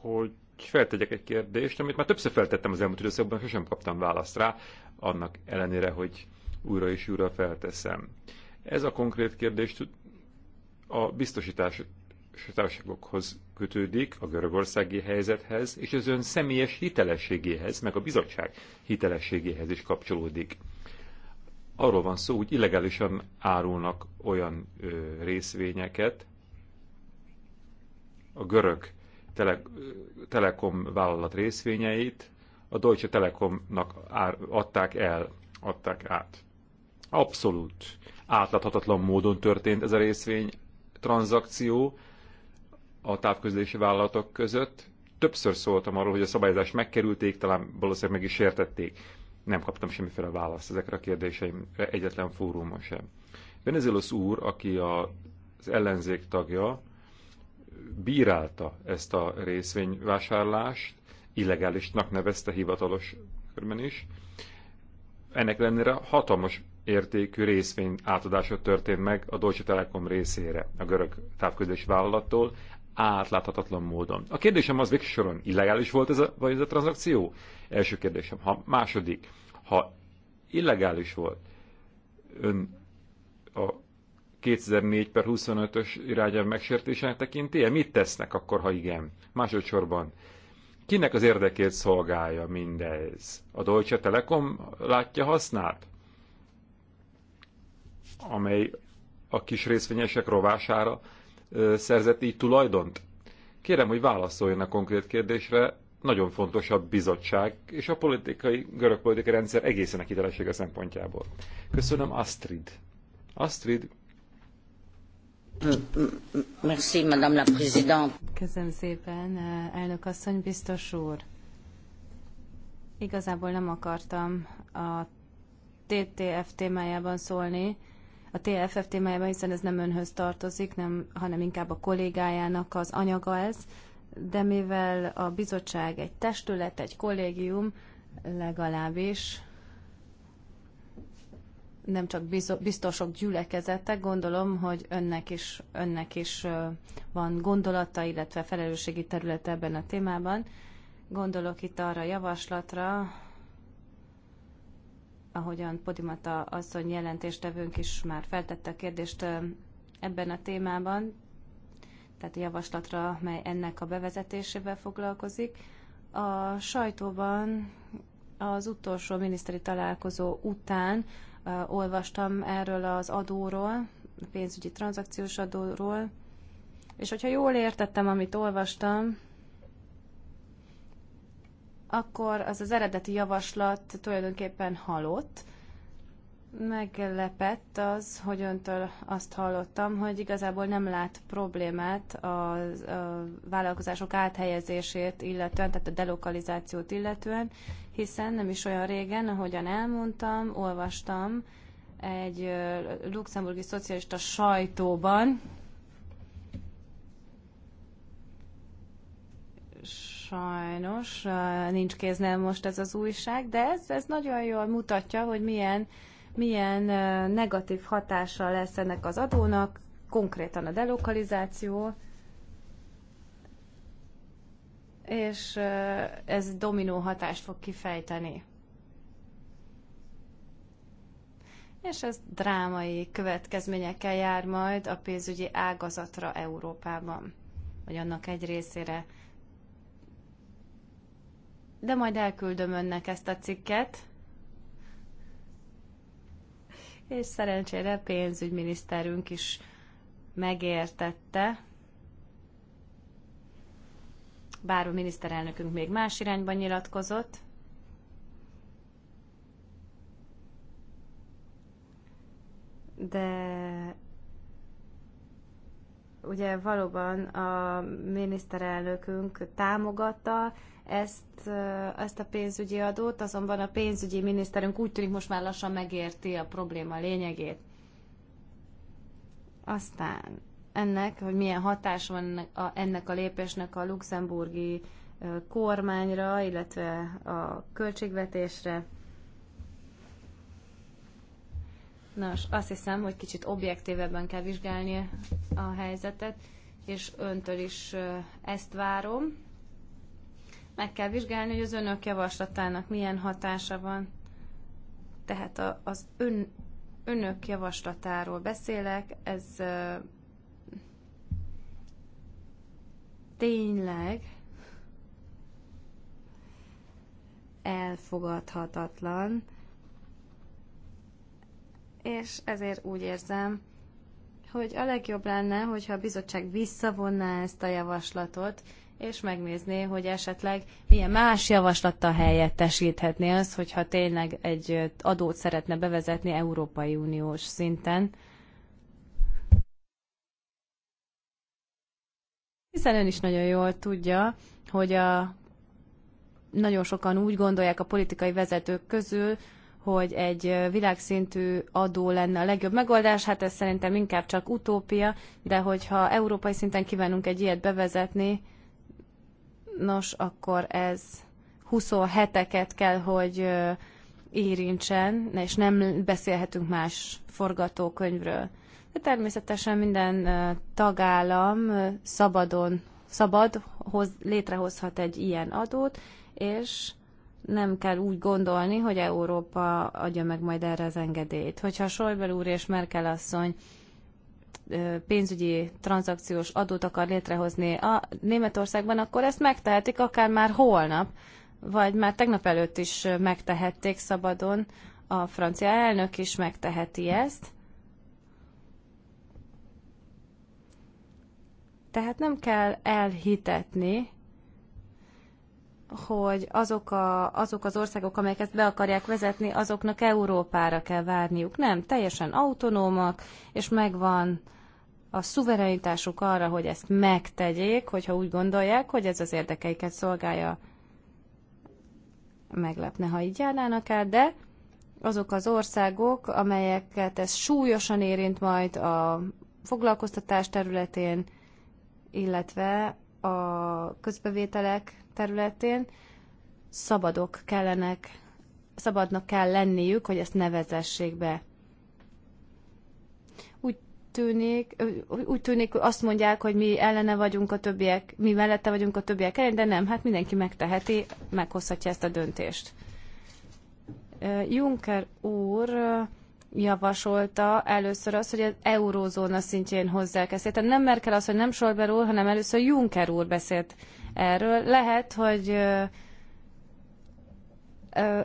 hogy feltegyek egy kérdést, amit már többször feltettem az elmúlt időszakban, sosem kaptam választ rá, annak ellenére, hogy újra és újra felteszem. Ez a konkrét kérdés a biztosítás társaságokhoz kötődik, a görögországi helyzethez, és az ön személyes hitelességéhez, meg a bizottság hitelességéhez is kapcsolódik. Arról van szó, hogy illegálisan árulnak olyan ö, részvényeket a görög tele, telekom vállalat részvényeit a Deutsche Telekomnak ár, adták el, adták át. Abszolút átláthatatlan módon történt ez a részvény tranzakció, a távközlési vállalatok között. Többször szóltam arról, hogy a szabályozást megkerülték, talán valószínűleg meg is értették. Nem kaptam semmiféle választ ezekre a kérdéseimre egyetlen fórumon sem. Venizelos úr, aki a, az ellenzék tagja, bírálta ezt a részvényvásárlást, illegálisnak nevezte hivatalos körben is. Ennek ellenére hatalmas értékű részvény átadása történt meg a Deutsche Telekom részére, a görög távközlési vállalattól átláthatatlan módon. A kérdésem az végső soron illegális volt ez a, vagy ez a tranzakció? Első kérdésem. Ha második, ha illegális volt, ön a 2004 per 25-ös irányelv megsértésének tekinti Mit tesznek akkor, ha igen? Másodszorban, kinek az érdekét szolgálja mindez? A Deutsche Telekom látja hasznát? Amely a kis részvényesek rovására szerzett így tulajdont? Kérem, hogy válaszoljon a konkrét kérdésre, nagyon fontos a bizottság és a politikai, görög politikai rendszer egészen a hitelessége szempontjából. Köszönöm, Astrid. Astrid. Merci, Madame la Présidente. Köszönöm szépen, elnök asszony, biztos úr. Igazából nem akartam a TTF témájában szólni, a TFF témájában, hiszen ez nem önhöz tartozik, nem, hanem inkább a kollégájának az anyaga ez, de mivel a bizottság egy testület, egy kollégium, legalábbis nem csak biztosok gyülekezettek, gondolom, hogy önnek is, önnek is van gondolata, illetve felelősségi terület ebben a témában. Gondolok itt arra a javaslatra, ahogyan Podimata asszony jelentéstevőnk is már feltette a kérdést ebben a témában, tehát a javaslatra, mely ennek a bevezetésével foglalkozik. A sajtóban az utolsó miniszteri találkozó után uh, olvastam erről az adóról, a pénzügyi tranzakciós adóról, és hogyha jól értettem, amit olvastam, akkor az az eredeti javaslat tulajdonképpen halott. Meglepett az, hogy öntől azt hallottam, hogy igazából nem lát problémát a, a vállalkozások áthelyezését illetően, tehát a delokalizációt illetően, hiszen nem is olyan régen, ahogyan elmondtam, olvastam egy luxemburgi szocialista sajtóban, sajnos nincs kéznél most ez az újság, de ez, ez nagyon jól mutatja, hogy milyen, milyen negatív hatása lesz ennek az adónak, konkrétan a delokalizáció, és ez dominó hatást fog kifejteni. És ez drámai következményekkel jár majd a pénzügyi ágazatra Európában, vagy annak egy részére de majd elküldöm önnek ezt a cikket. És szerencsére pénzügyminiszterünk is megértette, bár a miniszterelnökünk még más irányban nyilatkozott. De ugye valóban a miniszterelnökünk támogatta ezt, ezt a pénzügyi adót, azonban a pénzügyi miniszterünk úgy tűnik most már lassan megérti a probléma lényegét. Aztán ennek, hogy milyen hatás van ennek a lépésnek a luxemburgi kormányra, illetve a költségvetésre. Nos, azt hiszem, hogy kicsit objektívebben kell vizsgálni a helyzetet, és öntől is ezt várom meg kell vizsgálni, hogy az önök javaslatának milyen hatása van. Tehát a, az ön, önök javaslatáról beszélek, ez uh, tényleg elfogadhatatlan, és ezért úgy érzem, hogy a legjobb lenne, hogyha a bizottság visszavonná ezt a javaslatot, és megnézné, hogy esetleg milyen más javaslattal helyettesíthetné azt, hogyha tényleg egy adót szeretne bevezetni Európai Uniós szinten. Hiszen ön is nagyon jól tudja, hogy a, nagyon sokan úgy gondolják a politikai vezetők közül, hogy egy világszintű adó lenne a legjobb megoldás, hát ez szerintem inkább csak utópia, de hogyha európai szinten kívánunk egy ilyet bevezetni, nos, akkor ez 27-eket kell, hogy érintsen, és nem beszélhetünk más forgatókönyvről. De természetesen minden tagállam szabadon, szabad hoz, létrehozhat egy ilyen adót, és nem kell úgy gondolni, hogy Európa adja meg majd erre az engedélyt. Hogyha Solbel úr és Merkel asszony pénzügyi tranzakciós adót akar létrehozni a Németországban, akkor ezt megtehetik akár már holnap, vagy már tegnap előtt is megtehették szabadon, a francia elnök is megteheti ezt. Tehát nem kell elhitetni, hogy azok, a, azok az országok, amelyek ezt be akarják vezetni, azoknak Európára kell várniuk. Nem, teljesen autonómak, és megvan a szuverenitásuk arra, hogy ezt megtegyék, hogyha úgy gondolják, hogy ez az érdekeiket szolgálja. Meglepne, ha így járnának el, de azok az országok, amelyeket ez súlyosan érint majd a foglalkoztatás területén, illetve a közbevételek területén szabadok kellenek, szabadnak kell lenniük, hogy ezt nevezessék be. Úgy tűnik, úgy tűnik, azt mondják, hogy mi ellene vagyunk a többiek, mi mellette vagyunk a többiek ellen, de nem, hát mindenki megteheti, meghozhatja ezt a döntést. Juncker úr javasolta először azt, hogy az eurózóna szintjén hozzák ezt. Tehát nem Merkel az, hogy nem Solber úr, hanem először Juncker úr beszélt erről. Lehet, hogy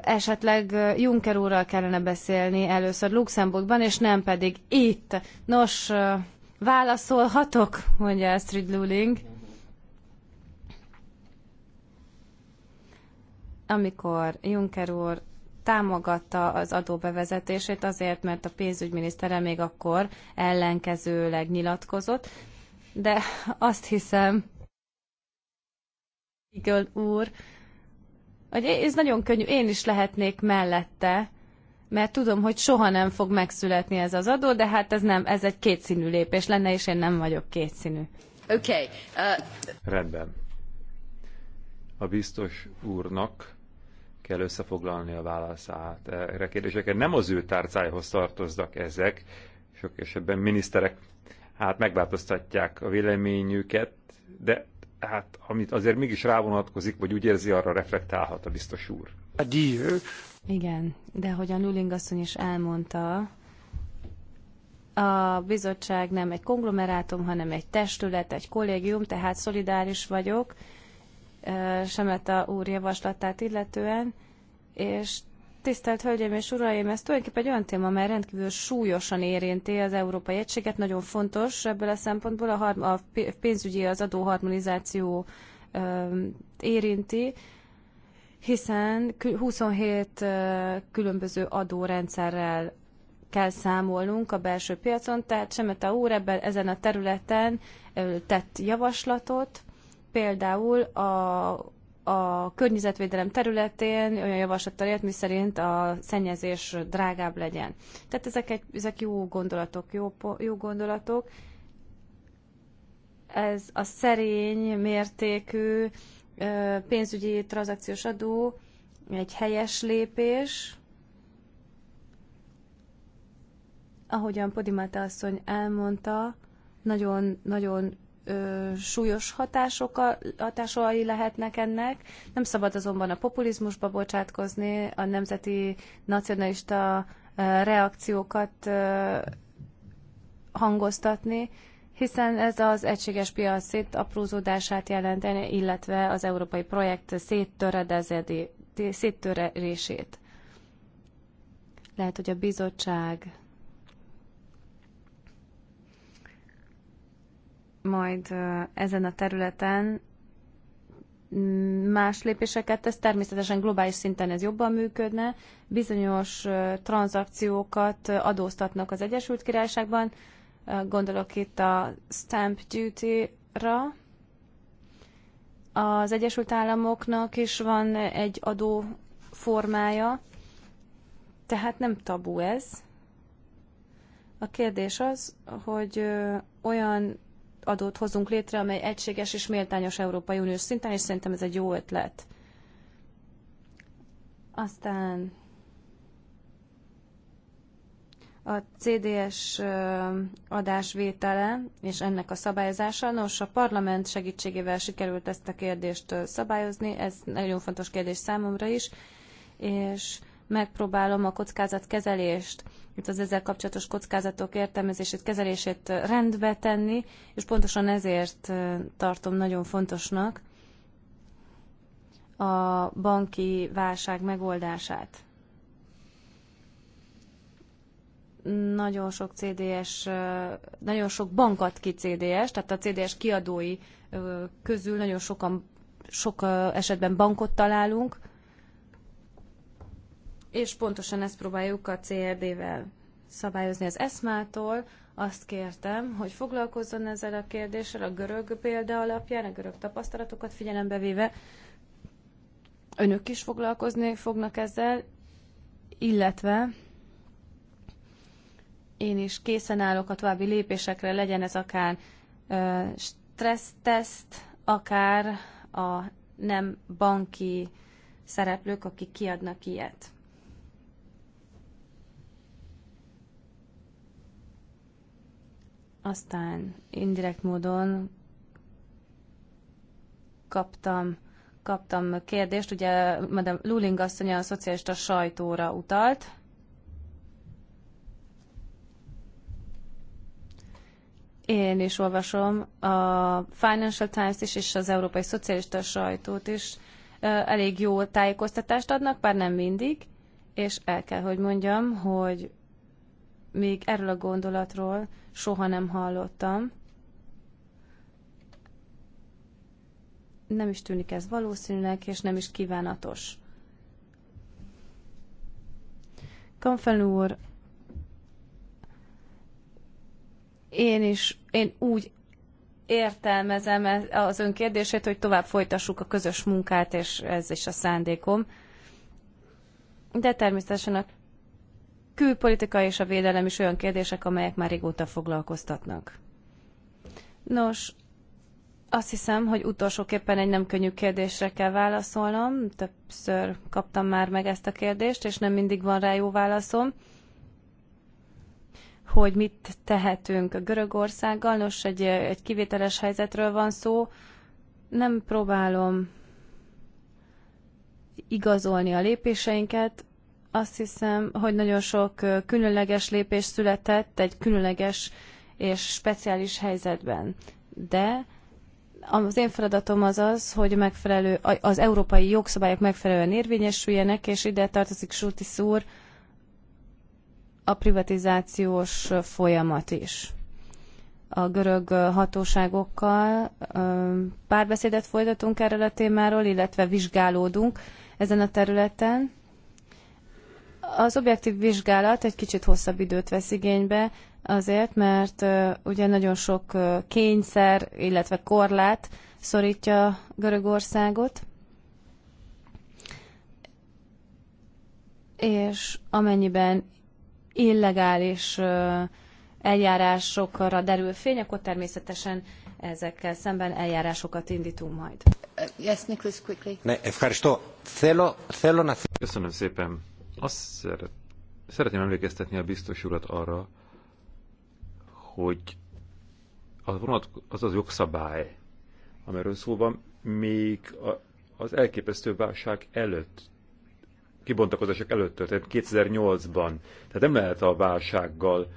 esetleg Juncker úrral kellene beszélni először Luxemburgban, és nem pedig itt. Nos, válaszolhatok, mondja Astrid Luling. Amikor Juncker úr támogatta az adóbevezetését azért, mert a pénzügyminisztere még akkor ellenkezőleg nyilatkozott, de azt hiszem, igen, úr, hogy ez nagyon könnyű, én is lehetnék mellette, mert tudom, hogy soha nem fog megszületni ez az adó, de hát ez nem, ez egy kétszínű lépés lenne, és én nem vagyok kétszínű. Oké. Okay. Uh... Rendben. A biztos úrnak kell összefoglalni a válaszát erre kérdéseket Nem az ő tárcájhoz tartoznak ezek, sok esetben miniszterek hát megváltoztatják a véleményüket, de hát amit azért mégis rávonatkozik, vagy úgy érzi, arra reflektálhat a biztos úr. Igen, de hogy a Nuling asszony is elmondta, a bizottság nem egy konglomerátum, hanem egy testület, egy kollégium, tehát szolidáris vagyok Semeta úr javaslatát illetően, és Tisztelt Hölgyeim és Uraim, ez tulajdonképpen egy olyan téma, amely rendkívül súlyosan érinti az Európai Egységet. Nagyon fontos ebből a szempontból a, a pénzügyi, az adóharmonizáció érinti, hiszen 27 különböző adórendszerrel kell számolnunk a belső piacon, tehát Semeta úr ebben, ezen a területen tett javaslatot, például a a környezetvédelem területén olyan javaslattal élt, miszerint a szennyezés drágább legyen. Tehát ezek, egy, ezek jó gondolatok, jó, jó gondolatok. Ez a szerény mértékű pénzügyi tranzakciós adó egy helyes lépés. Ahogyan Podimata asszony elmondta, nagyon, nagyon ö, súlyos hatások, hatásolai lehetnek ennek. Nem szabad azonban a populizmusba bocsátkozni, a nemzeti nacionalista ö, reakciókat ö, hangoztatni, hiszen ez az egységes piac szétaprózódását jelenteni, illetve az európai projekt széttörését. Lehet, hogy a bizottság majd ezen a területen más lépéseket tesz. Természetesen globális szinten ez jobban működne. Bizonyos tranzakciókat adóztatnak az Egyesült Királyságban. Gondolok itt a stamp duty-ra. Az Egyesült Államoknak is van egy adó formája, tehát nem tabu ez. A kérdés az, hogy olyan adót hozunk létre, amely egységes és méltányos Európai Uniós szinten, és szerintem ez egy jó ötlet. Aztán a CDS adásvétele és ennek a szabályozása. Nos, a parlament segítségével sikerült ezt a kérdést szabályozni, ez nagyon fontos kérdés számomra is, és megpróbálom a kockázatkezelést mint az ezzel kapcsolatos kockázatok értelmezését, kezelését rendbe tenni, és pontosan ezért tartom nagyon fontosnak a banki válság megoldását. Nagyon sok CDS, nagyon sok bankat ki CDS, tehát a CDS kiadói közül nagyon sokan, sok esetben bankot találunk, és pontosan ezt próbáljuk a CRD-vel szabályozni az eszmától. Azt kértem, hogy foglalkozzon ezzel a kérdéssel a görög példa alapján, a görög tapasztalatokat figyelembe véve. Önök is foglalkozni fognak ezzel, illetve én is készen állok a további lépésekre, legyen ez akár stresszteszt, akár a nem banki szereplők, akik kiadnak ilyet. Aztán indirekt módon kaptam, kaptam kérdést, ugye Madame Luling asszony a szocialista sajtóra utalt, én is olvasom a Financial Times is, és az Európai Szocialista Sajtót is elég jó tájékoztatást adnak, bár nem mindig, és el kell, hogy mondjam, hogy még erről a gondolatról soha nem hallottam. Nem is tűnik ez valószínűnek, és nem is kívánatos. Kamfen úr, én is, én úgy értelmezem e- az ön kérdését, hogy tovább folytassuk a közös munkát, és ez is a szándékom. De természetesen a külpolitika és a védelem is olyan kérdések, amelyek már régóta foglalkoztatnak. Nos, azt hiszem, hogy utolsóképpen egy nem könnyű kérdésre kell válaszolnom. Többször kaptam már meg ezt a kérdést, és nem mindig van rá jó válaszom hogy mit tehetünk a Görögországgal. Nos, egy, egy kivételes helyzetről van szó. Nem próbálom igazolni a lépéseinket, azt hiszem, hogy nagyon sok különleges lépés született egy különleges és speciális helyzetben. De az én feladatom az az, hogy megfelelő, az európai jogszabályok megfelelően érvényesüljenek, és ide tartozik Sultis úr a privatizációs folyamat is. A görög hatóságokkal párbeszédet folytatunk erről a témáról, illetve vizsgálódunk ezen a területen. Az objektív vizsgálat egy kicsit hosszabb időt vesz igénybe, azért, mert ugye nagyon sok kényszer, illetve korlát szorítja Görögországot, és amennyiben illegális eljárásokra derül fény, akkor természetesen ezekkel szemben eljárásokat indítunk majd. Uh, yes, Nicholas, quickly. Ne, Köszönöm szépen. Azt szeret, szeretném emlékeztetni a biztos urat arra, hogy az, vonat, az az jogszabály, amiről szó van, még a, az elképesztő válság előtt, kibontakozások előtt történt, 2008-ban. Tehát nem lehet a válsággal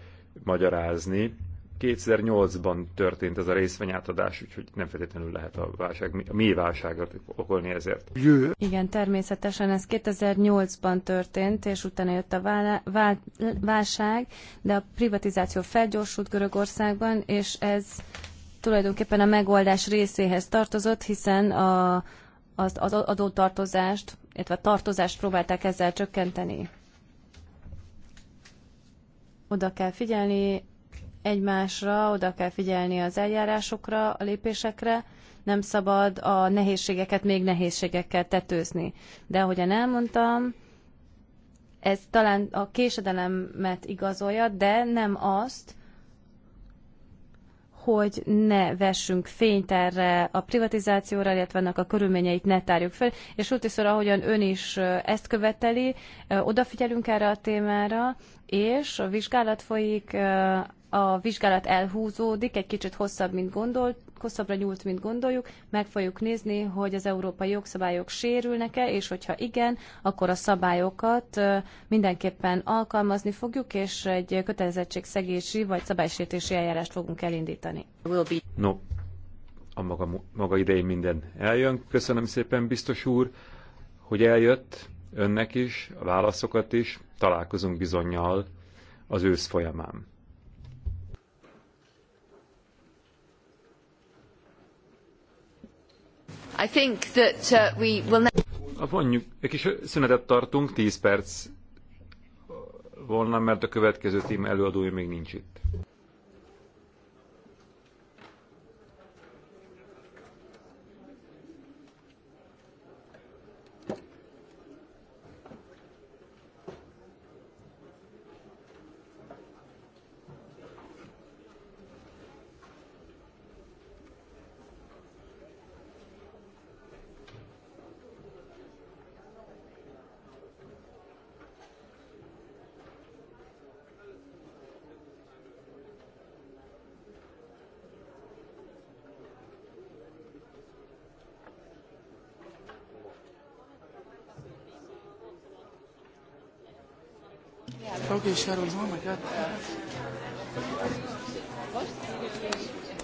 magyarázni, 2008-ban történt ez a részvényátadás, úgyhogy nem feltétlenül lehet a, válság, a mély válságot okolni ezért. Igen, természetesen ez 2008-ban történt, és utána jött a vála, vál, válság, de a privatizáció felgyorsult Görögországban, és ez tulajdonképpen a megoldás részéhez tartozott, hiszen a, az, az adótartozást, illetve a tartozást próbálták ezzel csökkenteni. Oda kell figyelni egymásra, oda kell figyelni az eljárásokra, a lépésekre, nem szabad a nehézségeket még nehézségekkel tetőzni. De ahogyan elmondtam, ez talán a késedelemet igazolja, de nem azt, hogy ne vessünk fényt erre a privatizációra, illetve annak a körülményeit ne tárjuk fel. És útiszor, ahogyan ön is ezt követeli, odafigyelünk erre a témára, és a vizsgálat folyik a vizsgálat elhúzódik, egy kicsit hosszabb, mint gondolt, hosszabbra nyúlt, mint gondoljuk, meg fogjuk nézni, hogy az európai jogszabályok sérülnek-e, és hogyha igen, akkor a szabályokat mindenképpen alkalmazni fogjuk, és egy kötelezettségszegési vagy szabálysértési eljárást fogunk elindítani. No, a maga, maga idején minden eljön. Köszönöm szépen, biztos úr, hogy eljött önnek is, a válaszokat is, találkozunk bizonyal az ősz folyamán. I think that uh, we will now... egy kis szünetet tartunk, 10 perc volna, mert a következő tím előadója még nincs itt. Cheryl is, oh my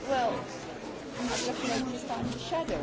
Well, I'm looking at this time shadow.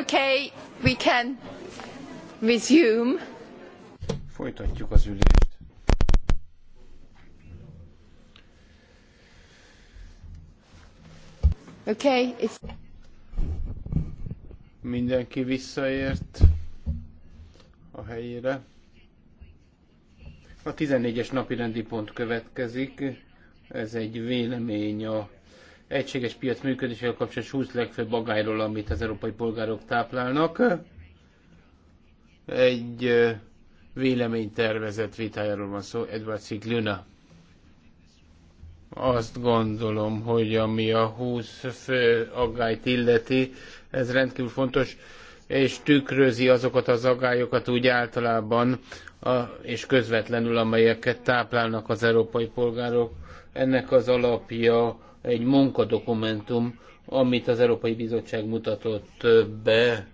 Okay, we can resume. Folytatjuk az ülést. Okay, it's... Mindenki visszaért a helyére. A 14-es napi rendi pont következik. Ez egy vélemény a egységes piac működésével kapcsolatos 20 legfőbb agályról, amit az európai polgárok táplálnak. Egy véleménytervezet vitájáról van szó, Edward Luna. Azt gondolom, hogy ami a 20 fő aggályt illeti, ez rendkívül fontos, és tükrözi azokat az aggályokat úgy általában, a, és közvetlenül, amelyeket táplálnak az európai polgárok. Ennek az alapja egy munkadokumentum, amit az Európai Bizottság mutatott be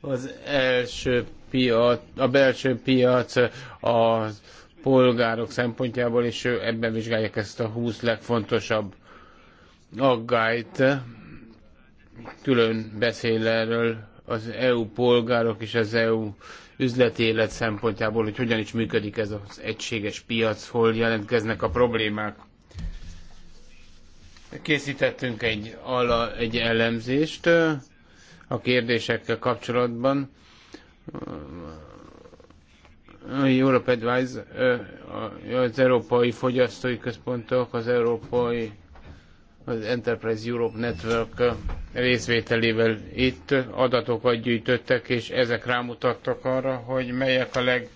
az első piac, a belső piac a polgárok szempontjából, és ebben vizsgálják ezt a 20 legfontosabb aggályt. Külön beszél erről az EU polgárok és az EU üzleti élet szempontjából, hogy hogyan is működik ez az egységes piac, hol jelentkeznek a problémák. Készítettünk egy, ala, egy elemzést a kérdésekkel kapcsolatban. Europe Advice, az Európai Fogyasztói Központok, az Európai az Enterprise Europe Network részvételével itt adatokat gyűjtöttek, és ezek rámutattak arra, hogy melyek a leg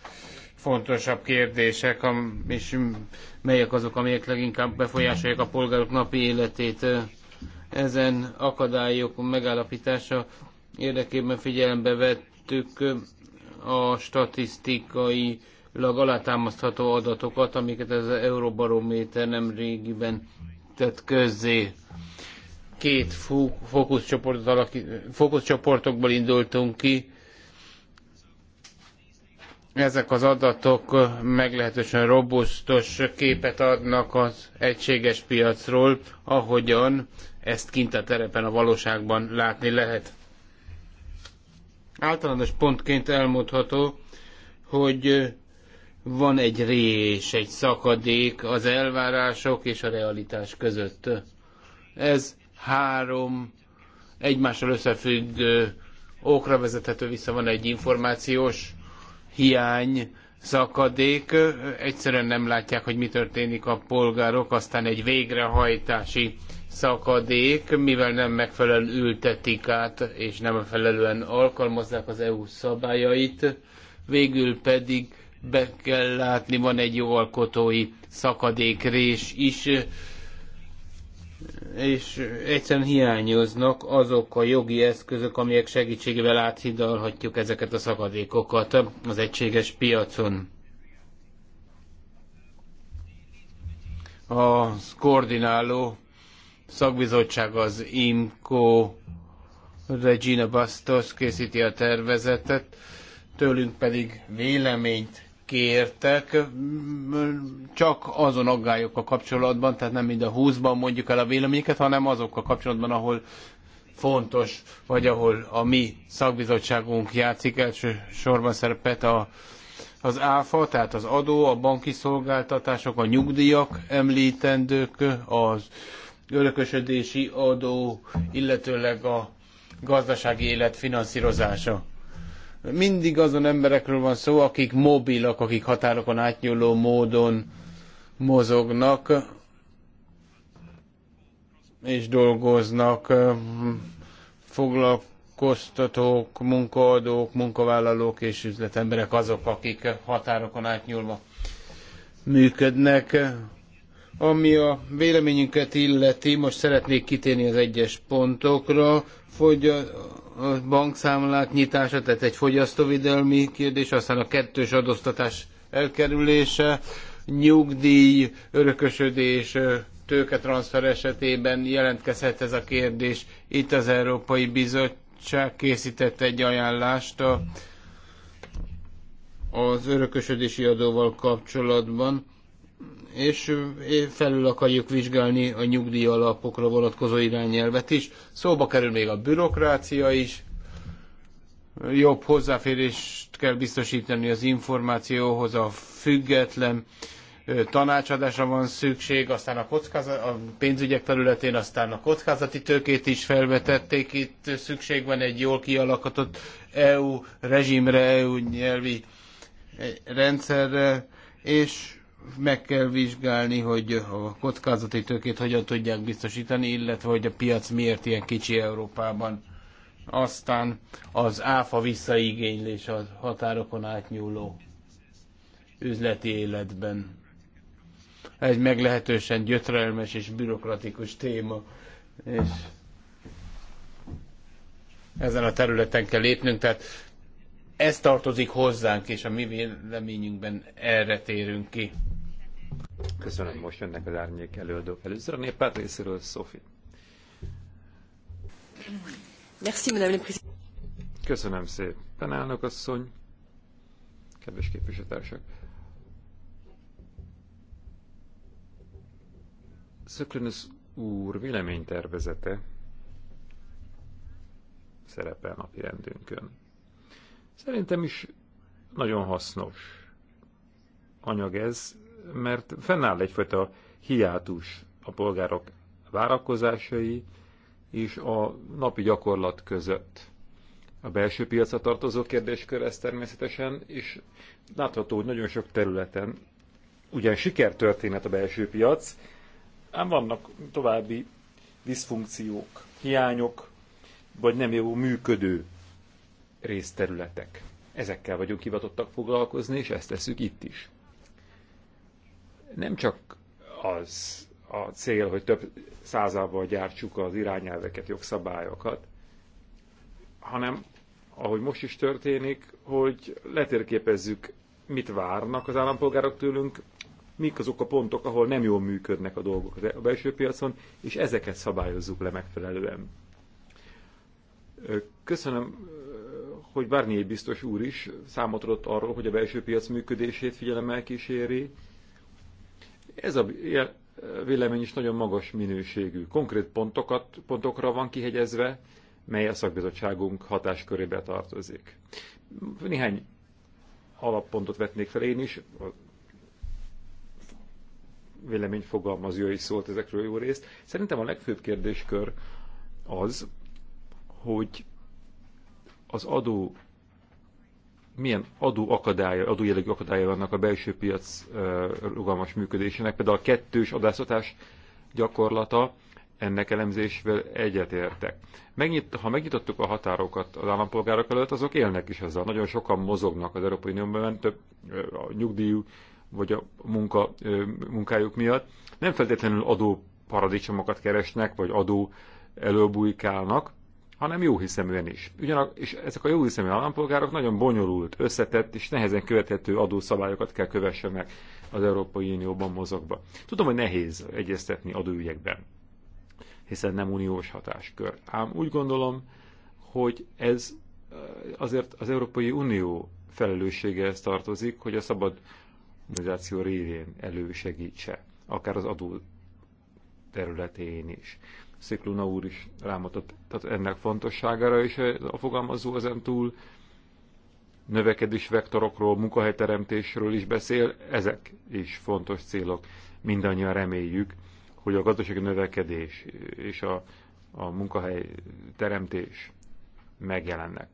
fontosabb kérdések, és melyek azok, amelyek leginkább befolyásolják a polgárok napi életét. Ezen akadályok megállapítása érdekében figyelembe vettük a statisztikai alátámasztható adatokat, amiket az Euróbarométer nem régiben tett közzé. Két fókuszcsoportokból indultunk ki, ezek az adatok meglehetősen robusztus képet adnak az egységes piacról, ahogyan ezt kint a terepen, a valóságban látni lehet. Általános pontként elmondható, hogy van egy rés, egy szakadék az elvárások és a realitás között. Ez három egymással összefüggő okra vezethető vissza, van egy információs hiány, szakadék, egyszerűen nem látják, hogy mi történik a polgárok, aztán egy végrehajtási szakadék, mivel nem megfelelően ültetik át, és nem megfelelően alkalmazzák az EU szabályait, végül pedig be kell látni, van egy jogalkotói szakadékrés is, és egyszerűen hiányoznak azok a jogi eszközök, amelyek segítségével áthidalhatjuk ezeket a szakadékokat az egységes piacon. A koordináló szakbizottság az IMCO Regina Bastos készíti a tervezetet, tőlünk pedig véleményt kértek, csak azon aggályokkal kapcsolatban, tehát nem mind a 20-ban mondjuk el a véleményeket, hanem azokkal kapcsolatban, ahol fontos, vagy ahol a mi szakbizottságunk játszik, elsősorban szerepet a, az áfa, tehát az adó, a banki szolgáltatások, a nyugdíjak említendők, az örökösödési adó, illetőleg a gazdasági élet finanszírozása. Mindig azon emberekről van szó, akik mobilak, akik határokon átnyúló módon mozognak és dolgoznak, foglalkoztatók, munkaadók, munkavállalók és üzletemberek azok, akik határokon átnyúlva működnek ami a véleményünket illeti, most szeretnék kitérni az egyes pontokra, hogy a, bankszámlát bankszámlák nyitása, tehát egy fogyasztóvédelmi kérdés, aztán a kettős adóztatás elkerülése, nyugdíj, örökösödés, tőketranszfer esetében jelentkezhet ez a kérdés. Itt az Európai Bizottság készített egy ajánlást a, az örökösödési adóval kapcsolatban és felül akarjuk vizsgálni a nyugdíj alapokra vonatkozó irányelvet is. Szóba kerül még a bürokrácia is, jobb hozzáférést kell biztosítani az információhoz, a független tanácsadásra van szükség, aztán a, kockázat, a pénzügyek területén, aztán a kockázati tőkét is felvetették. Itt szükség van egy jól kialakított EU rezsimre, EU nyelvi eh, rendszerre, és meg kell vizsgálni, hogy a kockázati tőkét hogyan tudják biztosítani, illetve hogy a piac miért ilyen kicsi Európában. Aztán az áfa visszaigénylés a határokon átnyúló üzleti életben. Ez meglehetősen gyötrelmes és bürokratikus téma, és ezen a területen kell lépnünk, tehát ez tartozik hozzánk, és a mi véleményünkben erre térünk ki. Köszönöm, most jönnek az árnyék előadók. Először a néppárt részéről, Sophie. Köszönöm szépen, elnök asszony. Kedves képviselőtársak. Szöklenös úr véleménytervezete szerepel napi rendünkön. Szerintem is nagyon hasznos anyag ez, mert fennáll egyfajta hiátus a polgárok várakozásai és a napi gyakorlat között. A belső piacra tartozó kérdéskör ez természetesen, és látható, hogy nagyon sok területen ugyan sikertörténet a belső piac, ám vannak további diszfunkciók, hiányok, vagy nem jó működő részterületek. Ezekkel vagyunk hivatottak foglalkozni, és ezt tesszük itt is nem csak az a cél, hogy több százával gyártsuk az irányelveket, jogszabályokat, hanem ahogy most is történik, hogy letérképezzük, mit várnak az állampolgárok tőlünk, mik azok a pontok, ahol nem jól működnek a dolgok a belső piacon, és ezeket szabályozzuk le megfelelően. Köszönöm, hogy Barnier biztos úr is számot adott arról, hogy a belső piac működését figyelemmel kíséri, ez a vélemény is nagyon magas minőségű. Konkrét pontokat, pontokra van kihegyezve, mely a szakbizottságunk hatáskörébe tartozik. Néhány alappontot vetnék fel én is, a vélemény is szólt ezekről jó részt. Szerintem a legfőbb kérdéskör az, hogy az adó milyen adó akadálya, adójellegű akadálya vannak a belső piac rugalmas működésének. Például a kettős adászatás gyakorlata ennek elemzésvel egyetértek. Megnyit, ha megnyitottuk a határokat az állampolgárok előtt, azok élnek is ezzel. Nagyon sokan mozognak az Európai Unióban, több a nyugdíjú vagy a munka, munkájuk miatt. Nem feltétlenül adó paradicsomokat keresnek, vagy adó előbújkálnak, hanem jóhiszeműen is. Ugyanak, és ezek a jóhiszemű állampolgárok nagyon bonyolult, összetett és nehezen követhető adószabályokat kell kövessenek az Európai Unióban mozogva. Tudom, hogy nehéz egyeztetni adóügyekben, hiszen nem uniós hatáskör. Ám úgy gondolom, hogy ez eh, azért az Európai Unió felelősségehez tartozik, hogy a szabad mobilizáció révén elősegítse, akár az adó területén is. Szikluna úr is rámutat tehát ennek fontosságára, is a fogalmazó ezen túl növekedés vektorokról, munkahelyteremtésről is beszél, ezek is fontos célok. Mindannyian reméljük, hogy a gazdasági növekedés és a, a munkahelyteremtés megjelennek.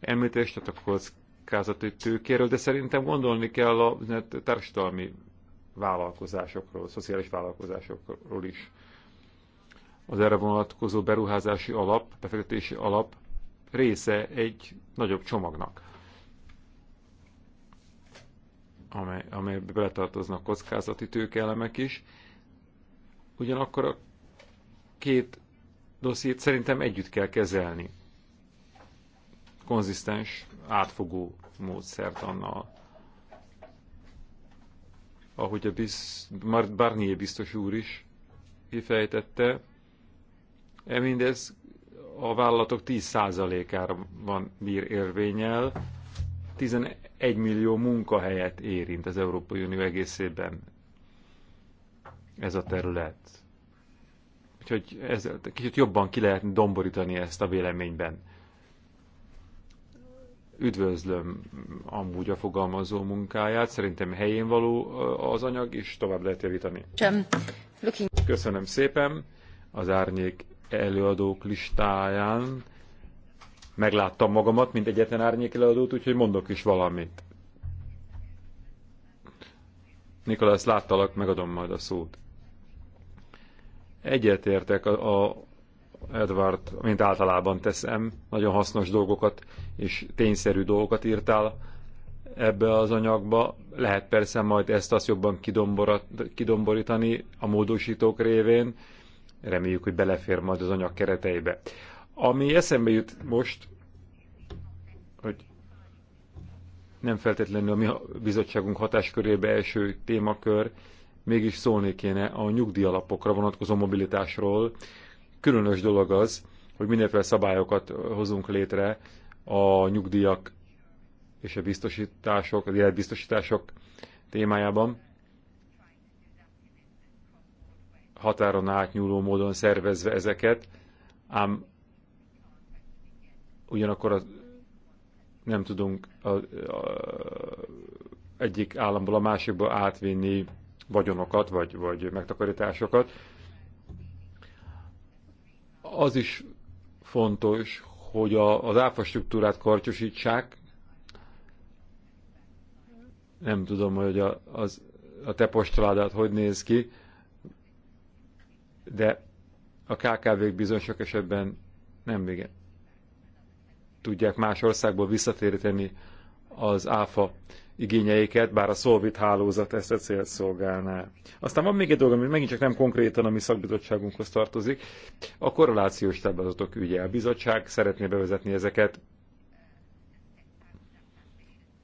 Említést tehát a kockázati tőkéről, de szerintem gondolni kell a társadalmi vállalkozásokról, a szociális vállalkozásokról is az erre vonatkozó beruházási alap, befektetési alap része egy nagyobb csomagnak, amely, amelybe beletartoznak kockázati tőkeelemek is. Ugyanakkor a két dossziét szerintem együtt kell kezelni. Konzisztens, átfogó módszert annal. Ahogy a biz, Barnier biztos úr is kifejtette, E mindez a vállalatok 10%-ára van bír érvényel, 11 millió munkahelyet érint az Európai Unió egészében ez a terület. Úgyhogy ez, kicsit jobban ki lehet domborítani ezt a véleményben. Üdvözlöm amúgy a fogalmazó munkáját, szerintem helyén való az anyag, és tovább lehet javítani. Köszönöm szépen az árnyék előadók listáján. Megláttam magamat, mint egyetlen árnyék előadót, úgyhogy mondok is valamit. Nikolász, láttalak, megadom majd a szót. Egyetértek a, a Edward, mint általában teszem, nagyon hasznos dolgokat és tényszerű dolgokat írtál ebbe az anyagba. Lehet persze majd ezt azt jobban kidomborítani a módosítók révén, Reméljük, hogy belefér majd az anyag kereteibe. Ami eszembe jut most, hogy nem feltétlenül a mi bizottságunk hatáskörébe első témakör, mégis szólni kéne a nyugdíjalapokra vonatkozó mobilitásról. Különös dolog az, hogy mindenféle szabályokat hozunk létre a nyugdíjak és a biztosítások, az életbiztosítások témájában. határon átnyúló módon szervezve ezeket, ám ugyanakkor a, nem tudunk a, a, egyik államból a másikba átvinni vagyonokat, vagy, vagy megtakarításokat. Az is fontos, hogy a, az áfa struktúrát karcsosítsák. Nem tudom, hogy a, az, a te postaládát hogy néz ki, de a KKV-k bizony sok esetben nem még Tudják más országból visszatéríteni az áfa igényeiket, bár a szolvit hálózat ezt a célt szolgálná. Aztán van még egy dolog, ami megint csak nem konkrétan a mi szakbizottságunkhoz tartozik, a korrelációs táblázatok ügye. A bizottság szeretné bevezetni ezeket,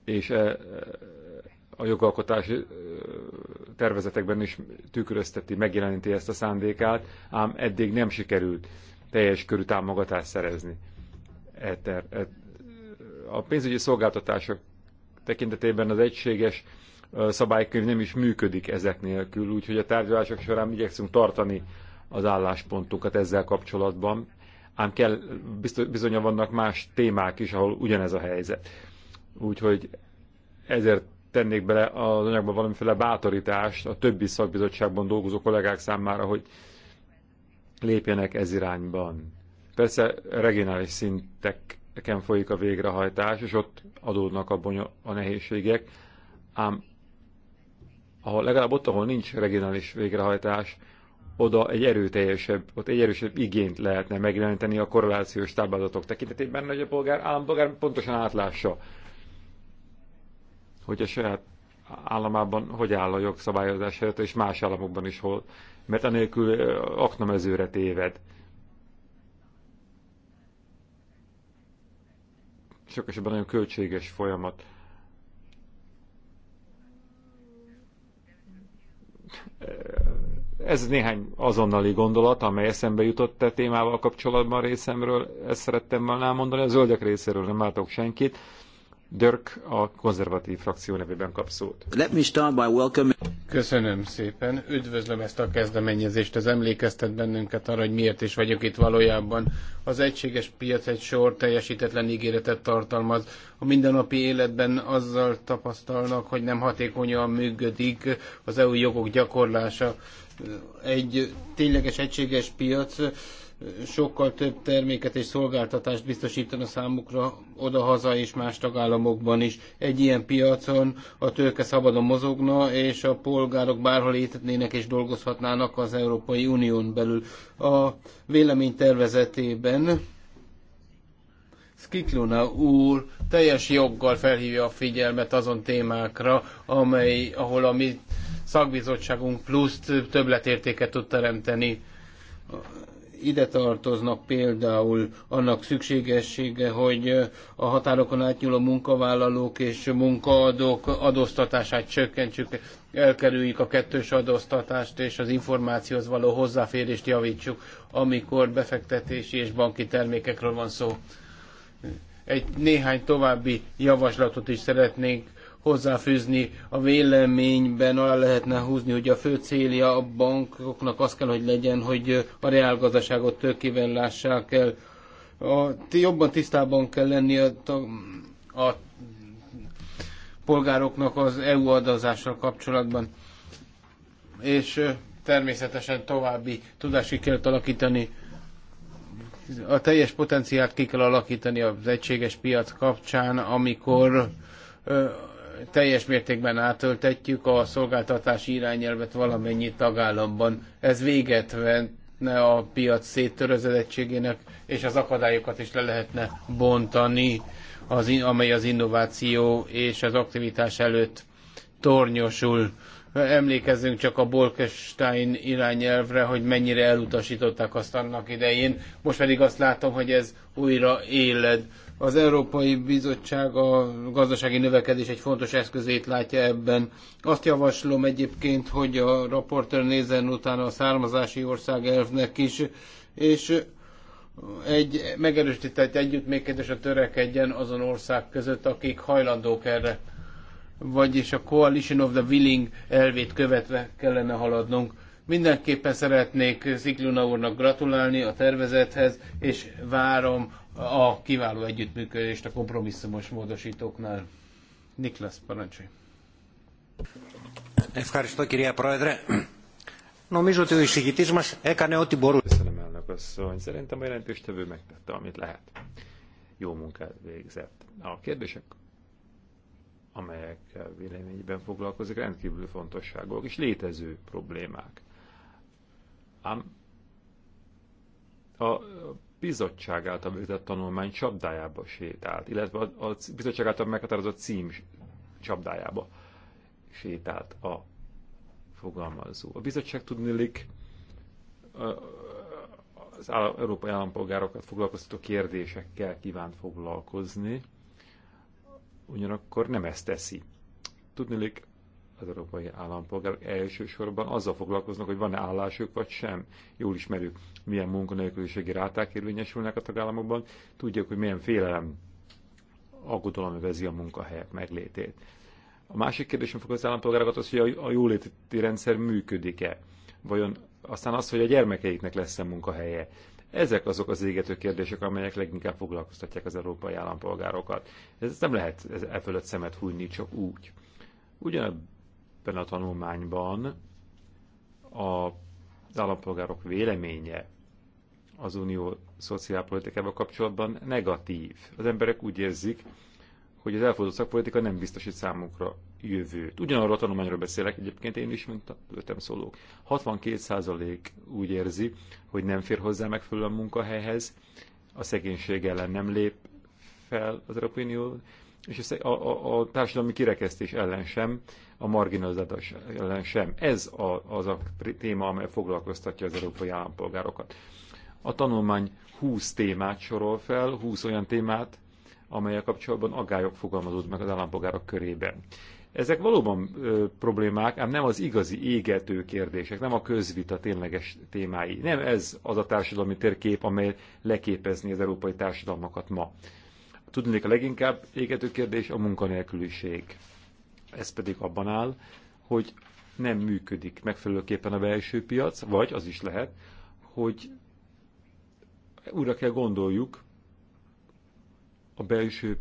és e, e, a jogalkotási tervezetekben is tükrözteti, megjeleníti ezt a szándékát, ám eddig nem sikerült teljes körű támogatást szerezni. Eter, et, a pénzügyi szolgáltatások tekintetében az egységes szabálykönyv nem is működik ezek nélkül, úgyhogy a tárgyalások során igyekszünk tartani az álláspontunkat ezzel kapcsolatban, ám kell, bizonyan vannak más témák is, ahol ugyanez a helyzet. Úgyhogy ezért tennék bele az anyagban valamiféle bátorítást a többi szakbizottságban dolgozó kollégák számára, hogy lépjenek ez irányban. Persze regionális szinteken folyik a végrehajtás, és ott adódnak a, bonyol, a nehézségek, ám ahol, legalább ott, ahol nincs regionális végrehajtás, oda egy erőteljesebb, ott egy erősebb igényt lehetne megjeleníteni a korrelációs táblázatok tekintetében, hogy a polgár, állampolgár pontosan átlássa, hogy a saját államában hogy áll a jogszabályozás helyett, és más államokban is hol. Mert anélkül aknamezőre téved. Sok esetben nagyon költséges folyamat. Ez néhány azonnali gondolat, amely eszembe jutott a e témával kapcsolatban részemről, ezt szerettem volna elmondani, a zöldek részéről nem látok senkit. Dirk a konzervatív frakció nevében kap szót. Let me start by welcoming... Köszönöm szépen. Üdvözlöm ezt a kezdeményezést. Ez emlékeztet bennünket arra, hogy miért is vagyok itt valójában. Az egységes piac egy sor teljesítetlen ígéretet tartalmaz. A mindennapi életben azzal tapasztalnak, hogy nem hatékonyan működik az EU jogok gyakorlása. Egy tényleges egységes piac sokkal több terméket és szolgáltatást biztosítana számukra odahaza és más tagállamokban is. Egy ilyen piacon a tőke szabadon mozogna, és a polgárok bárhol étetnének és dolgozhatnának az Európai Unión belül. A vélemény tervezetében Skikluna úr teljes joggal felhívja a figyelmet azon témákra, amely, ahol a mi szakbizottságunk plusz többletértéket tud teremteni ide tartoznak például annak szükségessége, hogy a határokon átnyúló munkavállalók és munkaadók adóztatását csökkentsük, elkerüljük a kettős adóztatást és az információhoz való hozzáférést javítsuk, amikor befektetési és banki termékekről van szó. Egy néhány további javaslatot is szeretnénk hozzáfűzni a véleményben, alá lehetne húzni, hogy a fő célja a bankoknak az kell, hogy legyen, hogy a reálgazdaságot tőkével lássák el. A, jobban tisztában kell lenni a, a polgároknak az EU adazással kapcsolatban. És természetesen további tudást ki kell alakítani, a teljes potenciált ki kell alakítani az egységes piac kapcsán, amikor teljes mértékben átöltetjük a szolgáltatási irányelvet valamennyi tagállamban. Ez véget vetne a piac széttörezedettségének, és az akadályokat is le lehetne bontani, az, amely az innováció és az aktivitás előtt tornyosul. Emlékezzünk csak a Bolkestein irányelvre, hogy mennyire elutasították azt annak idején. Most pedig azt látom, hogy ez újra éled. Az Európai Bizottság a gazdasági növekedés egy fontos eszközét látja ebben. Azt javaslom egyébként, hogy a raportőr nézzen utána a származási ország elvnek is, és egy megerősített a törekedjen azon ország között, akik hajlandók erre. Vagyis a Coalition of the Willing elvét követve kellene haladnunk. Mindenképpen szeretnék Szikluna úrnak gratulálni a tervezethez, és várom a kiváló együttműködést a kompromisszumos módosítóknál. Niklas, parancsolj! Ευχαριστώ κυρία Πρόεδρε. Νομίζω ότι ο εισηγητής μας έκανε ό,τι μπορούσε. Köszönöm elnök Szerintem a jelentéstevő megtette, amit lehet. Jó munkát végzett. A kérdések, amelyek véleményben foglalkozik, rendkívül fontosságok és létező problémák. Ám a bizottság által végzett tanulmány csapdájába sétált, illetve a, a bizottság által meghatározott cím csapdájába sétált a fogalmazó. A bizottság tudnélik az európai állampolgárokat foglalkoztató kérdésekkel kívánt foglalkozni, ugyanakkor nem ezt teszi. Tudnélik az európai állampolgárok elsősorban azzal foglalkoznak, hogy van-e állásuk vagy sem. Jól ismerjük, milyen munkanélküliségi ráták érvényesülnek a tagállamokban, tudjuk, hogy milyen félelem aggodalom vezi a munkahelyek meglétét. A másik kérdésem fog az állampolgárokat az, hogy a jóléti rendszer működik-e. Vajon aztán az, hogy a gyermekeiknek lesz-e munkahelye. Ezek azok az égető kérdések, amelyek leginkább foglalkoztatják az európai állampolgárokat. Ez nem lehet e fölött szemet hújni csak úgy. Ugyan ebben a tanulmányban az állampolgárok véleménye az unió szociálpolitikával kapcsolatban negatív. Az emberek úgy érzik, hogy az elfogadott szakpolitika nem biztosít számukra jövőt. Ugyanarról a tanulmányról beszélek egyébként én is, mint a ötem szólók. 62% úgy érzi, hogy nem fér hozzá megfelelően munkahelyhez, a szegénység ellen nem lép fel az Európai Unió, és a, a, a társadalmi kirekesztés ellen sem, a marginalizálás ellen sem. Ez a, az a téma, amely foglalkoztatja az európai állampolgárokat. A tanulmány 20 témát sorol fel, 20 olyan témát, amelyek kapcsolatban aggályok fogalmazódnak meg az állampolgárok körében. Ezek valóban ö, problémák, ám nem az igazi égető kérdések, nem a közvita tényleges témái. Nem ez az a társadalmi térkép, amely leképezni az európai társadalmakat ma. Tudnék a leginkább égető kérdés a munkanélküliség ez pedig abban áll, hogy nem működik megfelelőképpen a belső piac, vagy az is lehet, hogy újra kell gondoljuk a belső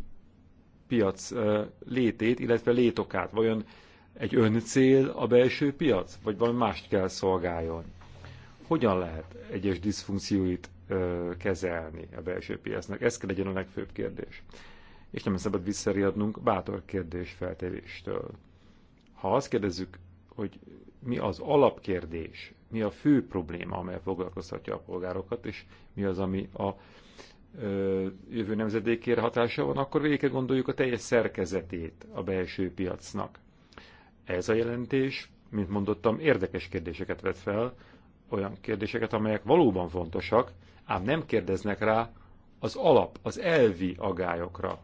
piac létét, illetve létokát. Vajon egy öncél a belső piac, vagy valami mást kell szolgáljon? Hogyan lehet egyes diszfunkcióit kezelni a belső piacnak? Ez kell legyen a legfőbb kérdés és nem szabad visszariadnunk bátor kérdés feltevéstől. Ha azt kérdezzük, hogy mi az alapkérdés, mi a fő probléma, amely foglalkoztatja a polgárokat, és mi az, ami a ö, jövő nemzedékére hatása van, akkor végig gondoljuk a teljes szerkezetét a belső piacnak. Ez a jelentés, mint mondottam, érdekes kérdéseket vet fel, olyan kérdéseket, amelyek valóban fontosak, ám nem kérdeznek rá az alap, az elvi agályokra,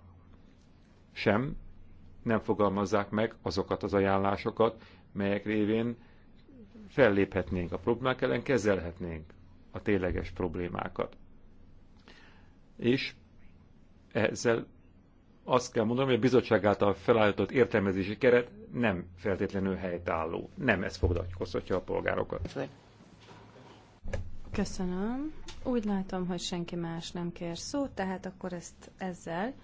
sem nem fogalmazzák meg azokat az ajánlásokat, melyek révén felléphetnénk a problémák ellen, kezelhetnénk a tényleges problémákat. És ezzel azt kell mondanom, hogy a bizottság által felállított értelmezési keret nem feltétlenül helytálló. Nem ez foglalkoztatja a polgárokat. Köszönöm. Úgy látom, hogy senki más nem kér szót, tehát akkor ezt ezzel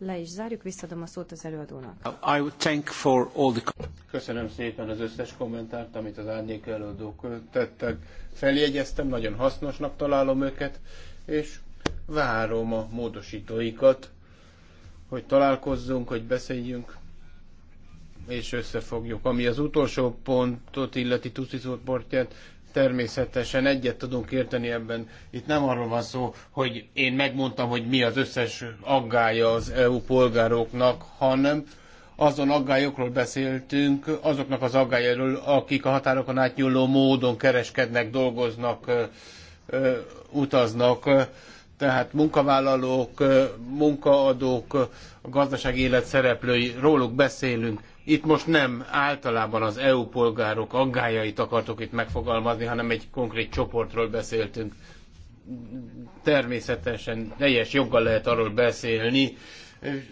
le is zárjuk, visszadom a szót az előadónak. I would thank for all the... Köszönöm szépen az összes kommentárt, amit az árnyék előadók tettek. Feljegyeztem, nagyon hasznosnak találom őket, és várom a módosítóikat, hogy találkozzunk, hogy beszéljünk, és összefogjuk. Ami az utolsó pontot illeti Tuszi portját, Természetesen egyet tudunk érteni ebben. Itt nem arról van szó, hogy én megmondtam, hogy mi az összes aggája az EU polgároknak, hanem azon aggályokról beszéltünk, azoknak az aggályáról, akik a határokon átnyúló módon kereskednek, dolgoznak, utaznak. Tehát munkavállalók, munkaadók, a gazdasági élet szereplői, róluk beszélünk. Itt most nem általában az EU polgárok aggájait akartok itt megfogalmazni, hanem egy konkrét csoportról beszéltünk. Természetesen teljes joggal lehet arról beszélni,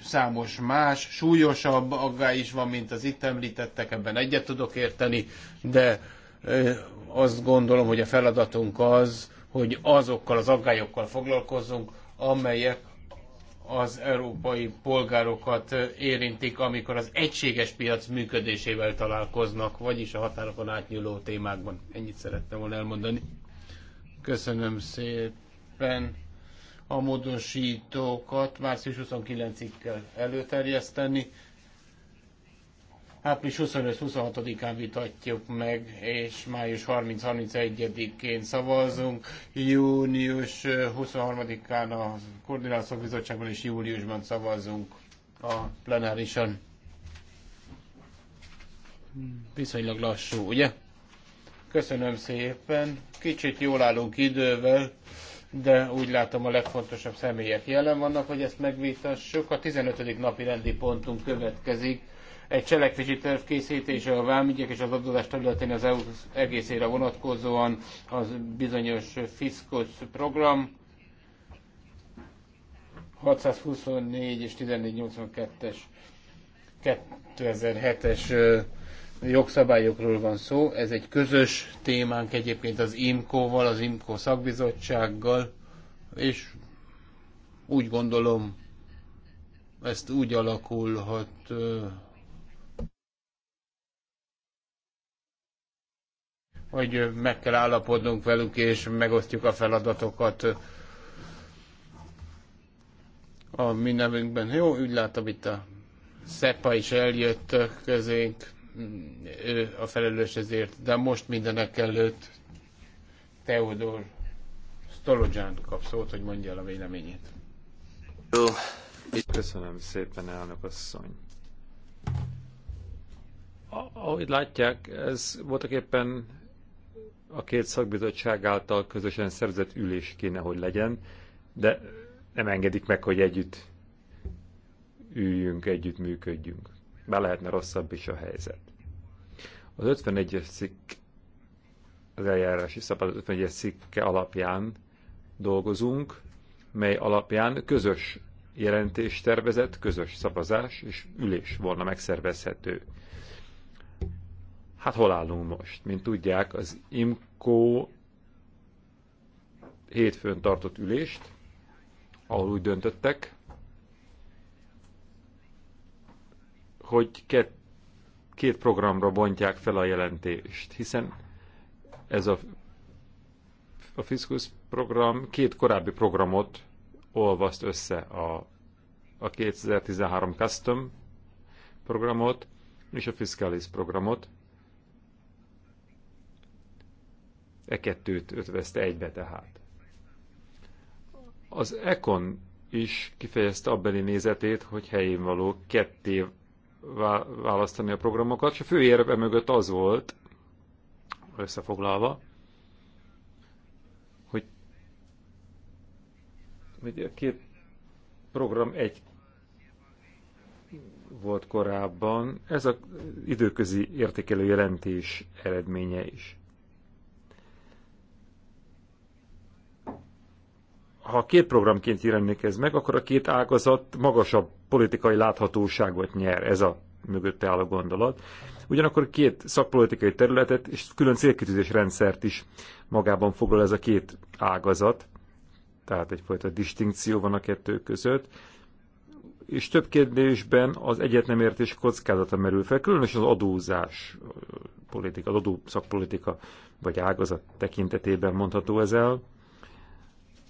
számos más, súlyosabb aggály is van, mint az itt említettek, ebben egyet tudok érteni, de azt gondolom, hogy a feladatunk az, hogy azokkal az aggályokkal foglalkozzunk, amelyek az európai polgárokat érintik, amikor az egységes piac működésével találkoznak, vagyis a határokon átnyúló témákban. Ennyit szerettem volna elmondani. Köszönöm szépen. A módosítókat március 29-ig kell előterjeszteni április 25-26-án vitatjuk meg, és május 30-31-én szavazunk, június 23-án a Koordinációs Bizottságban és júliusban szavazunk a plenárison. Viszonylag lassú, ugye? Köszönöm szépen. Kicsit jól állunk idővel, de úgy látom a legfontosabb személyek jelen vannak, hogy ezt megvitassuk. A 15. napi rendi pontunk következik egy cselekvési terv készítése a vámügyek és az adózás területén az EU egészére vonatkozóan az bizonyos fiskos program 624 és 1482-es 2007-es jogszabályokról van szó. Ez egy közös témánk egyébként az IMCO-val, az IMCO szakbizottsággal, és úgy gondolom, ezt úgy alakulhat, hogy meg kell állapodnunk velük, és megosztjuk a feladatokat a mi nevünkben. Jó, úgy látom, itt a Szepa is eljött közénk, ő a felelős ezért, de most mindenek előtt Teodor Stolodzsán kap szót, hogy mondja el a véleményét. Jó. Köszönöm szépen, elnök asszony. Ahogy látják, ez voltak éppen a két szakbizottság által közösen szerzett ülés kéne, hogy legyen, de nem engedik meg, hogy együtt üljünk, együtt működjünk. Be lehetne rosszabb is a helyzet. Az 51-es cikk, az eljárási szabály 51-es cikke alapján dolgozunk, mely alapján közös jelentéstervezet, közös szavazás és ülés volna megszervezhető. Hát hol állunk most? Mint tudják, az IMCO hétfőn tartott ülést, ahol úgy döntöttek, hogy két, két programra bontják fel a jelentést, hiszen ez a, a Fiskus program két korábbi programot olvaszt össze a, a 2013 Custom programot és a Fiscalis programot, E kettőt ötvözte egybe tehát. Az Econ is kifejezte abbeli nézetét, hogy helyén való ketté választani a programokat, és a fő érve mögött az volt, összefoglalva, hogy, hogy a két program egy volt korábban, ez az időközi értékelő jelentés eredménye is. ha két programként jelenik ez meg, akkor a két ágazat magasabb politikai láthatóságot nyer, ez a mögötte álló gondolat. Ugyanakkor két szakpolitikai területet és külön célkitűzés rendszert is magában foglal ez a két ágazat, tehát egyfajta distinkció van a kettő között, és több kérdésben az egyetnemértés kockázata merül fel, különösen az adózás politika, az adó szakpolitika vagy ágazat tekintetében mondható ez el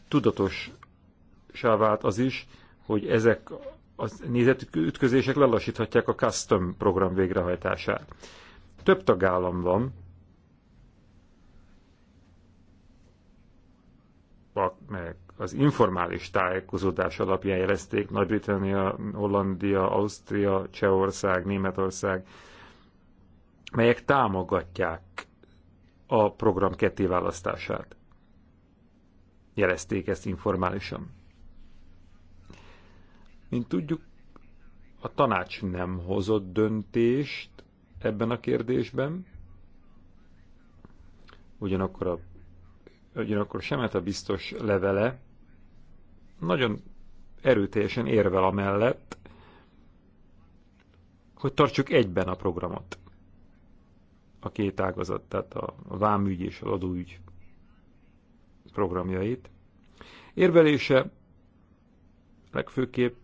tudatossá vált az is, hogy ezek a nézetük ütközések lelassíthatják a custom program végrehajtását. Több tagállam van, meg az informális tájékozódás alapján jelezték Nagy-Britannia, Hollandia, Ausztria, Csehország, Németország, melyek támogatják a program kettéválasztását jelezték ezt informálisan. Mint tudjuk, a tanács nem hozott döntést ebben a kérdésben, ugyanakkor, a, ugyanakkor Semet a biztos levele nagyon erőteljesen érvel amellett, hogy tartsuk egyben a programot. A két ágazat, tehát a vámügy és az adóügy programjait. Érvelése legfőképp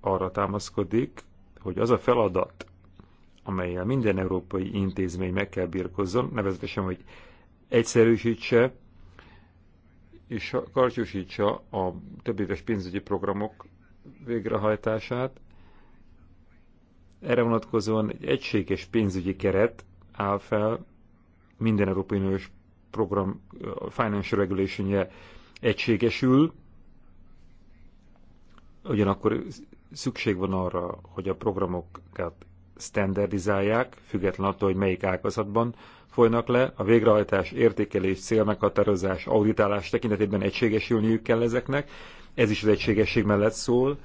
arra támaszkodik, hogy az a feladat, amelyel minden európai intézmény meg kell birkozzon, nevezetesen, hogy egyszerűsítse és karcsúsítsa a többéves pénzügyi programok végrehajtását. Erre vonatkozóan egy egységes pénzügyi keret áll fel minden Európai Uniós program Financial regulation -je egységesül, ugyanakkor szükség van arra, hogy a programokat standardizálják, független attól, hogy melyik ágazatban folynak le, a végrehajtás, értékelés, célmeghatározás, auditálás tekintetében egységesülniük kell ezeknek, ez is az egységesség mellett szól,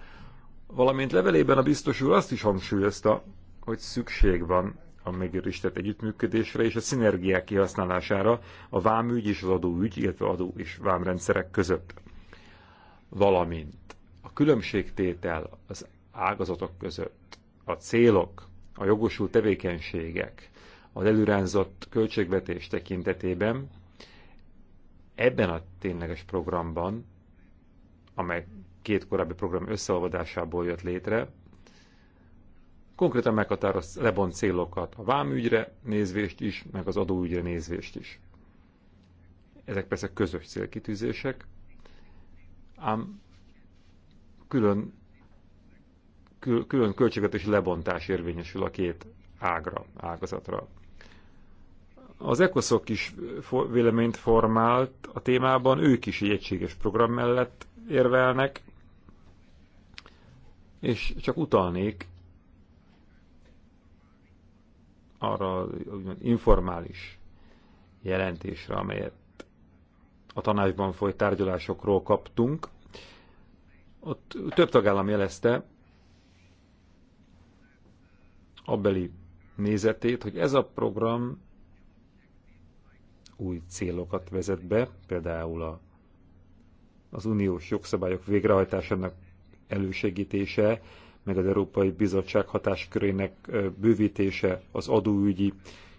valamint levelében a biztos úr azt is hangsúlyozta, hogy szükség van a megőriztett együttműködésre és a szinergiák kihasználására a vámügy és az adóügy, illetve adó és vámrendszerek között. Valamint a különbségtétel az ágazatok között, a célok, a jogosult tevékenységek, az előránzott költségvetés tekintetében ebben a tényleges programban, amely két korábbi program összeolvadásából jött létre, konkrétan meghatároz lebont célokat a vámügyre nézvést is, meg az adóügyre nézvést is. Ezek persze közös célkitűzések, ám külön, kül, külön költségvetési lebontás érvényesül a két ágra, ágazatra. Az ECOSZOK is véleményt formált a témában, ők is egy egységes program mellett érvelnek, és csak utalnék arra úgymond, informális jelentésre, amelyet a tanácsban folyt tárgyalásokról kaptunk. Ott több tagállam jelezte abbeli nézetét, hogy ez a program új célokat vezet be, például a, az uniós jogszabályok végrehajtásának elősegítése, meg az Európai Bizottság hatáskörének bővítése az adóügyi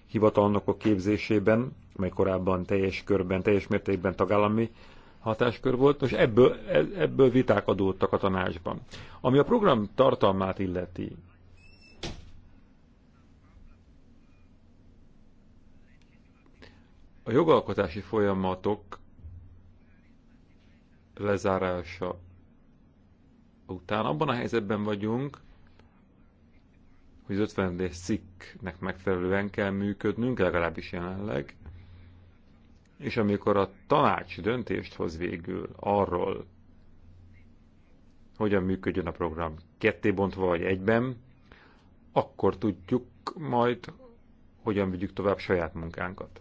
hivatalnak a képzésében, mely korábban teljes körben, teljes mértékben tagállami hatáskör volt, most ebből, e, ebből viták adódtak a tanácsban. Ami a program tartalmát illeti, a jogalkotási folyamatok lezárása után abban a helyzetben vagyunk, hogy az 50 cikknek megfelelően kell működnünk, legalábbis jelenleg, és amikor a tanács döntést hoz végül arról, hogyan működjön a program kettébontva vagy egyben, akkor tudjuk majd, hogyan vigyük tovább saját munkánkat.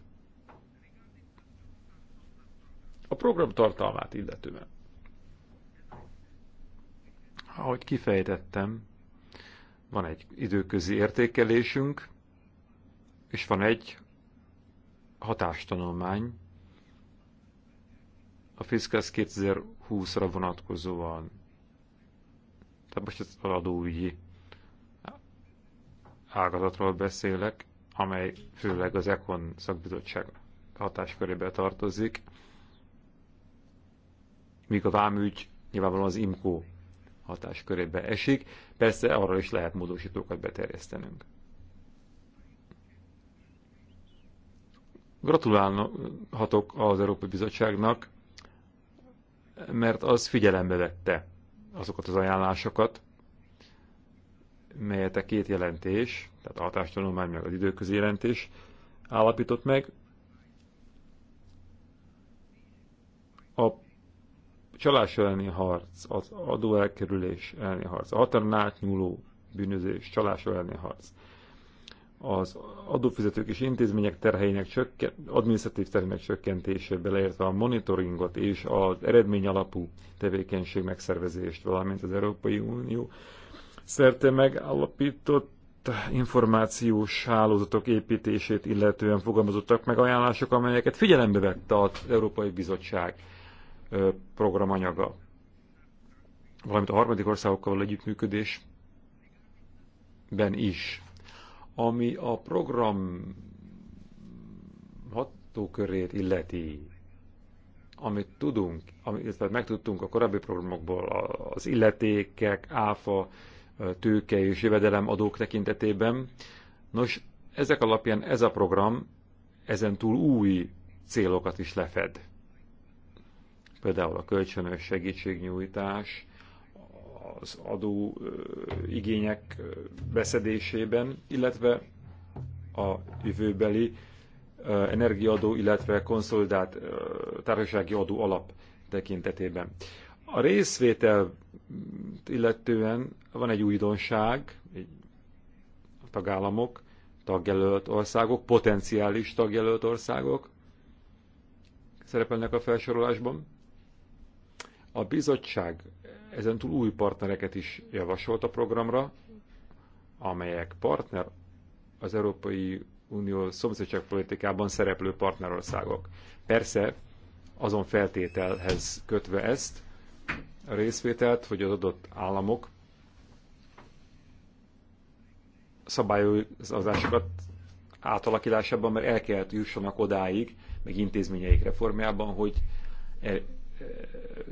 A program tartalmát illetően. Ahogy kifejtettem, van egy időközi értékelésünk, és van egy hatástanulmány a Fiskas 2020-ra vonatkozóan. Tehát most az adóügyi ágazatról beszélek, amely főleg az ECON szakbizottság hatáskörébe tartozik, míg a vámügy nyilvánvalóan az IMCO hatáskörébe esik. Persze arra is lehet módosítókat beterjesztenünk. Gratulálhatok az Európai Bizottságnak, mert az figyelembe vette azokat az ajánlásokat, melyet a két jelentés, tehát a hatástanulmány meg az időközi jelentés állapított meg. A csalás elleni harc, az adóelkerülés elleni harc, a határon átnyúló bűnözés, csalás elleni harc, az adófizetők és intézmények terheinek csökken, adminisztratív terheinek csökkentése, beleértve a monitoringot és az eredmény alapú tevékenység megszervezést, valamint az Európai Unió szerte megállapított információs hálózatok építését illetően fogalmazottak meg ajánlások, amelyeket figyelembe vette az Európai Bizottság programanyaga, valamint a harmadik országokkal való együttműködésben is. Ami a program hatókörét illeti, amit tudunk, illetve megtudtunk a korábbi programokból, az illetékek, áfa, tőke és jövedelemadók tekintetében. Nos, ezek alapján ez a program ezen túl új célokat is lefed például a kölcsönös segítségnyújtás, az adó igények beszedésében, illetve a jövőbeli energiadó, illetve konszolidált társasági adó alap tekintetében. A részvétel illetően van egy újdonság, a tagállamok, tagjelölt országok, potenciális tagjelölt országok szerepelnek a felsorolásban. A bizottság ezentúl új partnereket is javasolt a programra, amelyek partner az Európai Unió szomszédságpolitikában szereplő partnerországok. Persze azon feltételhez kötve ezt a részvételt, hogy az adott államok szabályozásokat átalakításában, mert el kell jussanak odáig, meg intézményeik reformjában, hogy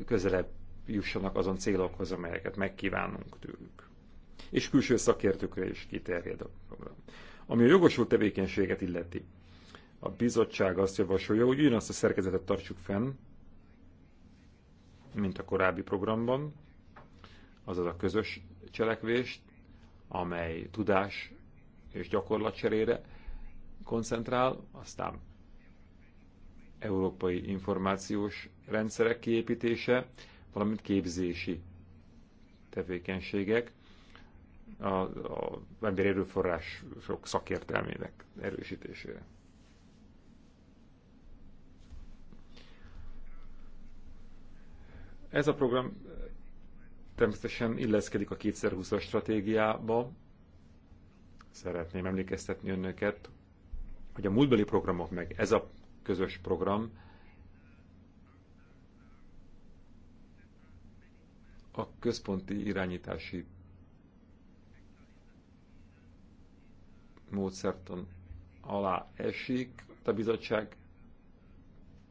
közelebb jussanak azon célokhoz, amelyeket megkívánunk tőlük. És külső szakértőkre is kiterjed a program. Ami a jogosult tevékenységet illeti, a bizottság azt javasolja, hogy ugyanazt a szerkezetet tartsuk fenn, mint a korábbi programban, azaz a közös cselekvést, amely tudás és gyakorlat cserére koncentrál, aztán európai információs rendszerek kiépítése, valamint képzési tevékenységek, a, a emberi erőforrások szakértelmének erősítésére. Ez a program természetesen illeszkedik a 2020-as stratégiába. Szeretném emlékeztetni önöket, hogy a múltbeli programok meg ez a közös program a központi irányítási módszertan alá esik. A bizottság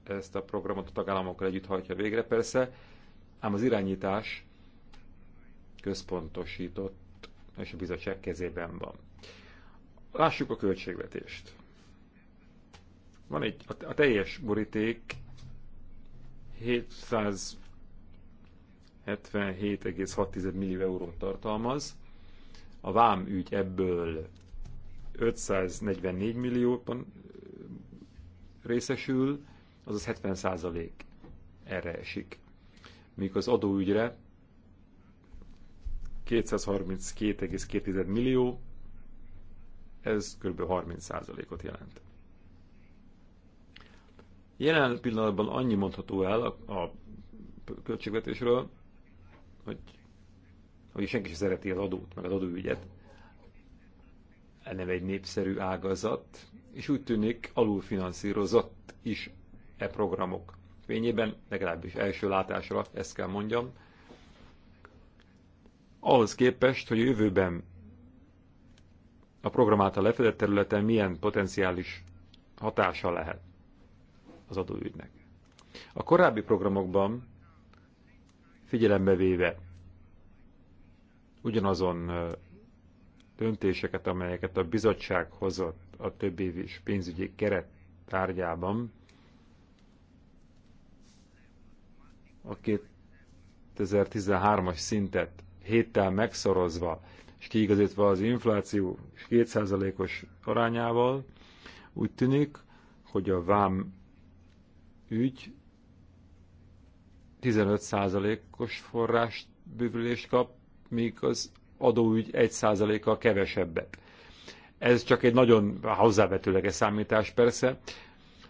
ezt a programot a tagállamokkal együtt hajtja végre persze, ám az irányítás központosított, és a bizottság kezében van. Lássuk a költségvetést. Van egy, a teljes boríték 700 77,6 millió eurót tartalmaz. A vám ügy ebből 544 millióban részesül, azaz 70 százalék erre esik. Míg az adóügyre 232,2 millió, ez kb. 30 százalékot jelent. Jelen pillanatban annyi mondható el a, a költségvetésről, hogy, hogy senki sem szereti az adót, meg az adóügyet. E nem egy népszerű ágazat, és úgy tűnik alulfinanszírozott is e programok fényében, legalábbis első látásra ezt kell mondjam, ahhoz képest, hogy a jövőben a program által lefedett területen milyen potenciális hatása lehet az adóügynek. A korábbi programokban figyelembe véve ugyanazon döntéseket, amelyeket a bizottság hozott a több is pénzügyi keret tárgyában, a 2013-as szintet héttel megszorozva, és kiigazítva az infláció 2%-os arányával, úgy tűnik, hogy a vám ügy 15%-os forrás bővülést kap, míg az adóügy 1 a kevesebbet. Ez csak egy nagyon hozzávetőleges számítás persze.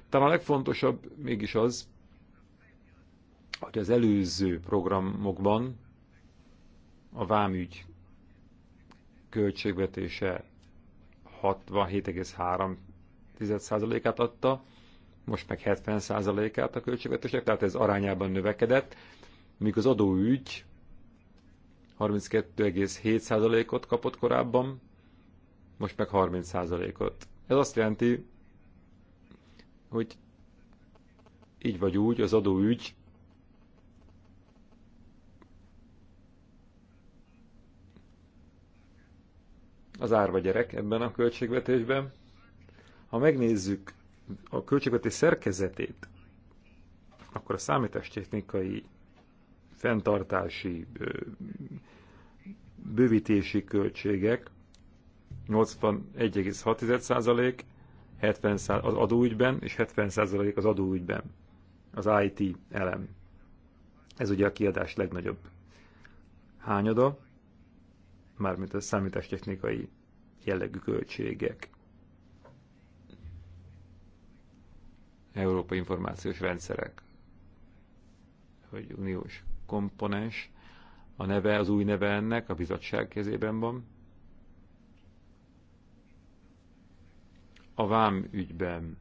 Talán a legfontosabb mégis az, hogy az előző programokban a vámügy költségvetése 67,3%-át adta, most meg 70%-át a költségvetésnek, tehát ez arányában növekedett, míg az adóügy 32,7%-ot kapott korábban, most meg 30%-ot. Ez azt jelenti, hogy így vagy úgy az adóügy az árva gyerek ebben a költségvetésben. Ha megnézzük a költségvetés szerkezetét, akkor a számítástechnikai fenntartási bővítési költségek 81,6%, 70 az adóügyben és 70% az adóügyben, az IT elem. Ez ugye a kiadás legnagyobb hányada, mármint a számítástechnikai jellegű költségek. európai információs rendszerek, hogy uniós komponens. A neve, az új neve ennek a bizottság kezében van. A vám ügyben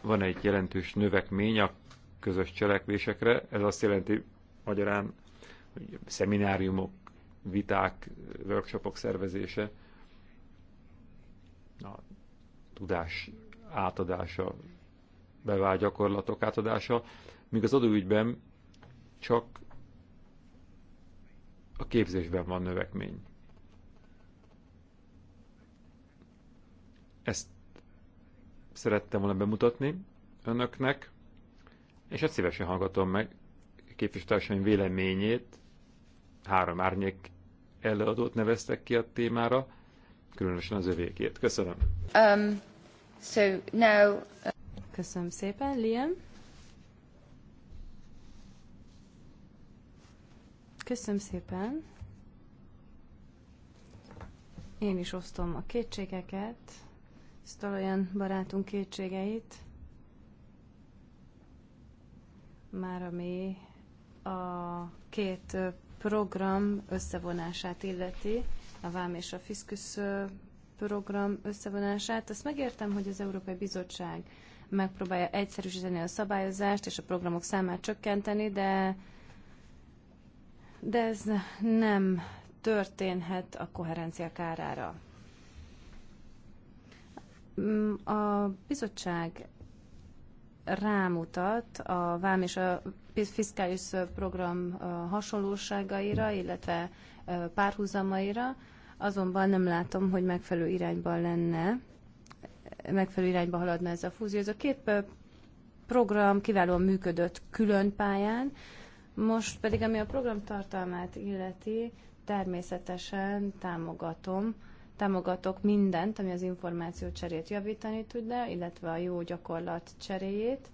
van egy jelentős növekmény a közös cselekvésekre. Ez azt jelenti magyarán, hogy szemináriumok, viták, workshopok szervezése, a tudás átadása, bevált gyakorlatok átadása, míg az adóügyben csak a képzésben van növekmény. Ezt szerettem volna bemutatni önöknek, és ezt szívesen hallgatom meg képviselőtársaim véleményét. Három árnyék előadót neveztek ki a témára, különösen az övékét. Köszönöm. Um, So now... Uh, Köszönöm szépen, Liam. Köszönöm szépen. Én is osztom a kétségeket, olyan barátunk kétségeit, már ami a két program összevonását illeti, a VÁM és a Fiskus program összevonását. Azt megértem, hogy az Európai Bizottság megpróbálja egyszerűsíteni a szabályozást és a programok számát csökkenteni, de, de ez nem történhet a koherencia kárára. A bizottság rámutat a vám és a fiskális program hasonlóságaira, illetve párhuzamaira, azonban nem látom, hogy megfelelő irányban lenne, megfelelő irányba haladna ez a fúzió. Ez a két program kiválóan működött külön pályán, most pedig ami a program tartalmát illeti, természetesen támogatom, támogatok mindent, ami az információ cserét javítani tudna, illetve a jó gyakorlat cseréjét.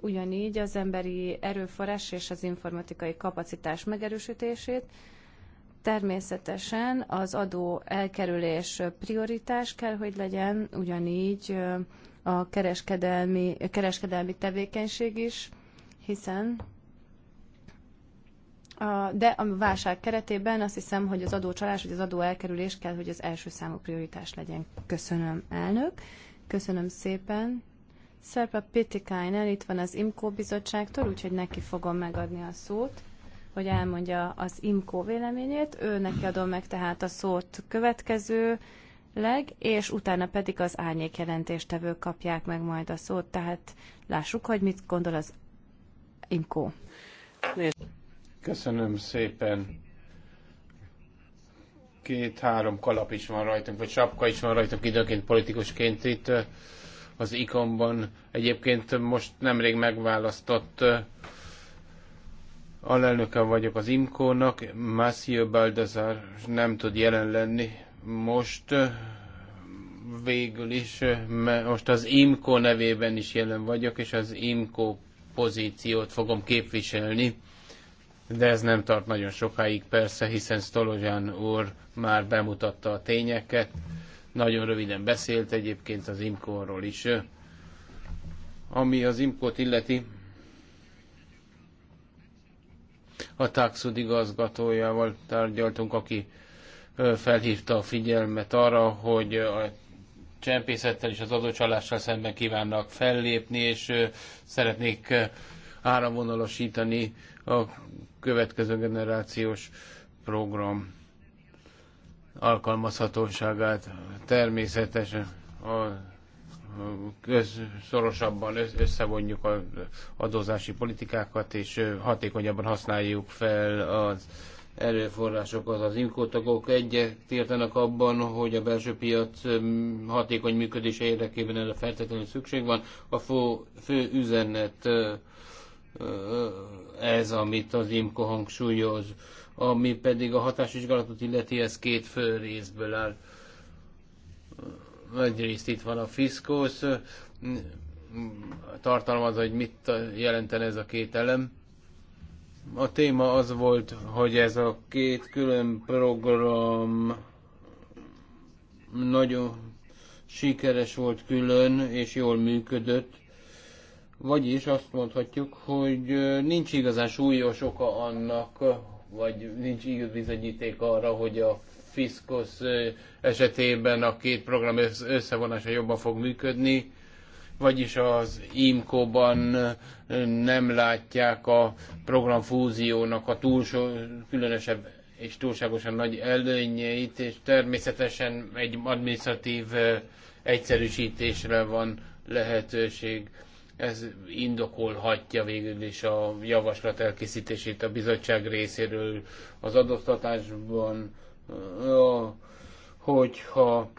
Ugyanígy az emberi erőforrás és az informatikai kapacitás megerősítését, Természetesen az adó elkerülés prioritás kell, hogy legyen, ugyanígy a kereskedelmi, kereskedelmi tevékenység is, hiszen a, de a válság keretében azt hiszem, hogy az adócsalás vagy az adó elkerülés kell, hogy az első számú prioritás legyen. Köszönöm, elnök. Köszönöm szépen. Szerpa Pitikainen itt van az IMCO bizottságtól, úgyhogy neki fogom megadni a szót hogy elmondja az IMCO véleményét. Ő neki adom meg tehát a szót következő leg, és utána pedig az árnyék jelentéstevők kapják meg majd a szót, tehát lássuk, hogy mit gondol az IMCO. Köszönöm szépen. Két-három kalap is van rajtunk, vagy sapka is van rajtunk időként politikusként itt az ikonban. Egyébként most nemrég megválasztott alelnöke vagyok az IMCO-nak, Massio Baldazar nem tud jelen lenni most, végül is, mert most az IMCO nevében is jelen vagyok, és az IMCO pozíciót fogom képviselni, de ez nem tart nagyon sokáig persze, hiszen Stolozsán úr már bemutatta a tényeket, nagyon röviden beszélt egyébként az imco is. Ami az imco illeti, a Taxud igazgatójával tárgyaltunk, aki felhívta a figyelmet arra, hogy a csempészettel és az adócsalással szemben kívánnak fellépni, és szeretnék áramvonalasítani a következő generációs program alkalmazhatóságát. Természetesen a szorosabban összevonjuk az adózási politikákat, és hatékonyabban használjuk fel az erőforrásokat. Az inkótagok egyet értenek abban, hogy a belső piac hatékony működése érdekében erre feltétlenül szükség van. A fő, fő üzenet ez, amit az IMKO hangsúlyoz, ami pedig a hatásvizsgálatot illeti, ez két fő részből áll egyrészt itt van a fiszkósz, tartalmaz, hogy mit jelenten ez a két elem. A téma az volt, hogy ez a két külön program nagyon sikeres volt külön, és jól működött. Vagyis azt mondhatjuk, hogy nincs igazán súlyos oka annak, vagy nincs igaz bizonyíték arra, hogy a Fiszkosz esetében a két program összevonása jobban fog működni, vagyis az IMCO-ban nem látják a programfúziónak a túlsó, különösebb és túlságosan nagy előnyeit, és természetesen egy administratív egyszerűsítésre van lehetőség. Ez indokolhatja végül is a javaslat elkészítését a bizottság részéről az adóztatásban hogyha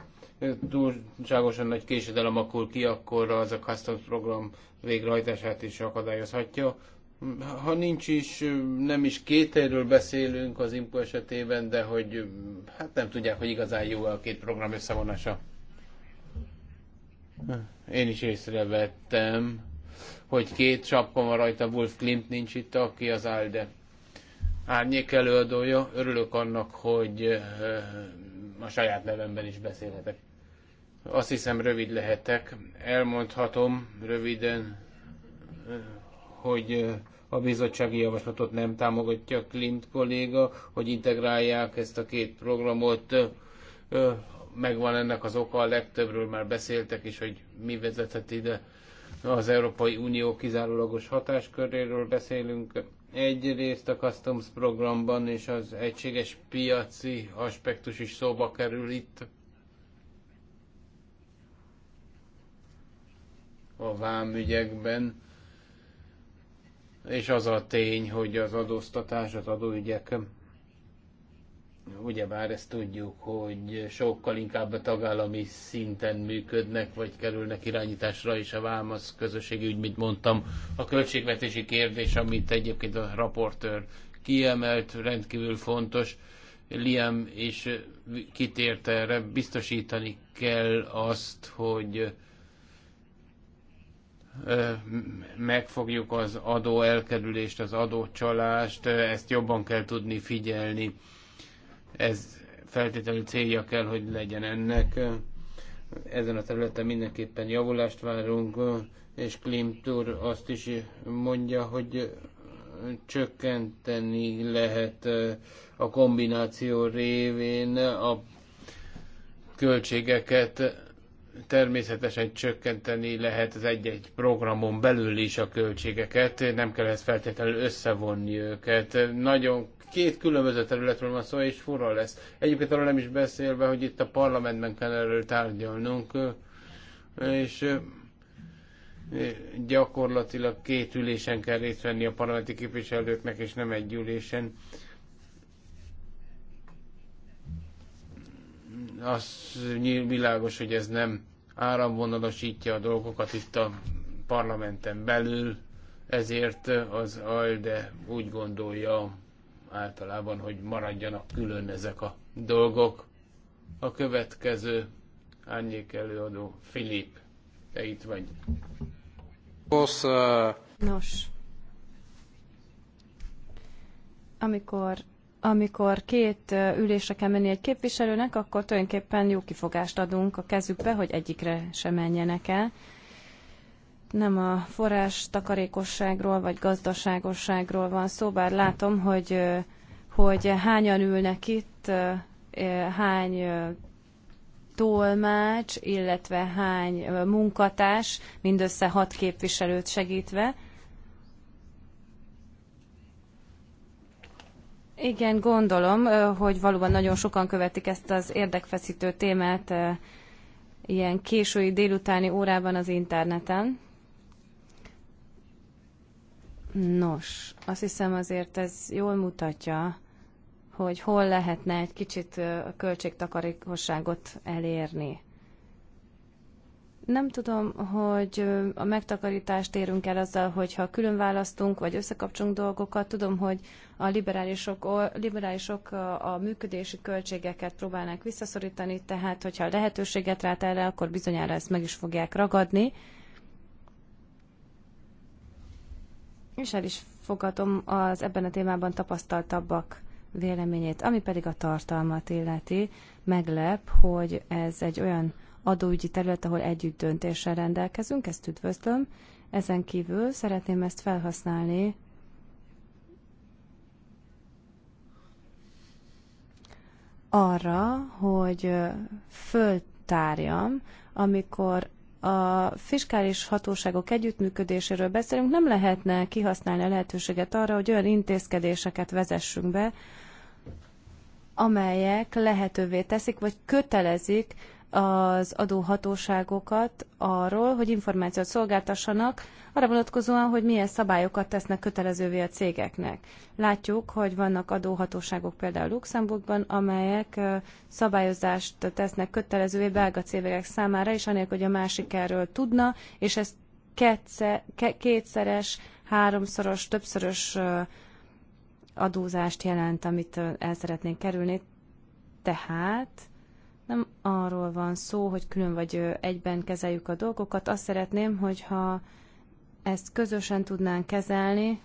túlságosan nagy késedelem akkor ki, akkor az a Customs program végrehajtását is akadályozhatja. Ha nincs is, nem is két erről beszélünk az IMPO esetében, de hogy hát nem tudják, hogy igazán jó a két program összevonása. Én is észrevettem, hogy két sapka van rajta, Wolf Klimt nincs itt, aki az ALDE árnyék előadója. Örülök annak, hogy eh, a saját nevemben is beszélhetek. Azt hiszem, rövid lehetek. Elmondhatom röviden, eh, hogy eh, a bizottsági javaslatot nem támogatja Klimt kolléga, hogy integrálják ezt a két programot. Megvan ennek az oka, a legtöbbről már beszéltek is, hogy mi vezethet ide. Az Európai Unió kizárólagos hatásköréről beszélünk, Egyrészt a Customs programban és az egységes piaci aspektus is szóba kerül itt. A vámügyekben. És az a tény, hogy az adóztatás, az adóügyek Ugyebár ezt tudjuk, hogy sokkal inkább a tagállami szinten működnek, vagy kerülnek irányításra is a vám, közösségi ügy, mint mondtam. A költségvetési kérdés, amit egyébként a raportőr kiemelt, rendkívül fontos. Liam is kitért erre, biztosítani kell azt, hogy megfogjuk az adó elkerülést, az adócsalást, ezt jobban kell tudni figyelni. Ez feltétlenül célja kell, hogy legyen ennek. Ezen a területen mindenképpen javulást várunk, és Klimt úr azt is mondja, hogy csökkenteni lehet a kombináció révén a költségeket természetesen csökkenteni lehet az egy-egy programon belül is a költségeket, nem kell ezt feltétlenül összevonni őket. Nagyon két különböző területről van szó, és fura lesz. Egyébként arról nem is beszélve, hogy itt a parlamentben kell erről tárgyalnunk, és gyakorlatilag két ülésen kell részt venni a parlamenti képviselőknek, és nem egy ülésen. Az világos, hogy ez nem áramvonalasítja a dolgokat itt a parlamenten belül, ezért az ALDE úgy gondolja, általában, hogy maradjanak külön ezek a dolgok. A következő árnyék előadó Filip, te itt vagy. Uh, Nos, amikor amikor két uh, ülésre kell menni egy képviselőnek, akkor tulajdonképpen jó kifogást adunk a kezükbe, hogy egyikre sem menjenek el nem a forrás takarékosságról vagy gazdaságosságról van szó, bár látom, hogy, hogy hányan ülnek itt, hány tolmács, illetve hány munkatárs, mindössze hat képviselőt segítve. Igen, gondolom, hogy valóban nagyon sokan követik ezt az érdekfeszítő témát ilyen késői délutáni órában az interneten. Nos, azt hiszem azért ez jól mutatja, hogy hol lehetne egy kicsit a költségtakarékosságot elérni. Nem tudom, hogy a megtakarítást érünk el azzal, hogyha külön választunk, vagy összekapcsunk dolgokat. Tudom, hogy a liberálisok, a liberálisok a működési költségeket próbálnak visszaszorítani, tehát hogyha lehetőséget rát erre, akkor bizonyára ezt meg is fogják ragadni. és el is fogadom az ebben a témában tapasztaltabbak véleményét. Ami pedig a tartalmat illeti, meglep, hogy ez egy olyan adóügyi terület, ahol együtt döntéssel rendelkezünk, ezt üdvözlöm. Ezen kívül szeretném ezt felhasználni arra, hogy föltárjam, amikor a fiskális hatóságok együttműködéséről beszélünk, nem lehetne kihasználni a lehetőséget arra, hogy olyan intézkedéseket vezessünk be, amelyek lehetővé teszik, vagy kötelezik az adóhatóságokat arról, hogy információt szolgáltassanak arra vonatkozóan, hogy milyen szabályokat tesznek kötelezővé a cégeknek. Látjuk, hogy vannak adóhatóságok például Luxemburgban, amelyek szabályozást tesznek kötelezővé belga cégek számára, és anélkül, hogy a másik erről tudna, és ez kétszeres, háromszoros, többszörös adózást jelent, amit el szeretnénk kerülni. Tehát nem arról van szó, hogy külön vagy egyben kezeljük a dolgokat. Azt szeretném, hogyha ezt közösen tudnánk kezelni.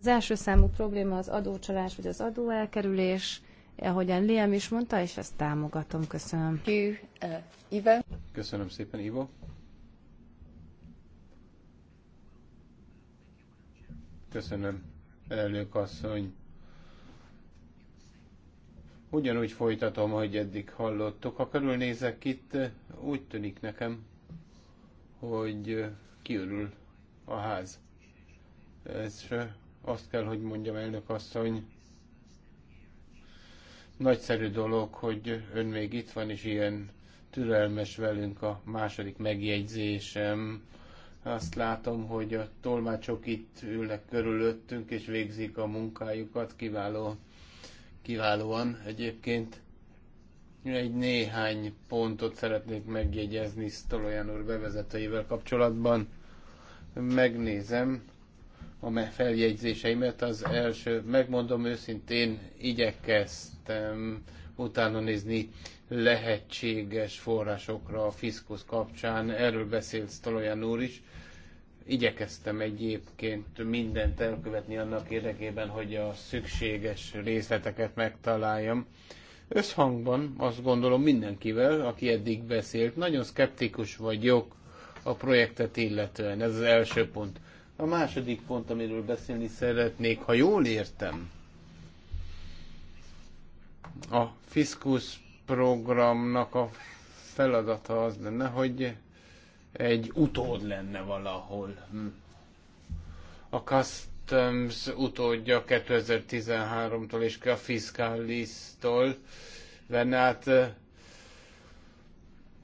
Az első számú probléma az adócsalás vagy az adóelkerülés, ahogyan Liam is mondta, és ezt támogatom. Köszönöm. Uh, Köszönöm szépen, Ivo. Köszönöm, elnök asszony. Ugyanúgy folytatom, hogy eddig hallottuk. Ha körülnézek itt, úgy tűnik nekem, hogy kiürül a ház. Ez azt kell, hogy mondjam, elnök asszony, nagyszerű dolog, hogy ön még itt van, és ilyen türelmes velünk a második megjegyzésem. Azt látom, hogy a tolmácsok itt ülnek körülöttünk, és végzik a munkájukat, kiváló kiválóan egyébként. Egy néhány pontot szeretnék megjegyezni Stolojan úr bevezetőivel kapcsolatban. Megnézem a feljegyzéseimet. Az első, megmondom őszintén, igyekeztem utána nézni lehetséges forrásokra a Fiskus kapcsán. Erről beszélt Stolojan úr is igyekeztem egyébként mindent elkövetni annak érdekében, hogy a szükséges részleteket megtaláljam. Összhangban azt gondolom mindenkivel, aki eddig beszélt, nagyon szkeptikus vagyok a projektet illetően. Ez az első pont. A második pont, amiről beszélni szeretnék, ha jól értem, a Fiskus programnak a feladata az lenne, hogy egy utód lenne valahol. Hm. A Customs utódja 2013-tól és a Fiscalis-tól venne át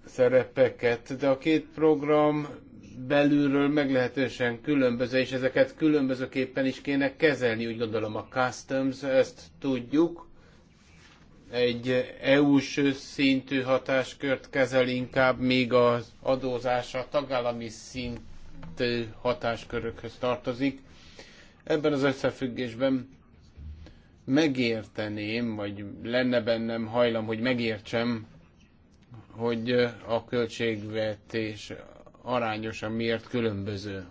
szerepeket, de a két program belülről meglehetősen különböző, és ezeket különbözőképpen is kéne kezelni, úgy gondolom a Customs, ezt tudjuk, egy EU-s szintű hatáskört kezel inkább, míg az adózása a tagállami szintű hatáskörökhöz tartozik. Ebben az összefüggésben megérteném, vagy lenne bennem hajlam, hogy megértsem, hogy a költségvetés arányosan miért különböző.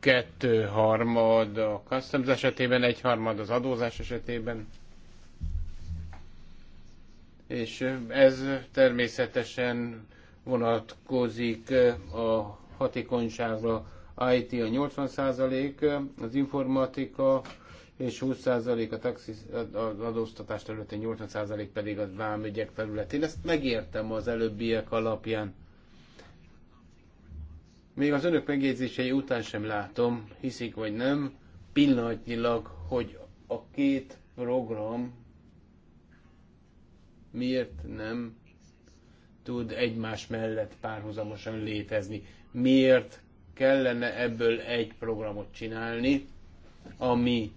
Kettő harmad a customs esetében, egy harmad az adózás esetében, és ez természetesen vonatkozik a hatékonyságra. IT a 80%, az informatika és 20% a taxis, az adóztatás területén, 80% pedig a vámügyek területén. Ezt megértem az előbbiek alapján. Még az önök megjegyzései után sem látom, hiszik vagy nem, pillanatnyilag, hogy a két program miért nem tud egymás mellett párhuzamosan létezni? Miért kellene ebből egy programot csinálni, ami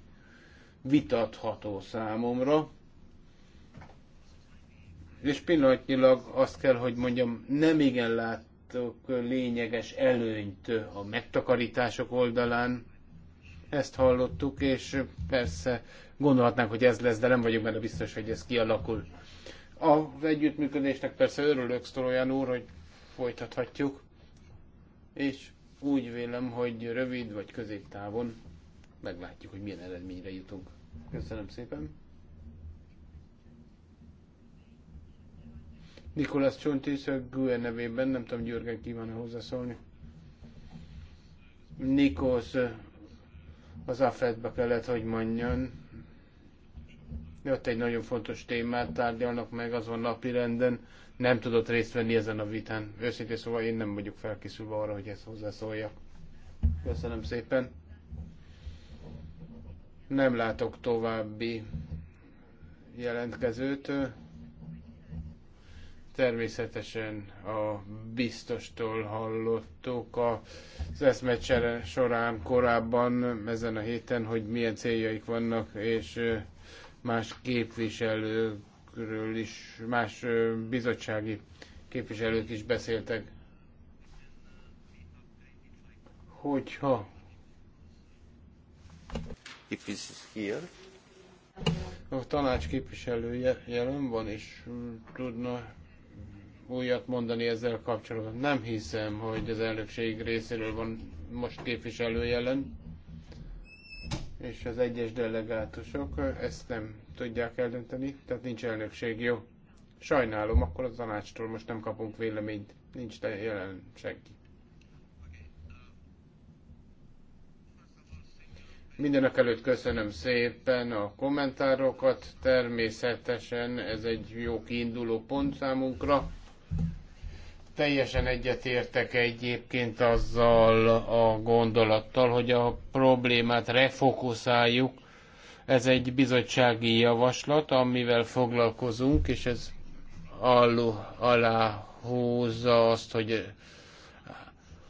vitatható számomra, és pillanatnyilag azt kell, hogy mondjam, nem igen láttok lényeges előnyt a megtakarítások oldalán. Ezt hallottuk, és persze gondolhatnánk, hogy ez lesz, de nem vagyok benne biztos, hogy ez kialakul. A együttműködésnek persze örülök, Sztorolyan úr, hogy folytathatjuk, és úgy vélem, hogy rövid vagy középtávon meglátjuk, hogy milyen eredményre jutunk. Köszönöm szépen! Nikolás Csontis, a GUE nevében, nem tudom, Györgen kíván hozzászólni. Nikos eh, az afet kellett, hogy mondjon miatt egy nagyon fontos témát tárgyalnak meg azon napi renden, nem tudott részt venni ezen a vitán. Őszintén szóval én nem vagyok felkészülve arra, hogy ezt hozzászóljak. Köszönöm szépen. Nem látok további jelentkezőt. Természetesen a biztostól hallottuk az eszmecsere során korábban ezen a héten, hogy milyen céljaik vannak, és más képviselőkről is, más bizottsági képviselők is beszéltek, hogyha If this is here. A tanács képviselője jelen van, és tudna újat mondani ezzel kapcsolatban. Nem hiszem, hogy az elnökség részéről van most képviselő jelen és az egyes delegátusok ezt nem tudják eldönteni, tehát nincs elnökség, jó? Sajnálom, akkor a tanácstól most nem kapunk véleményt, nincs jelen senki. Mindenek előtt köszönöm szépen a kommentárokat, természetesen ez egy jó kiinduló pont számunkra. Teljesen egyetértek egyébként azzal a gondolattal, hogy a problémát refokuszáljuk. Ez egy bizottsági javaslat, amivel foglalkozunk, és ez allu, alá húzza azt, hogy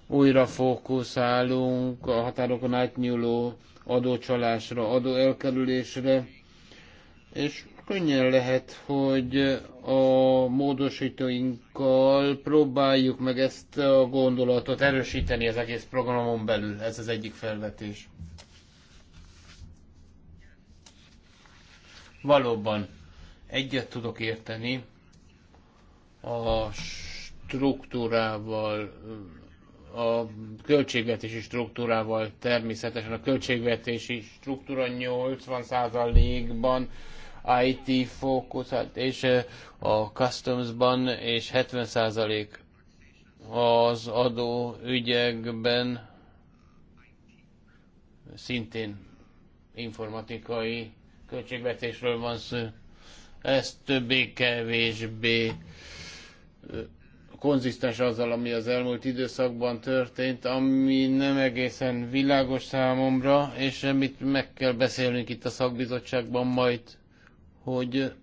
újra fókuszálunk a határokon átnyúló adócsalásra, adóelkerülésre, és könnyen lehet, hogy a módosítóinkkal próbáljuk meg ezt a gondolatot erősíteni az egész programon belül. Ez az egyik felvetés. Valóban egyet tudok érteni a struktúrával, a költségvetési struktúrával természetesen a költségvetési struktúra 80%-ban IT fókuszált, és a customsban, és 70% az adó ügyekben szintén informatikai költségvetésről van szó. Ez többé-kevésbé konzisztens azzal, ami az elmúlt időszakban történt, ami nem egészen világos számomra, és amit meg kell beszélnünk itt a szakbizottságban majd hogy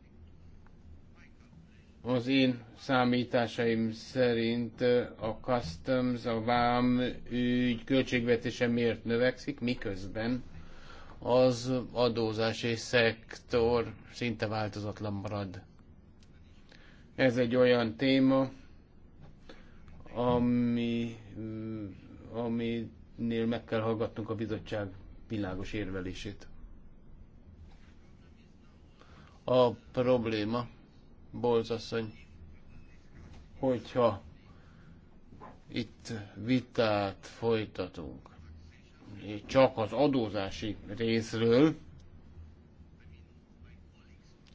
az én számításaim szerint a customs, a vám ügy költségvetése miért növekszik, miközben az adózási szektor szinte változatlan marad. Ez egy olyan téma, ami, hm, aminél meg kell hallgatnunk a bizottság világos érvelését a probléma, Bolzasszony, hogyha itt vitát folytatunk csak az adózási részről,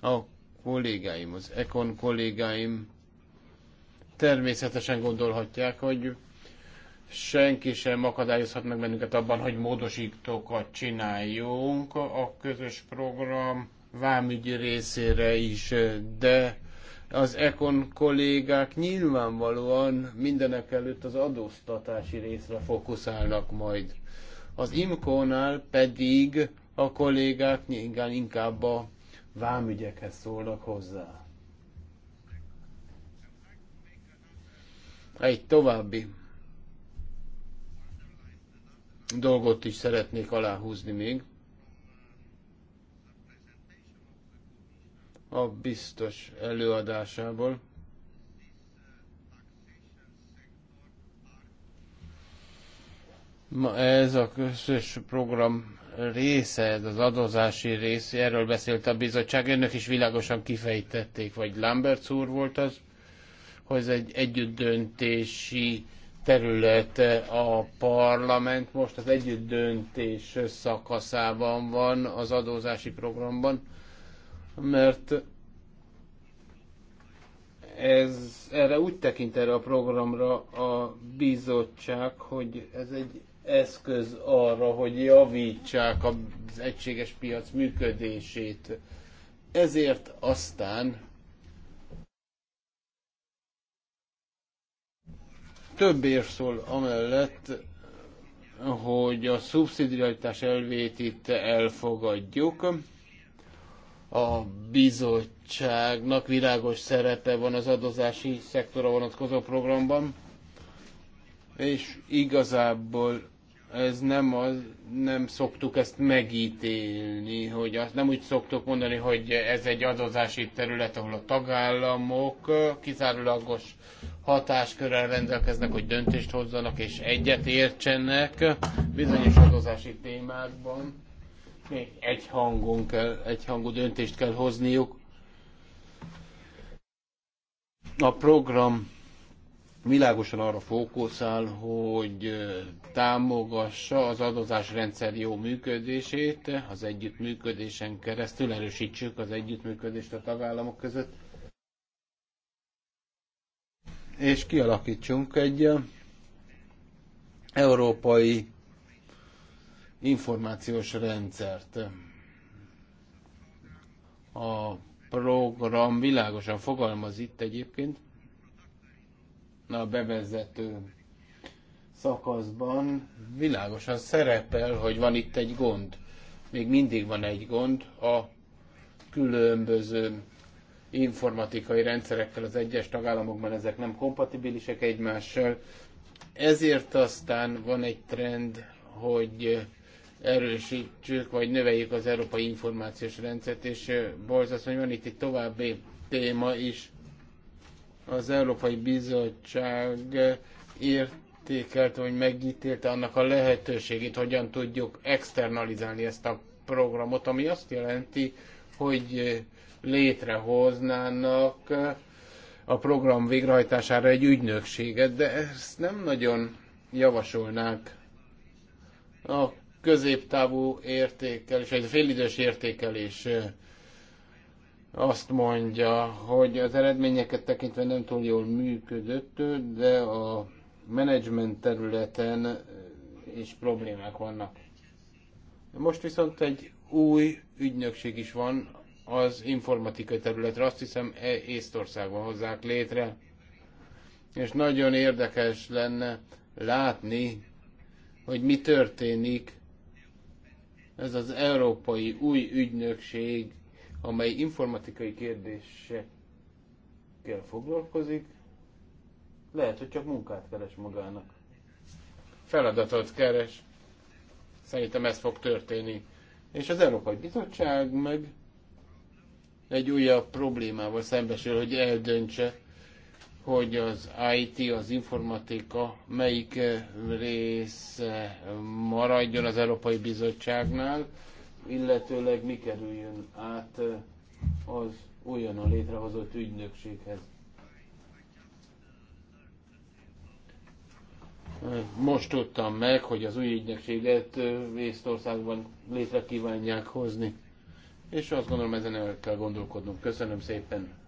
a kollégáim, az econ kollégáim természetesen gondolhatják, hogy senki sem akadályozhat meg bennünket abban, hogy módosítókat csináljunk a közös program vámügyi részére is, de az Econ kollégák nyilvánvalóan mindenek előtt az adóztatási részre fókuszálnak majd. Az IMCO-nál pedig a kollégák nyilván inkább a vámügyekhez szólnak hozzá. Egy további dolgot is szeretnék aláhúzni még. a biztos előadásából. Ma ez a közös program része, ez az adózási rész, erről beszélt a bizottság, önök is világosan kifejtették, vagy Lambert úr volt az, hogy ez egy együttdöntési terület a parlament, most az együttdöntés szakaszában van az adózási programban mert ez, erre úgy tekint erre a programra a bizottság, hogy ez egy eszköz arra, hogy javítsák az egységes piac működését. Ezért aztán több ér szól amellett, hogy a szubszidiaritás elvét itt elfogadjuk a bizottságnak világos szerepe van az adózási szektora vonatkozó programban, és igazából ez nem, az, nem szoktuk ezt megítélni, hogy azt nem úgy szoktuk mondani, hogy ez egy adózási terület, ahol a tagállamok kizárólagos hatáskörrel rendelkeznek, hogy döntést hozzanak és egyet értsenek bizonyos adózási témákban egy hangon kell, egy hangú döntést kell hozniuk. A program világosan arra fókuszál, hogy támogassa az adózásrendszer jó működését, az együttműködésen keresztül erősítsük az együttműködést a tagállamok között, és kialakítsunk egy európai információs rendszert. A program világosan fogalmaz itt egyébként, a bevezető szakaszban világosan szerepel, hogy van itt egy gond. Még mindig van egy gond a különböző informatikai rendszerekkel az egyes tagállamokban ezek nem kompatibilisek egymással. Ezért aztán van egy trend, hogy erősítsük, vagy növeljük az európai információs rendszert, és borzasztó, hogy van itt egy további téma is. Az Európai Bizottság értékelte, hogy megítélte annak a lehetőségét, hogyan tudjuk externalizálni ezt a programot, ami azt jelenti, hogy létrehoznának a program végrehajtására egy ügynökséget, de ezt nem nagyon javasolnák. A középtávú értékelés, egy félidős értékelés azt mondja, hogy az eredményeket tekintve nem túl jól működött, de a menedzsment területen is problémák vannak. Most viszont egy új ügynökség is van az informatikai területre, azt hiszem e Észtországban hozzák létre, és nagyon érdekes lenne látni, hogy mi történik ez az Európai Új Ügynökség, amely informatikai kérdésekkel foglalkozik, lehet, hogy csak munkát keres magának. Feladatot keres. Szerintem ez fog történni. És az Európai Bizottság meg egy újabb problémával szembesül, hogy eldöntse, hogy az IT, az informatika melyik eh, rész maradjon az Európai Bizottságnál, illetőleg mi kerüljön át eh, az újonnan létrehozott ügynökséghez. Eh, most tudtam meg, hogy az új ügynökséget Észtországban létre kívánják hozni. És azt gondolom, ezen el kell gondolkodnunk. Köszönöm szépen!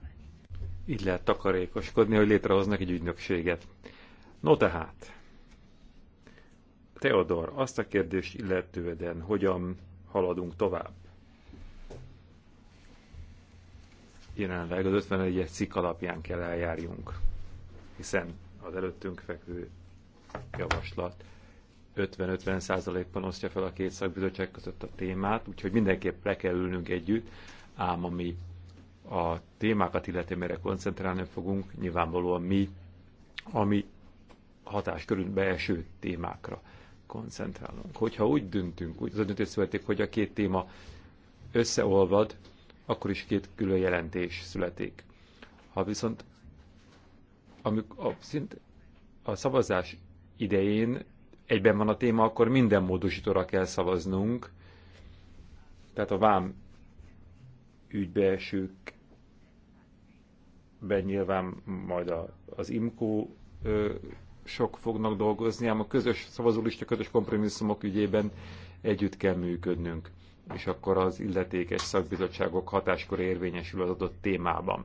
Így lehet takarékoskodni, hogy létrehoznak egy ügynökséget. No tehát, Teodor, azt a kérdést illetően, hogyan haladunk tovább? Jelenleg az 51-es cikk alapján kell eljárjunk, hiszen az előttünk fekvő javaslat 50-50 százalékban -50 osztja fel a két szakbizottság között a témát, úgyhogy mindenképp le kell ülnünk együtt, ám ami a témákat illetve mire koncentrálni fogunk, nyilvánvalóan mi, ami körül eső témákra koncentrálunk. Hogyha úgy döntünk, úgy az a döntés születik, hogy a két téma összeolvad, akkor is két külön jelentés születik. Ha viszont amikor a, szint, a szavazás idején egyben van a téma, akkor minden módosítóra kell szavaznunk. Tehát a vám ügybeesők ben nyilván majd a, az IMCO ö, sok fognak dolgozni, ám a közös szavazólista, közös kompromisszumok ügyében együtt kell működnünk, és akkor az illetékes szakbizottságok hatáskor érvényesül az adott témában.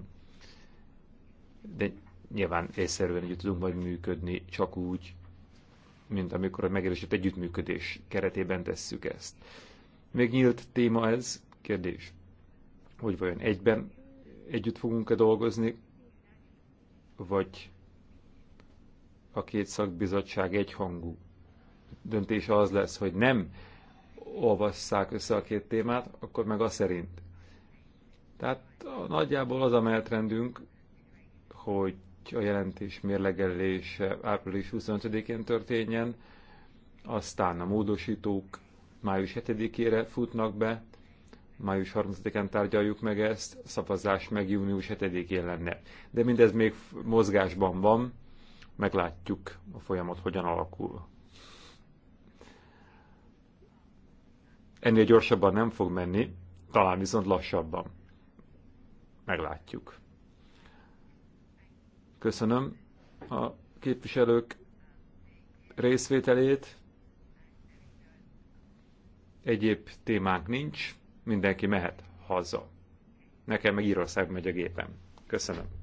De nyilván észszerűen együtt tudunk majd működni, csak úgy, mint amikor a megerősített együttműködés keretében tesszük ezt. Még nyílt téma ez, kérdés, hogy vajon egyben együtt fogunk-e dolgozni, vagy a két szakbizottság egyhangú döntése az lesz, hogy nem olvasszák össze a két témát, akkor meg a szerint. Tehát a, nagyjából az a menetrendünk, hogy a jelentés mérlegelése április 25-én történjen, aztán a módosítók május 7-ére futnak be, május 30-án tárgyaljuk meg ezt, a szavazás meg június 7-én lenne. De mindez még mozgásban van, meglátjuk a folyamat hogyan alakul. Ennél gyorsabban nem fog menni, talán viszont lassabban. Meglátjuk. Köszönöm a képviselők részvételét. Egyéb témánk nincs mindenki mehet haza. Nekem meg Írország megy a gépem. Köszönöm.